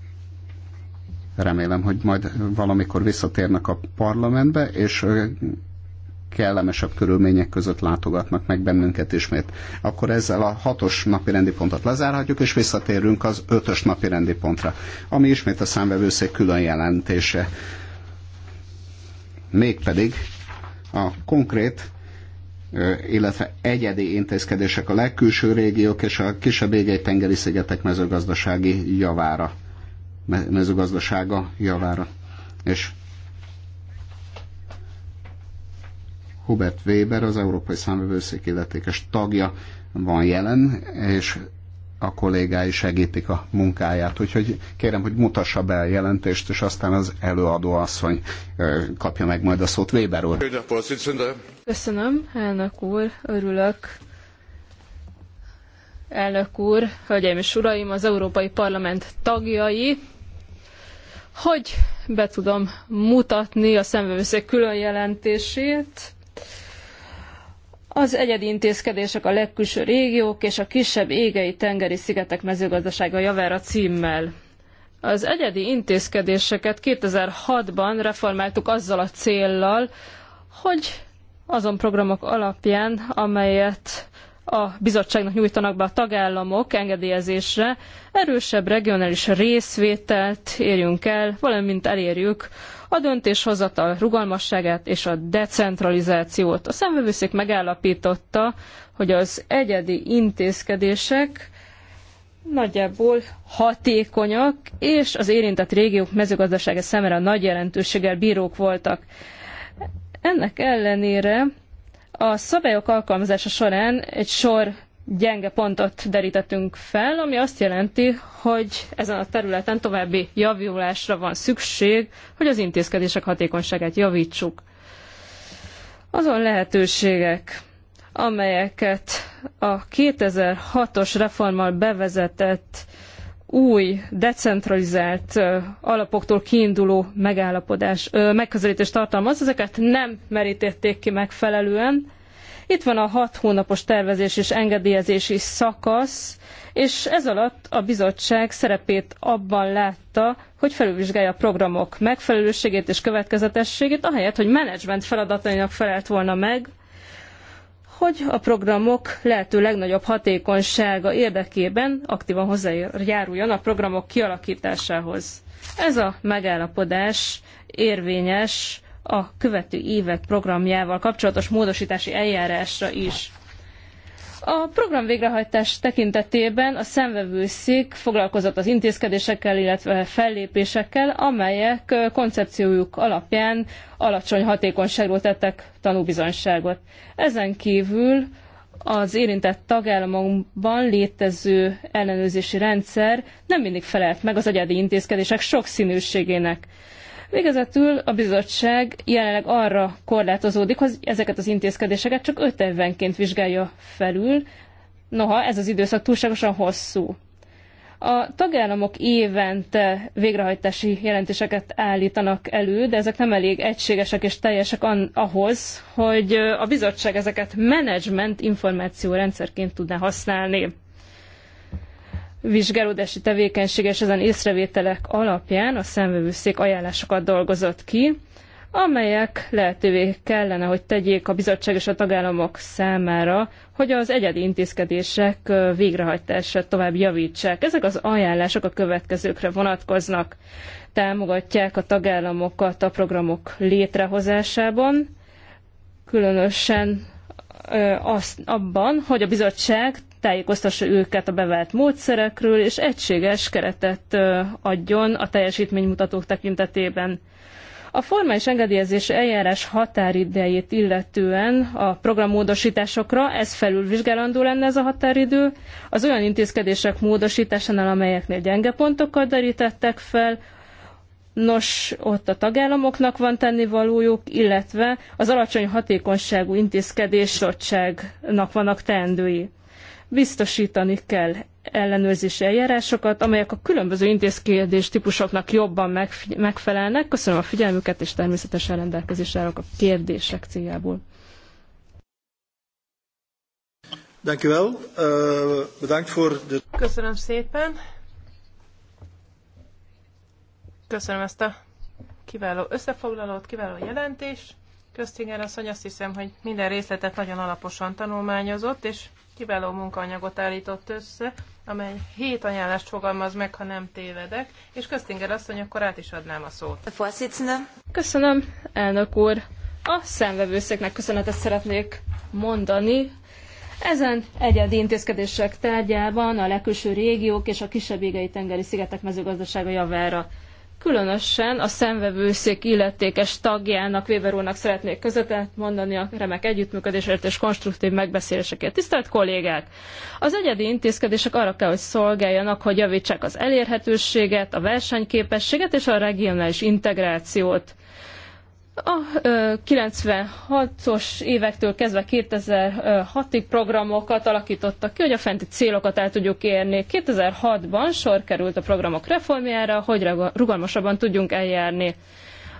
Remélem, hogy majd valamikor visszatérnek a parlamentbe, és kellemesebb körülmények között látogatnak meg bennünket ismét. Akkor ezzel a hatos napi rendi pontot lezárhatjuk, és visszatérünk az ötös napi rendi pontra, ami ismét a számvevőszék külön jelentése. Mégpedig a konkrét illetve egyedi intézkedések a legkülső régiók és a kisebb égei tengeri szigetek mezőgazdasági javára mezőgazdasága javára. És Hubert Weber, az Európai Számvevőszék illetékes tagja van jelen, és a kollégái segítik a munkáját. Úgyhogy kérem, hogy mutassa be a jelentést, és aztán az előadó asszony kapja meg majd a szót Weber úr. Köszönöm, elnök úr, örülök elnök úr, hölgyeim és uraim, az Európai Parlament tagjai, hogy be tudom mutatni a szemvevőszék külön jelentését. Az egyedi intézkedések a legkülső régiók és a kisebb égei tengeri szigetek mezőgazdasága javára címmel. Az egyedi intézkedéseket 2006-ban reformáltuk azzal a céllal, hogy azon programok alapján, amelyet a bizottságnak nyújtanak be a tagállamok engedélyezésre, erősebb regionális részvételt érjünk el, valamint elérjük a döntéshozatal rugalmasságát és a decentralizációt. A szemvevőszék megállapította, hogy az egyedi intézkedések nagyjából hatékonyak, és az érintett régiók mezőgazdasága szemére nagy jelentőséggel bírók voltak. Ennek ellenére a szabályok alkalmazása során egy sor gyenge pontot derítettünk fel, ami azt jelenti, hogy ezen a területen további javulásra van szükség, hogy az intézkedések hatékonyságát javítsuk. Azon lehetőségek, amelyeket a 2006-os reformmal bevezetett új, decentralizált alapoktól kiinduló megállapodás, megközelítést tartalmaz, ezeket nem merítették ki megfelelően. Itt van a hat hónapos tervezés és engedélyezési szakasz, és ez alatt a bizottság szerepét abban látta, hogy felülvizsgálja a programok megfelelőségét és következetességét, ahelyett, hogy menedzsment feladatainak felelt volna meg, hogy a programok lehető legnagyobb hatékonysága érdekében aktívan hozzájáruljon a programok kialakításához. Ez a megállapodás érvényes a követő évek programjával kapcsolatos módosítási eljárásra is. A program végrehajtás tekintetében a szemvevőszék foglalkozott az intézkedésekkel, illetve fellépésekkel, amelyek koncepciójuk alapján alacsony hatékonyságról tettek tanúbizonyságot. Ezen kívül az érintett tagállamokban létező ellenőrzési rendszer nem mindig felelt meg az egyedi intézkedések sokszínűségének. Végezetül a bizottság jelenleg arra korlátozódik, hogy ezeket az intézkedéseket csak öt évenként vizsgálja felül, noha ez az időszak túlságosan hosszú. A tagállamok évente végrehajtási jelentéseket állítanak elő, de ezek nem elég egységesek és teljesek ahhoz, hogy a bizottság ezeket menedzsment információrendszerként tudná használni vizsgálódási tevékenység és ezen észrevételek alapján a szemvevőszék ajánlásokat dolgozott ki, amelyek lehetővé kellene, hogy tegyék a bizottság és a tagállamok számára, hogy az egyedi intézkedések végrehajtását tovább javítsák. Ezek az ajánlások a következőkre vonatkoznak. Támogatják a tagállamokat a programok létrehozásában, különösen abban, hogy a bizottság tájékoztassa őket a bevált módszerekről, és egységes keretet adjon a teljesítménymutatók tekintetében. A formális engedélyezés eljárás határidejét illetően a programmódosításokra ez felülvizsgálandó lenne ez a határidő, az olyan intézkedések módosításánál, amelyeknél gyenge pontokat derítettek fel, Nos, ott a tagállamoknak van tennivalójuk, illetve az alacsony hatékonyságú intézkedés vannak teendői. Biztosítani kell ellenőrzési eljárásokat, amelyek a különböző intézkedés típusoknak jobban megfelelnek. Köszönöm a figyelmüket, és természetesen rendelkezésre állok a kérdések céljából. Eh, Köszönöm szépen. Köszönöm ezt a kiváló összefoglalót, kiváló jelentést. Köztinger asszony azt hiszem, hogy minden részletet nagyon alaposan tanulmányozott, és kiváló munkaanyagot állított össze, amely hét ajánlást fogalmaz meg, ha nem tévedek, és Köztinger asszony, akkor át is adnám a szót. Köszönöm, elnök úr. A szemvevőszéknek köszönetet szeretnék mondani. Ezen egyedi intézkedések tárgyában a legkülső régiók és a kisebb égei tengeri szigetek mezőgazdasága javára Különösen a szemvevőszék illetékes tagjának, Weber úrnak szeretnék közvetet mondani a remek együttműködésért és konstruktív megbeszélésekért. Tisztelt kollégák! Az egyedi intézkedések arra kell, hogy szolgáljanak, hogy javítsák az elérhetőséget, a versenyképességet és a regionális integrációt. A 96-os évektől kezdve 2006-ig programokat alakítottak ki, hogy a fenti célokat el tudjuk érni. 2006-ban sor került a programok reformjára, hogy rugalmasabban tudjunk eljárni.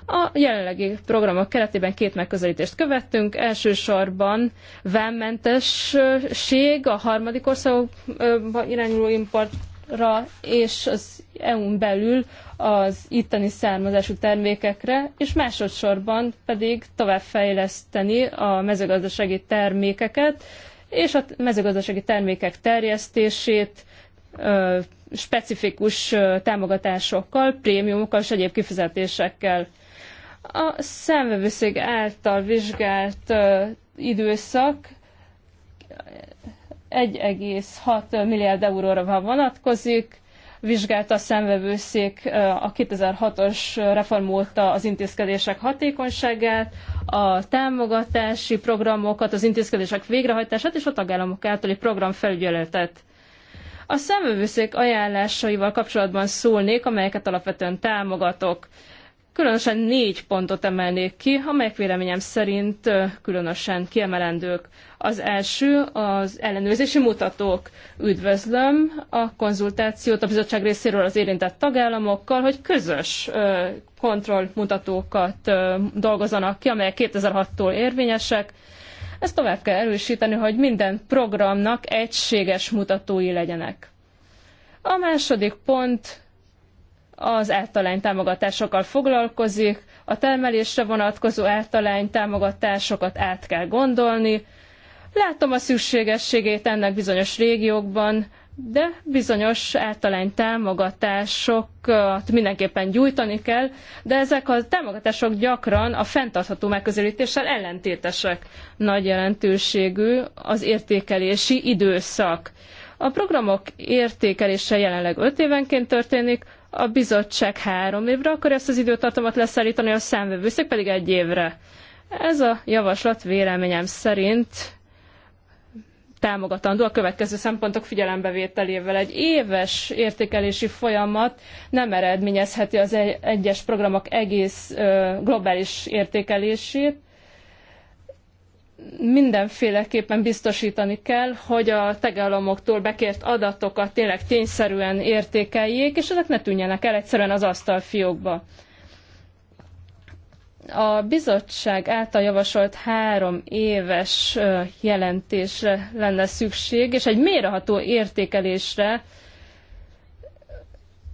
A jelenlegi programok keretében két megközelítést követtünk. Elsősorban vámmentesség a harmadik országokba irányuló import ra és az EU-n belül az itteni származású termékekre, és másodszorban pedig továbbfejleszteni a mezőgazdasági termékeket, és a mezőgazdasági termékek terjesztését ö, specifikus támogatásokkal, prémiumokkal és egyéb kifizetésekkel. A szemvevőszég által vizsgált ö, időszak 1,6 milliárd euróra van vonatkozik, vizsgálta a szemvevőszék a 2006-os reform óta az intézkedések hatékonyságát, a támogatási programokat, az intézkedések végrehajtását és a tagállamok általi programfelügyeletet. A szemvevőszék ajánlásaival kapcsolatban szólnék, amelyeket alapvetően támogatok. Különösen négy pontot emelnék ki, amelyek véleményem szerint különösen kiemelendők. Az első az ellenőrzési mutatók. Üdvözlöm a konzultációt a bizottság részéről az érintett tagállamokkal, hogy közös kontrollmutatókat dolgozanak ki, amelyek 2006-tól érvényesek. Ezt tovább kell erősíteni, hogy minden programnak egységes mutatói legyenek. A második pont az általány támogatásokkal foglalkozik, a termelésre vonatkozó általány támogatásokat át kell gondolni. Látom a szükségességét ennek bizonyos régiókban, de bizonyos általány támogatásokat mindenképpen gyújtani kell, de ezek a támogatások gyakran a fenntartható megközelítéssel ellentétesek. Nagy jelentőségű az értékelési időszak. A programok értékelése jelenleg 5 évenként történik, a bizottság három évre, akkor ezt az időtartamot leszállítani a számvevőszék pedig egy évre. Ez a javaslat véleményem szerint támogatandó a következő szempontok figyelembevételével. Egy éves értékelési folyamat nem eredményezheti az egyes programok egész globális értékelését, mindenféleképpen biztosítani kell, hogy a tagállamoktól bekért adatokat tényleg tényszerűen értékeljék, és ezek ne tűnjenek el egyszerűen az asztalfiókba. A bizottság által javasolt három éves jelentésre lenne szükség, és egy méreható értékelésre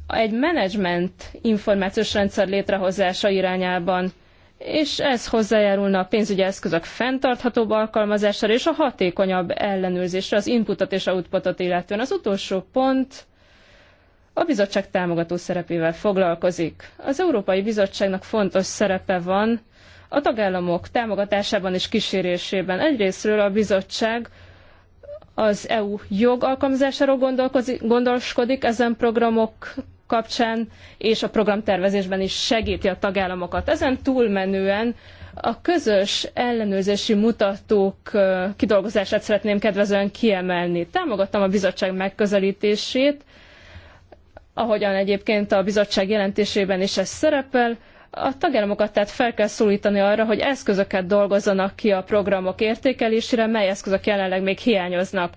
egy menedzsment információs rendszer létrehozása irányában és ez hozzájárulna a pénzügyi eszközök fenntarthatóbb alkalmazására és a hatékonyabb ellenőrzésre az inputot és outputot illetően. Az utolsó pont a bizottság támogató szerepével foglalkozik. Az Európai Bizottságnak fontos szerepe van a tagállamok támogatásában és kísérésében. Egyrésztről a bizottság az EU jog alkalmazásáról gondolkodik, gondoskodik ezen programok kapcsán, és a programtervezésben is segíti a tagállamokat. Ezen túlmenően a közös ellenőrzési mutatók kidolgozását szeretném kedvezően kiemelni. Támogattam a bizottság megközelítését, ahogyan egyébként a bizottság jelentésében is ez szerepel, a tagállamokat tehát fel kell szólítani arra, hogy eszközöket dolgozzanak ki a programok értékelésére, mely eszközök jelenleg még hiányoznak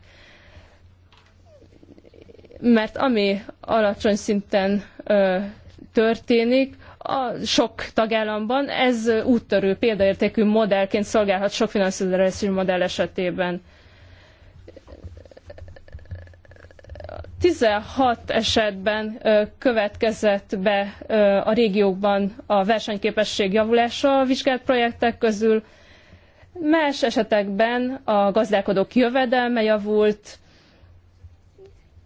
mert ami alacsony szinten ö, történik, a sok tagállamban ez úttörő példaértékű modellként szolgálhat sok finanszírozási modell esetében. 16 esetben következett be a régiókban a versenyképesség javulása a vizsgált projektek közül, más esetekben a gazdálkodók jövedelme javult,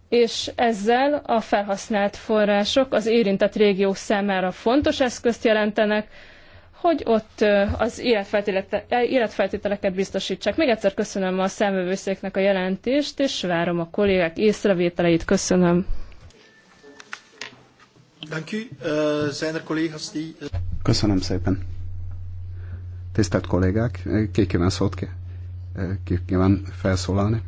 és ezzel a felhasznált források az érintett régió számára fontos eszközt jelentenek, hogy ott az e, életfeltételeket biztosítsák. Még egyszer köszönöm a számövőszéknek a jelentést, és várom a kollégák észrevételeit. Köszönöm. Eh, er eh, köszönöm szépen. Tisztelt kollégák, eh, ki kíván szót ki? Ki kíván felszólalni?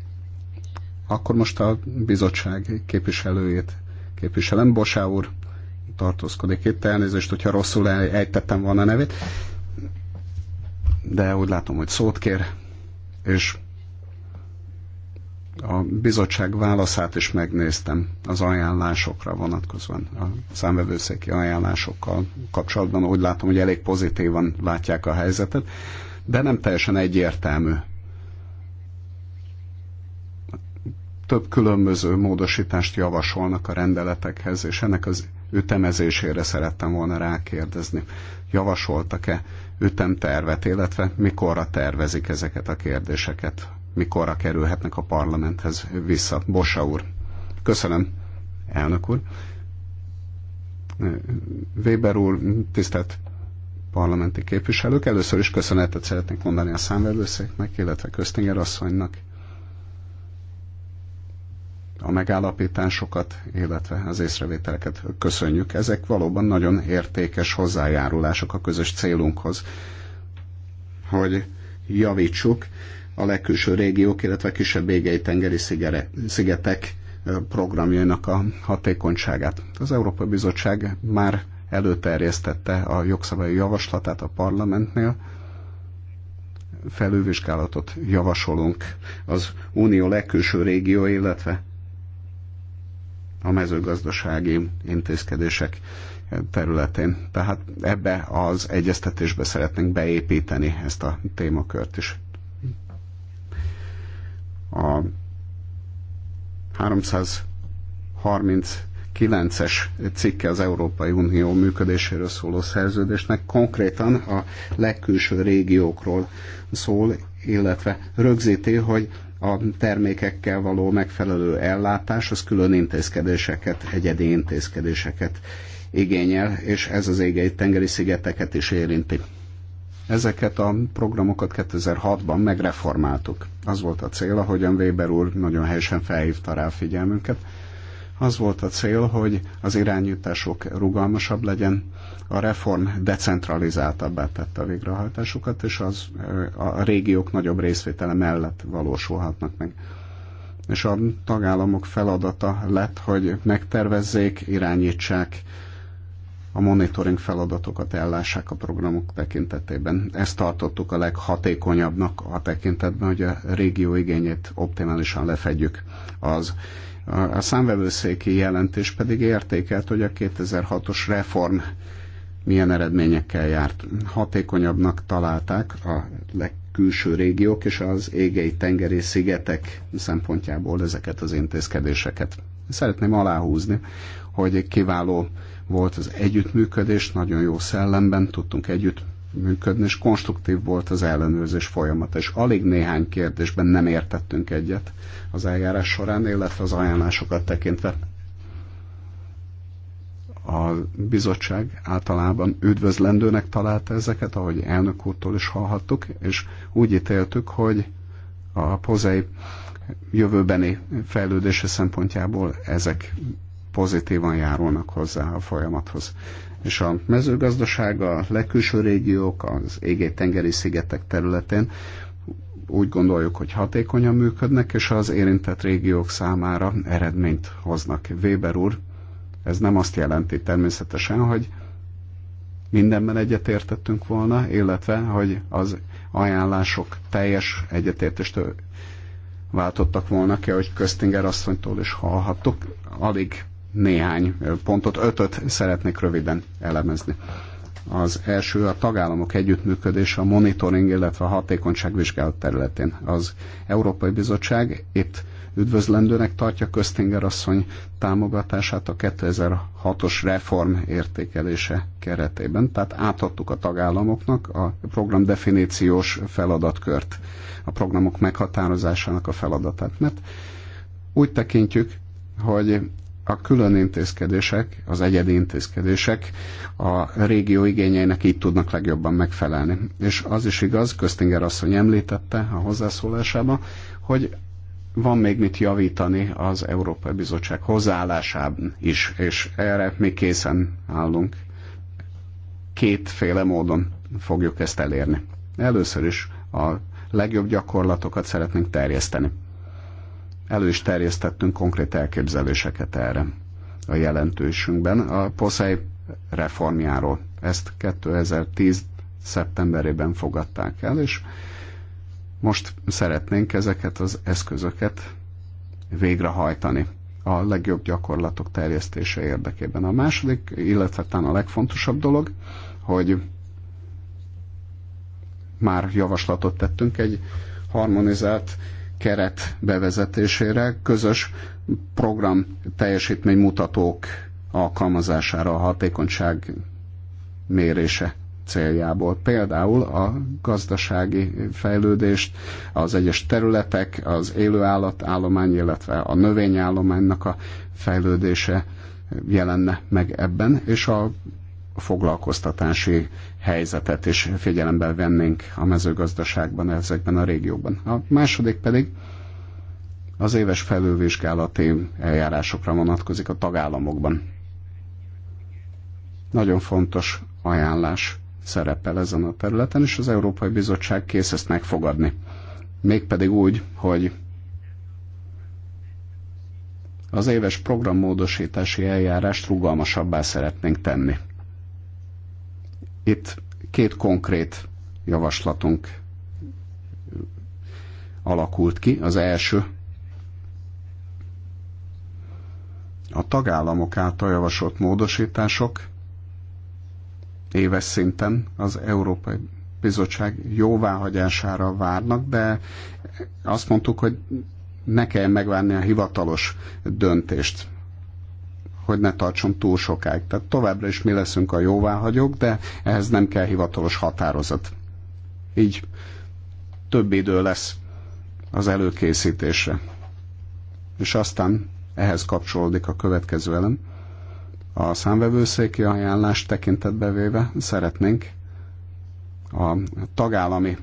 Akkor most a bizottság képviselőjét képviselem. Bosá úr tartózkodik itt, elnézést, hogyha rosszul ejtettem volna a nevét. De úgy látom, hogy szót kér, és a bizottság válaszát is megnéztem az ajánlásokra vonatkozóan, a számvevőszéki ajánlásokkal kapcsolatban. Úgy látom, hogy elég pozitívan látják a helyzetet, de nem teljesen egyértelmű több különböző módosítást javasolnak a rendeletekhez, és ennek az ütemezésére szerettem volna rákérdezni. Javasoltak-e ütemtervet, illetve mikorra tervezik ezeket a kérdéseket? Mikorra kerülhetnek a parlamenthez vissza? Bosa úr. Köszönöm, elnök úr. Weber úr, tisztelt parlamenti képviselők. Először is köszönetet szeretnék mondani a számvevőszéknek, illetve Köztinger asszonynak a megállapításokat, illetve az észrevételeket köszönjük. Ezek valóban nagyon értékes hozzájárulások a közös célunkhoz, hogy javítsuk a legkülső régiók, illetve kisebb égei tengeri szigetek programjainak a hatékonyságát. Az Európai Bizottság már előterjesztette a jogszabályi javaslatát a parlamentnél, felülvizsgálatot javasolunk az unió legkülső régió, illetve a mezőgazdasági intézkedések területén. Tehát ebbe az egyeztetésbe szeretnénk beépíteni ezt a témakört is. A 339-es cikke az Európai Unió működéséről szóló szerződésnek konkrétan a legkülső régiókról szól, illetve rögzíti, hogy a termékekkel való megfelelő ellátás, az külön intézkedéseket, egyedi intézkedéseket igényel, és ez az égei tengeri szigeteket is érinti. Ezeket a programokat 2006-ban megreformáltuk. Az volt a cél, ahogyan Weber úr nagyon helyesen felhívta rá a figyelmünket, az volt a cél, hogy az irányítások rugalmasabb legyen, a reform decentralizáltabbá tette a végrehajtásukat, és az a régiók nagyobb részvétele mellett valósulhatnak meg. És a tagállamok feladata lett, hogy megtervezzék, irányítsák, a monitoring feladatokat ellássák a programok tekintetében. Ezt tartottuk a leghatékonyabbnak a tekintetben, hogy a régió igényét optimálisan lefedjük. Az a számvevőszéki jelentés pedig értékelt, hogy a 2006-os reform milyen eredményekkel járt. Hatékonyabbnak találták a legkülső régiók és az égei tengeri szigetek szempontjából ezeket az intézkedéseket. Szeretném aláhúzni, hogy egy kiváló volt az együttműködés, nagyon jó szellemben tudtunk együtt működni, és konstruktív volt az ellenőrzés folyamat, és alig néhány kérdésben nem értettünk egyet az eljárás során, illetve az ajánlásokat tekintve. A bizottság általában üdvözlendőnek találta ezeket, ahogy elnök úrtól is hallhattuk, és úgy ítéltük, hogy a pozai jövőbeni fejlődése szempontjából ezek pozitívan járulnak hozzá a folyamathoz és a mezőgazdaság, a legkülső régiók, az égé-tengeri szigetek területén úgy gondoljuk, hogy hatékonyan működnek, és az érintett régiók számára eredményt hoznak. Weber úr, ez nem azt jelenti természetesen, hogy mindenben egyetértettünk volna, illetve, hogy az ajánlások teljes egyetértést váltottak volna ki, ahogy Köztinger asszonytól is hallhattuk. Alig néhány pontot, ötöt szeretnék röviden elemezni. Az első a tagállamok együttműködése a monitoring, illetve a hatékonyságvizsgálat területén. Az Európai Bizottság itt üdvözlendőnek tartja Köztinger asszony támogatását a 2006-os reform értékelése keretében. Tehát átadtuk a tagállamoknak a program definíciós feladatkört, a programok meghatározásának a feladatát, mert úgy tekintjük, hogy a külön intézkedések, az egyedi intézkedések a régió igényeinek így tudnak legjobban megfelelni. És az is igaz, Köztinger asszony említette a hozzászólásában, hogy van még mit javítani az Európai Bizottság hozzáállásában is, és erre mi készen állunk. Kétféle módon fogjuk ezt elérni. Először is a legjobb gyakorlatokat szeretnénk terjeszteni elő is terjesztettünk konkrét elképzeléseket erre a jelentősünkben. A poszai reformjáról ezt 2010 szeptemberében fogadták el, és most szeretnénk ezeket az eszközöket végrehajtani a legjobb gyakorlatok terjesztése érdekében. A második, illetve talán a legfontosabb dolog, hogy már javaslatot tettünk egy harmonizált keret bevezetésére, közös program teljesítménymutatók alkalmazására, a hatékonyság mérése céljából. Például a gazdasági fejlődést, az egyes területek, az élőállatállomány, illetve a növényállománynak a fejlődése jelenne meg ebben, és a a foglalkoztatási helyzetet is figyelembe vennénk a mezőgazdaságban, ezekben a régiókban. A második pedig az éves felülvizsgálati eljárásokra vonatkozik a tagállamokban. Nagyon fontos ajánlás szerepel ezen a területen, és az Európai Bizottság kész ezt megfogadni. Mégpedig úgy, hogy az éves programmódosítási eljárást rugalmasabbá szeretnénk tenni. Itt két konkrét javaslatunk alakult ki. Az első a tagállamok által javasolt módosítások éves szinten az Európai Bizottság jóváhagyására várnak, de azt mondtuk, hogy ne kell megvárni a hivatalos döntést hogy ne tartson túl sokáig. Tehát továbbra is mi leszünk a jóváhagyók, de ehhez nem kell hivatalos határozat. Így több idő lesz az előkészítésre. És aztán ehhez kapcsolódik a következő elem. A számvevőszéki ajánlást tekintetbe véve szeretnénk a tagállami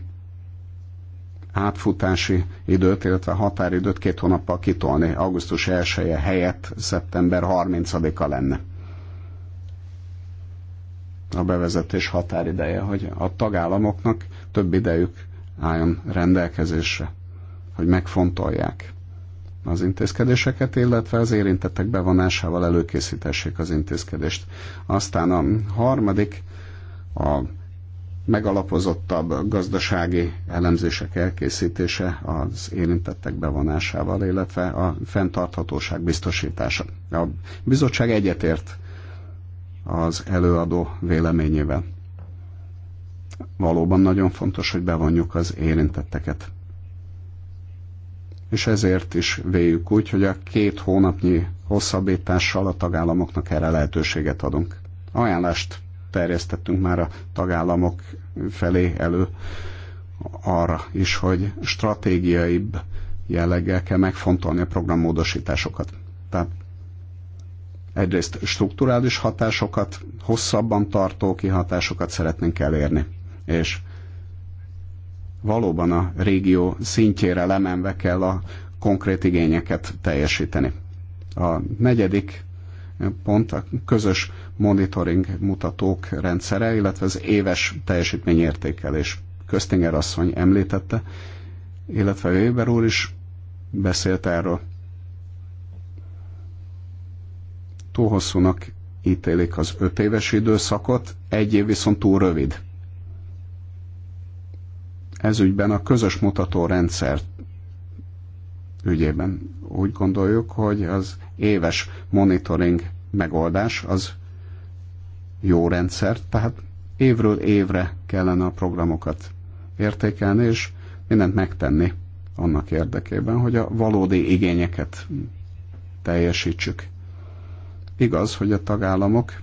átfutási időt, illetve határidőt két hónappal kitolni. Augusztus 1 -e helyett szeptember 30-a lenne a bevezetés határideje, hogy a tagállamoknak több idejük álljon rendelkezésre, hogy megfontolják az intézkedéseket, illetve az érintettek bevonásával előkészítessék az intézkedést. Aztán a harmadik, a megalapozottabb gazdasági elemzések elkészítése az érintettek bevonásával, illetve a fenntarthatóság biztosítása. A bizottság egyetért az előadó véleményével. Valóban nagyon fontos, hogy bevonjuk az érintetteket. És ezért is véljük úgy, hogy a két hónapnyi hosszabbítással a tagállamoknak erre lehetőséget adunk. Ajánlást terjesztettünk már a tagállamok felé elő arra is, hogy stratégiaibb jelleggel kell megfontolni a programmódosításokat. Tehát egyrészt strukturális hatásokat, hosszabban tartó kihatásokat szeretnénk elérni. És valóban a régió szintjére lemenve kell a konkrét igényeket teljesíteni. A negyedik pont a közös monitoring mutatók rendszere, illetve az éves teljesítményértékelés. Köztinger asszony említette, illetve Weber úr is beszélt erről. Túl hosszúnak ítélik az öt éves időszakot, egy év viszont túl rövid. Ez ügyben a közös mutató rendszer ügyében úgy gondoljuk, hogy az éves monitoring megoldás az jó rendszer, tehát évről évre kellene a programokat értékelni, és mindent megtenni annak érdekében, hogy a valódi igényeket teljesítsük. Igaz, hogy a tagállamok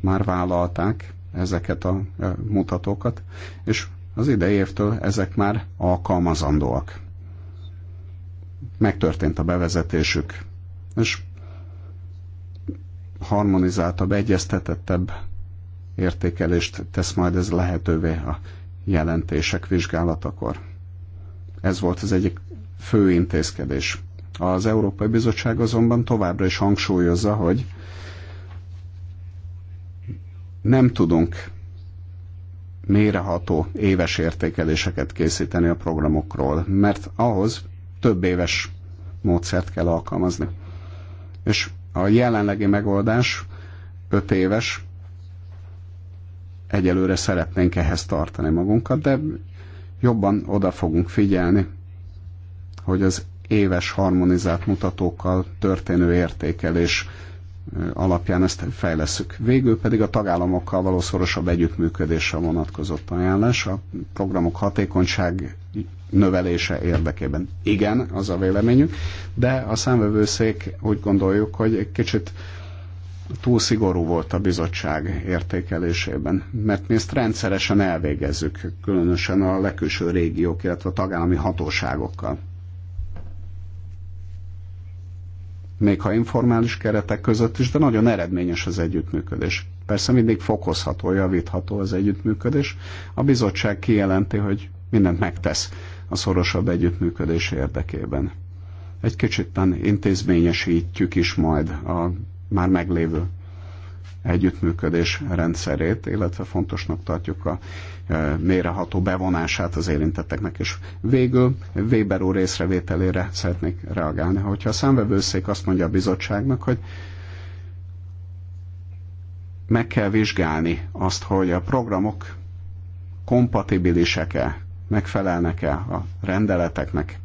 már vállalták ezeket a e, mutatókat, és az idei évtől ezek már alkalmazandóak. Megtörtént a bevezetésük, és harmonizáltabb, egyeztetettebb értékelést tesz majd ez lehetővé a jelentések vizsgálatakor. Ez volt az egyik fő intézkedés. Az Európai Bizottság azonban továbbra is hangsúlyozza, hogy nem tudunk méreható éves értékeléseket készíteni a programokról, mert ahhoz több éves módszert kell alkalmazni. És a jelenlegi megoldás 5 éves, egyelőre szeretnénk ehhez tartani magunkat, de jobban oda fogunk figyelni, hogy az éves harmonizált mutatókkal történő értékelés alapján ezt fejleszük. Végül pedig a tagállamokkal való szorosabb együttműködésre vonatkozott ajánlás a programok hatékonyság növelése érdekében. Igen, az a véleményünk, de a számvevőszék úgy gondoljuk, hogy egy kicsit túl szigorú volt a bizottság értékelésében, mert mi ezt rendszeresen elvégezzük, különösen a legkülső régiók, illetve a tagállami hatóságokkal. még ha informális keretek között is, de nagyon eredményes az együttműködés. Persze mindig fokozható, javítható az együttműködés. A bizottság kijelenti, hogy mindent megtesz a szorosabb együttműködés érdekében. Egy kicsit intézményesítjük is majd a már meglévő együttműködés rendszerét, illetve fontosnak tartjuk a e, méreható bevonását az érintetteknek. És végül Weber úr észrevételére szeretnék reagálni. Hogyha a számvevőszék azt mondja a bizottságnak, hogy meg kell vizsgálni azt, hogy a programok kompatibilisek-e, megfelelnek-e a rendeleteknek,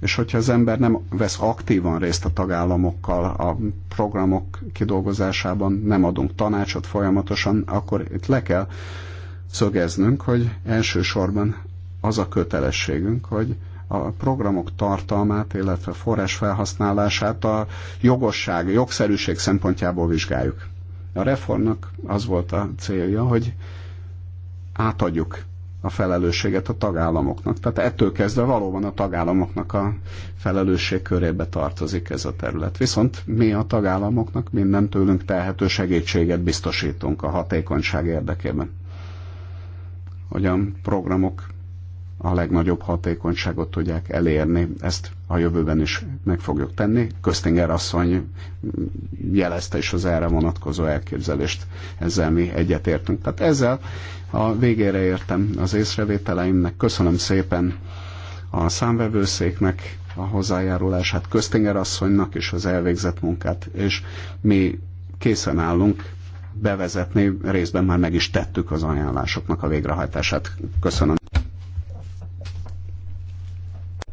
és hogyha az ember nem vesz aktívan részt a tagállamokkal a programok kidolgozásában, nem adunk tanácsot folyamatosan, akkor itt le kell szögeznünk, hogy elsősorban az a kötelességünk, hogy a programok tartalmát, illetve forrás felhasználását a jogosság, a jogszerűség szempontjából vizsgáljuk. A reformnak az volt a célja, hogy átadjuk a felelősséget a tagállamoknak. Tehát ettől kezdve valóban a tagállamoknak a felelősség körébe tartozik ez a terület. Viszont mi a tagállamoknak minden tőlünk tehető segítséget biztosítunk a hatékonyság érdekében, hogy a programok a legnagyobb hatékonyságot tudják elérni. Ezt a jövőben is meg fogjuk tenni. Köztinger asszony jelezte is az erre vonatkozó elképzelést. Ezzel mi egyetértünk. Tehát ezzel a végére értem az észrevételeimnek. Köszönöm szépen a számvevőszéknek a hozzájárulását, Köztinger asszonynak is az elvégzett munkát, és mi készen állunk bevezetni, részben már meg is tettük az ajánlásoknak a végrehajtását. Köszönöm.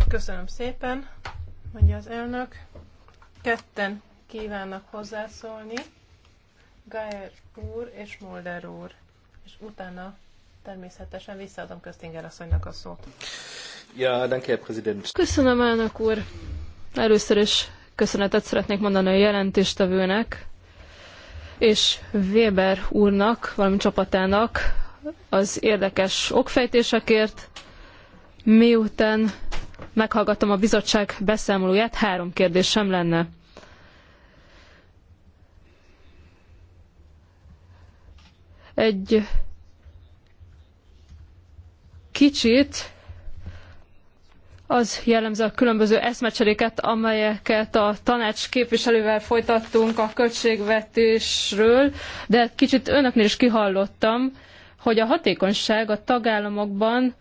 Köszönöm szépen, mondja az elnök. Ketten kívánnak hozzászólni, Gájer úr és Molder úr, és utána természetesen visszaadom Köztinger asszonynak a szót. Ja, danke, Präsident. Köszönöm, elnök úr. Először is köszönetet szeretnék mondani a jelentéstevőnek, és Weber úrnak, valamint csapatának az érdekes okfejtésekért, miután meghallgattam a bizottság beszámolóját, három kérdésem lenne. Egy kicsit az jellemző a különböző eszmecseréket, amelyeket a tanács képviselővel folytattunk a költségvetésről, de kicsit önöknél is kihallottam, hogy a hatékonyság a tagállamokban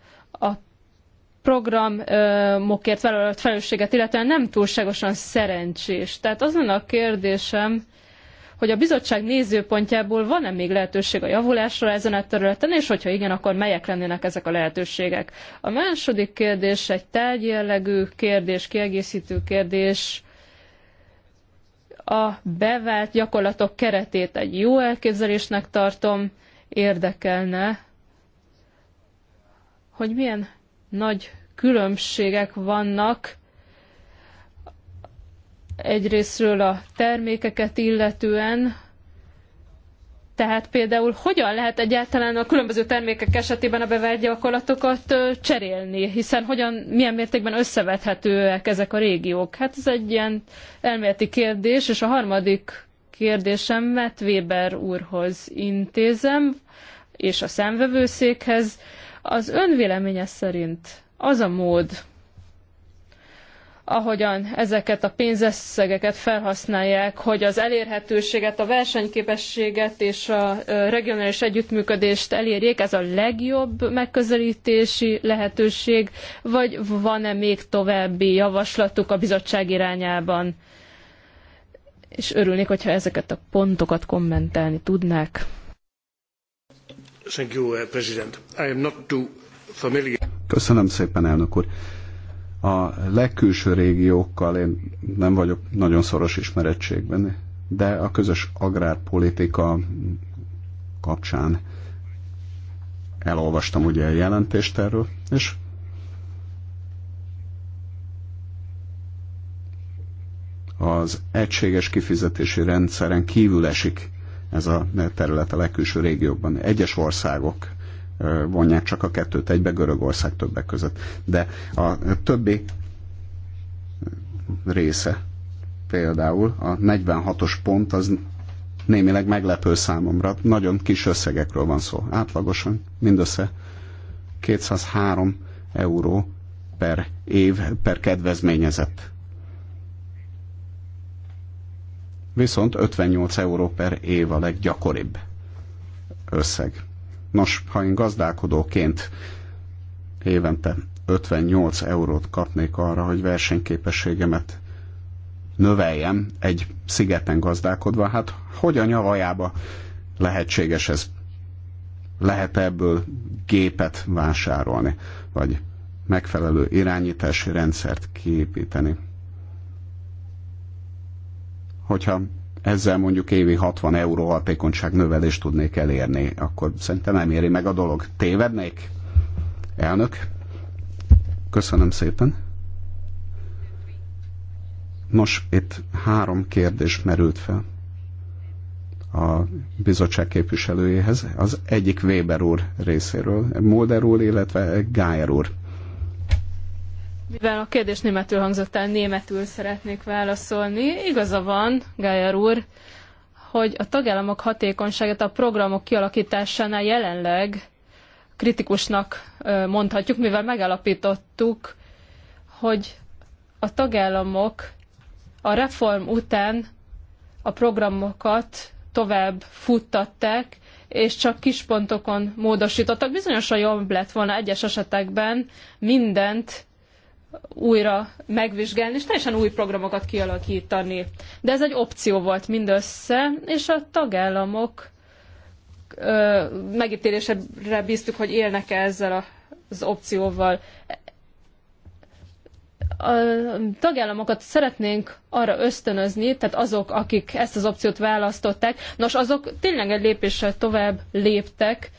programokért vállalt felelősséget illetően nem túlságosan szerencsés. Tehát az lenne a kérdésem, hogy a bizottság nézőpontjából van-e még lehetőség a javulásra ezen a területen, és hogyha igen, akkor melyek lennének ezek a lehetőségek. A második kérdés egy tárgyjellegű kérdés, kiegészítő kérdés, a bevált gyakorlatok keretét egy jó elképzelésnek tartom, érdekelne, hogy milyen nagy különbségek vannak egyrésztről a termékeket illetően, tehát például hogyan lehet egyáltalán a különböző termékek esetében a bevert gyakorlatokat cserélni, hiszen hogyan, milyen mértékben összevethetőek ezek a régiók? Hát ez egy ilyen elméleti kérdés, és a harmadik kérdésem Matt Weber úrhoz intézem, és a szemvevőszékhez. Az önvéleménye szerint az a mód, ahogyan ezeket a pénzösszegeket felhasználják, hogy az elérhetőséget, a versenyképességet és a regionális együttműködést elérjék, ez a legjobb megközelítési lehetőség, vagy van-e még további javaslatuk a bizottság irányában? És örülnék, hogyha ezeket a pontokat kommentálni tudnák. Thank you, uh, President. I am not too familiar. Köszönöm szépen, elnök úr. A legkülső régiókkal én nem vagyok nagyon szoros ismerettségben, de a közös agrárpolitika kapcsán elolvastam ugye a jelentést erről, és az egységes kifizetési rendszeren kívül esik ez a terület a legkülső régiókban. Egyes országok vonják csak a kettőt egybe, Görögország többek között. De a többi része, például a 46-os pont az némileg meglepő számomra. Nagyon kis összegekről van szó. Átlagosan mindössze 203 euró per év per kedvezményezett. viszont 58 euró per év a leggyakoribb összeg. Nos, ha én gazdálkodóként évente 58 eurót kapnék arra, hogy versenyképességemet növeljem egy szigeten gazdálkodva, hát hogy a nyavajába lehetséges ez? Lehet -e ebből gépet vásárolni, vagy megfelelő irányítási rendszert kiépíteni? hogyha ezzel mondjuk évi 60 euró hatékonyság növelést tudnék elérni, akkor szerintem nem éri meg a dolog. Tévednék? Elnök, köszönöm szépen. Nos, itt három kérdés merült fel a bizottság képviselőjéhez. Az egyik Weber úr részéről, Mulder úr, illetve Gájer úr mivel a kérdés németül hangzott el, németül szeretnék válaszolni. Igaza van, Gájer úr, hogy a tagállamok hatékonyságát a programok kialakításánál jelenleg kritikusnak mondhatjuk, mivel megalapítottuk, hogy a tagállamok a reform után a programokat tovább futtatták, és csak kis pontokon módosítottak. Bizonyosan jobb lett volna egyes esetekben mindent újra megvizsgálni, és teljesen új programokat kialakítani. De ez egy opció volt mindössze, és a tagállamok ö, megítélésre bíztuk, hogy élnek -e ezzel a, az opcióval. A tagállamokat szeretnénk arra ösztönözni, tehát azok, akik ezt az opciót választották, nos, azok tényleg egy lépéssel tovább léptek,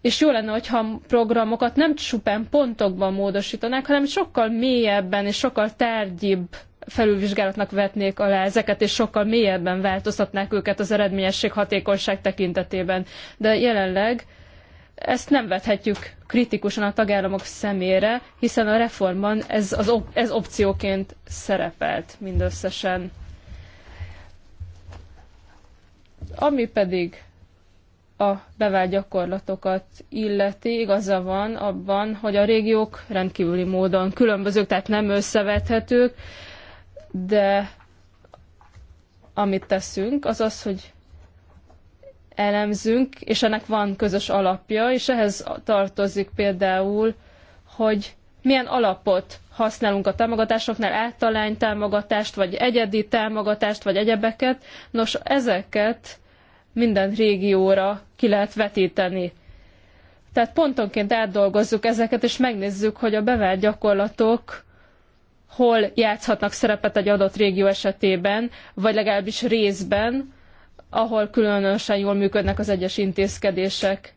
és jó lenne, hogyha programokat nem csupán pontokban módosítanák, hanem sokkal mélyebben és sokkal tárgyibb felülvizsgálatnak vetnék alá ezeket, és sokkal mélyebben változtatnák őket az eredményesség hatékonyság tekintetében. De jelenleg ezt nem vethetjük kritikusan a tagállamok szemére, hiszen a reformban ez, az op- ez opcióként szerepelt mindösszesen. Ami pedig a bevált gyakorlatokat illeti, igaza van abban, hogy a régiók rendkívüli módon különbözők, tehát nem összevethetők, de amit teszünk, az az, hogy elemzünk, és ennek van közös alapja, és ehhez tartozik például, hogy milyen alapot használunk a támogatásoknál, általány támogatást, vagy egyedi támogatást, vagy egyebeket. Nos, ezeket minden régióra ki lehet vetíteni. Tehát pontonként átdolgozzuk ezeket, és megnézzük, hogy a bevált gyakorlatok hol játszhatnak szerepet egy adott régió esetében, vagy legalábbis részben, ahol különösen jól működnek az egyes intézkedések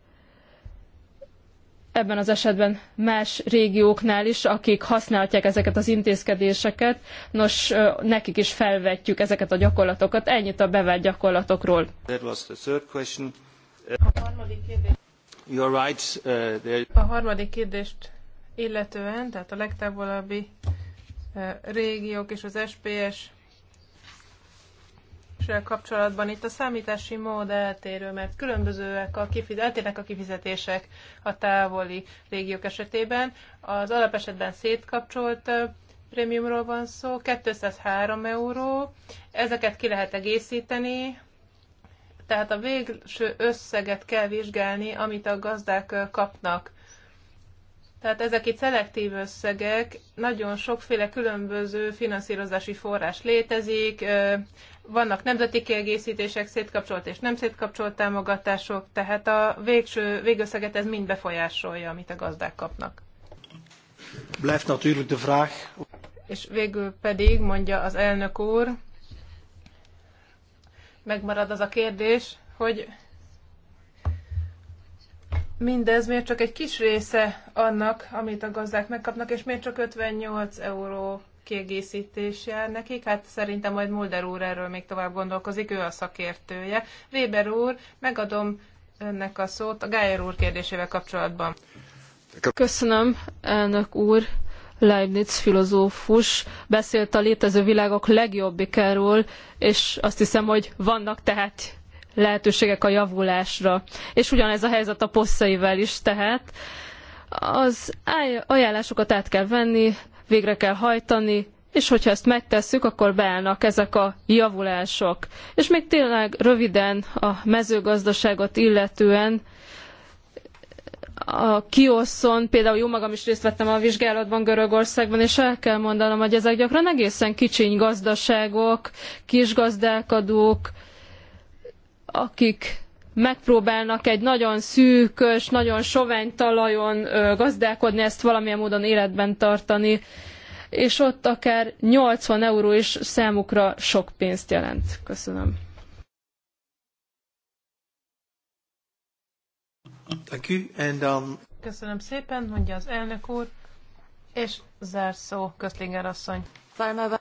ebben az esetben más régióknál is, akik használhatják ezeket az intézkedéseket, nos, nekik is felvetjük ezeket a gyakorlatokat. Ennyit a bevett gyakorlatokról. A harmadik, question. right, uh, there... a harmadik kérdést illetően, tehát a legtávolabbi régiók és az SPS kapcsolatban itt a számítási mód eltérő, mert különbözőek a kifizet, eltérnek a kifizetések a távoli régiók esetében. Az alapesetben szétkapcsolt prémiumról van szó, 203 euró, ezeket ki lehet egészíteni, tehát a végső összeget kell vizsgálni, amit a gazdák kapnak. Tehát ezek itt szelektív összegek, nagyon sokféle különböző finanszírozási forrás létezik, vannak nemzeti kiegészítések, szétkapcsolt és nem szétkapcsolt támogatások, tehát a végső végösszeget ez mind befolyásolja, amit a gazdák kapnak. Blijft natuurlijk de vraag. És végül pedig, mondja az elnök úr, megmarad az a kérdés, hogy mindez miért csak egy kis része annak, amit a gazdák megkapnak, és miért csak 58 euró kiegészítés jár nekik. Hát szerintem majd Mulder úr erről még tovább gondolkozik, ő a szakértője. Weber úr, megadom önnek a szót a Gájer úr kérdésével kapcsolatban. Köszönöm, elnök úr. Leibniz filozófus beszélt a létező világok legjobbikáról, és azt hiszem, hogy vannak tehát lehetőségek a javulásra. És ugyanez a helyzet a poszaival is, tehát az ajánlásokat át kell venni, végre kell hajtani, és hogyha ezt megtesszük, akkor beállnak ezek a javulások. És még tényleg röviden a mezőgazdaságot illetően, a kioszon, például jó magam is részt vettem a vizsgálatban Görögországban, és el kell mondanom, hogy ezek gyakran egészen kicsiny gazdaságok, kisgazdálkodók, akik megpróbálnak egy nagyon szűkös, nagyon sovány talajon gazdálkodni, ezt valamilyen módon életben tartani, és ott akár 80 euró is számukra sok pénzt jelent. Köszönöm. Um, Köszönöm szépen, mondja az elnök úr, és zárszó, Közlinger asszony.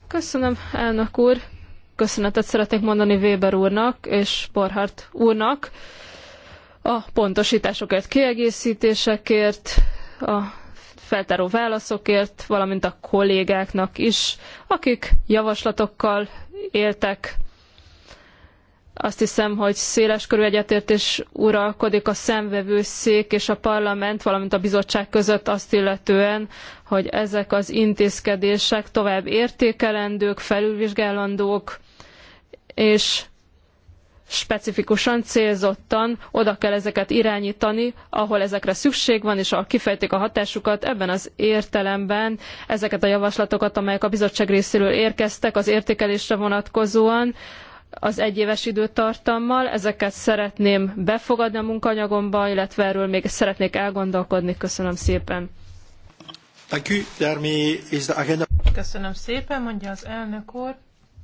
Köszönöm, elnök úr köszönetet szeretnék mondani Weber úrnak és Borhart úrnak a pontosításokért, kiegészítésekért, a feltáró válaszokért, valamint a kollégáknak is, akik javaslatokkal éltek. Azt hiszem, hogy széles körű egyetértés uralkodik a szemvevőszék és a parlament, valamint a bizottság között azt illetően, hogy ezek az intézkedések tovább értékelendők, felülvizsgálandók, és specifikusan, célzottan oda kell ezeket irányítani, ahol ezekre szükség van, és ahol kifejtik a hatásukat. Ebben az értelemben ezeket a javaslatokat, amelyek a bizottság részéről érkeztek az értékelésre vonatkozóan, az egyéves időtartammal, ezeket szeretném befogadni a munkanyagomban illetve erről még szeretnék elgondolkodni. Köszönöm szépen. Köszönöm szépen, mondja az elnök úr.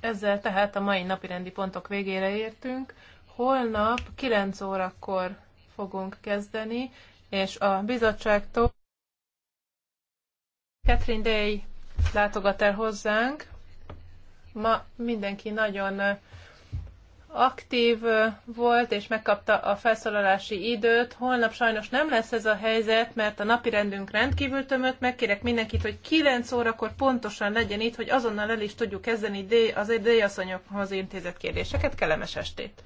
Ezzel tehát a mai napirendi pontok végére értünk. Holnap 9 órakor fogunk kezdeni, és a bizottságtól Catherine Day látogat el hozzánk. Ma mindenki nagyon aktív volt, és megkapta a felszólalási időt. Holnap sajnos nem lesz ez a helyzet, mert a napi rendünk rendkívül tömött. Megkérek mindenkit, hogy 9 órakor pontosan legyen itt, hogy azonnal el is tudjuk kezdeni az déjasszonyokhoz intézett kérdéseket. Kellemes estét!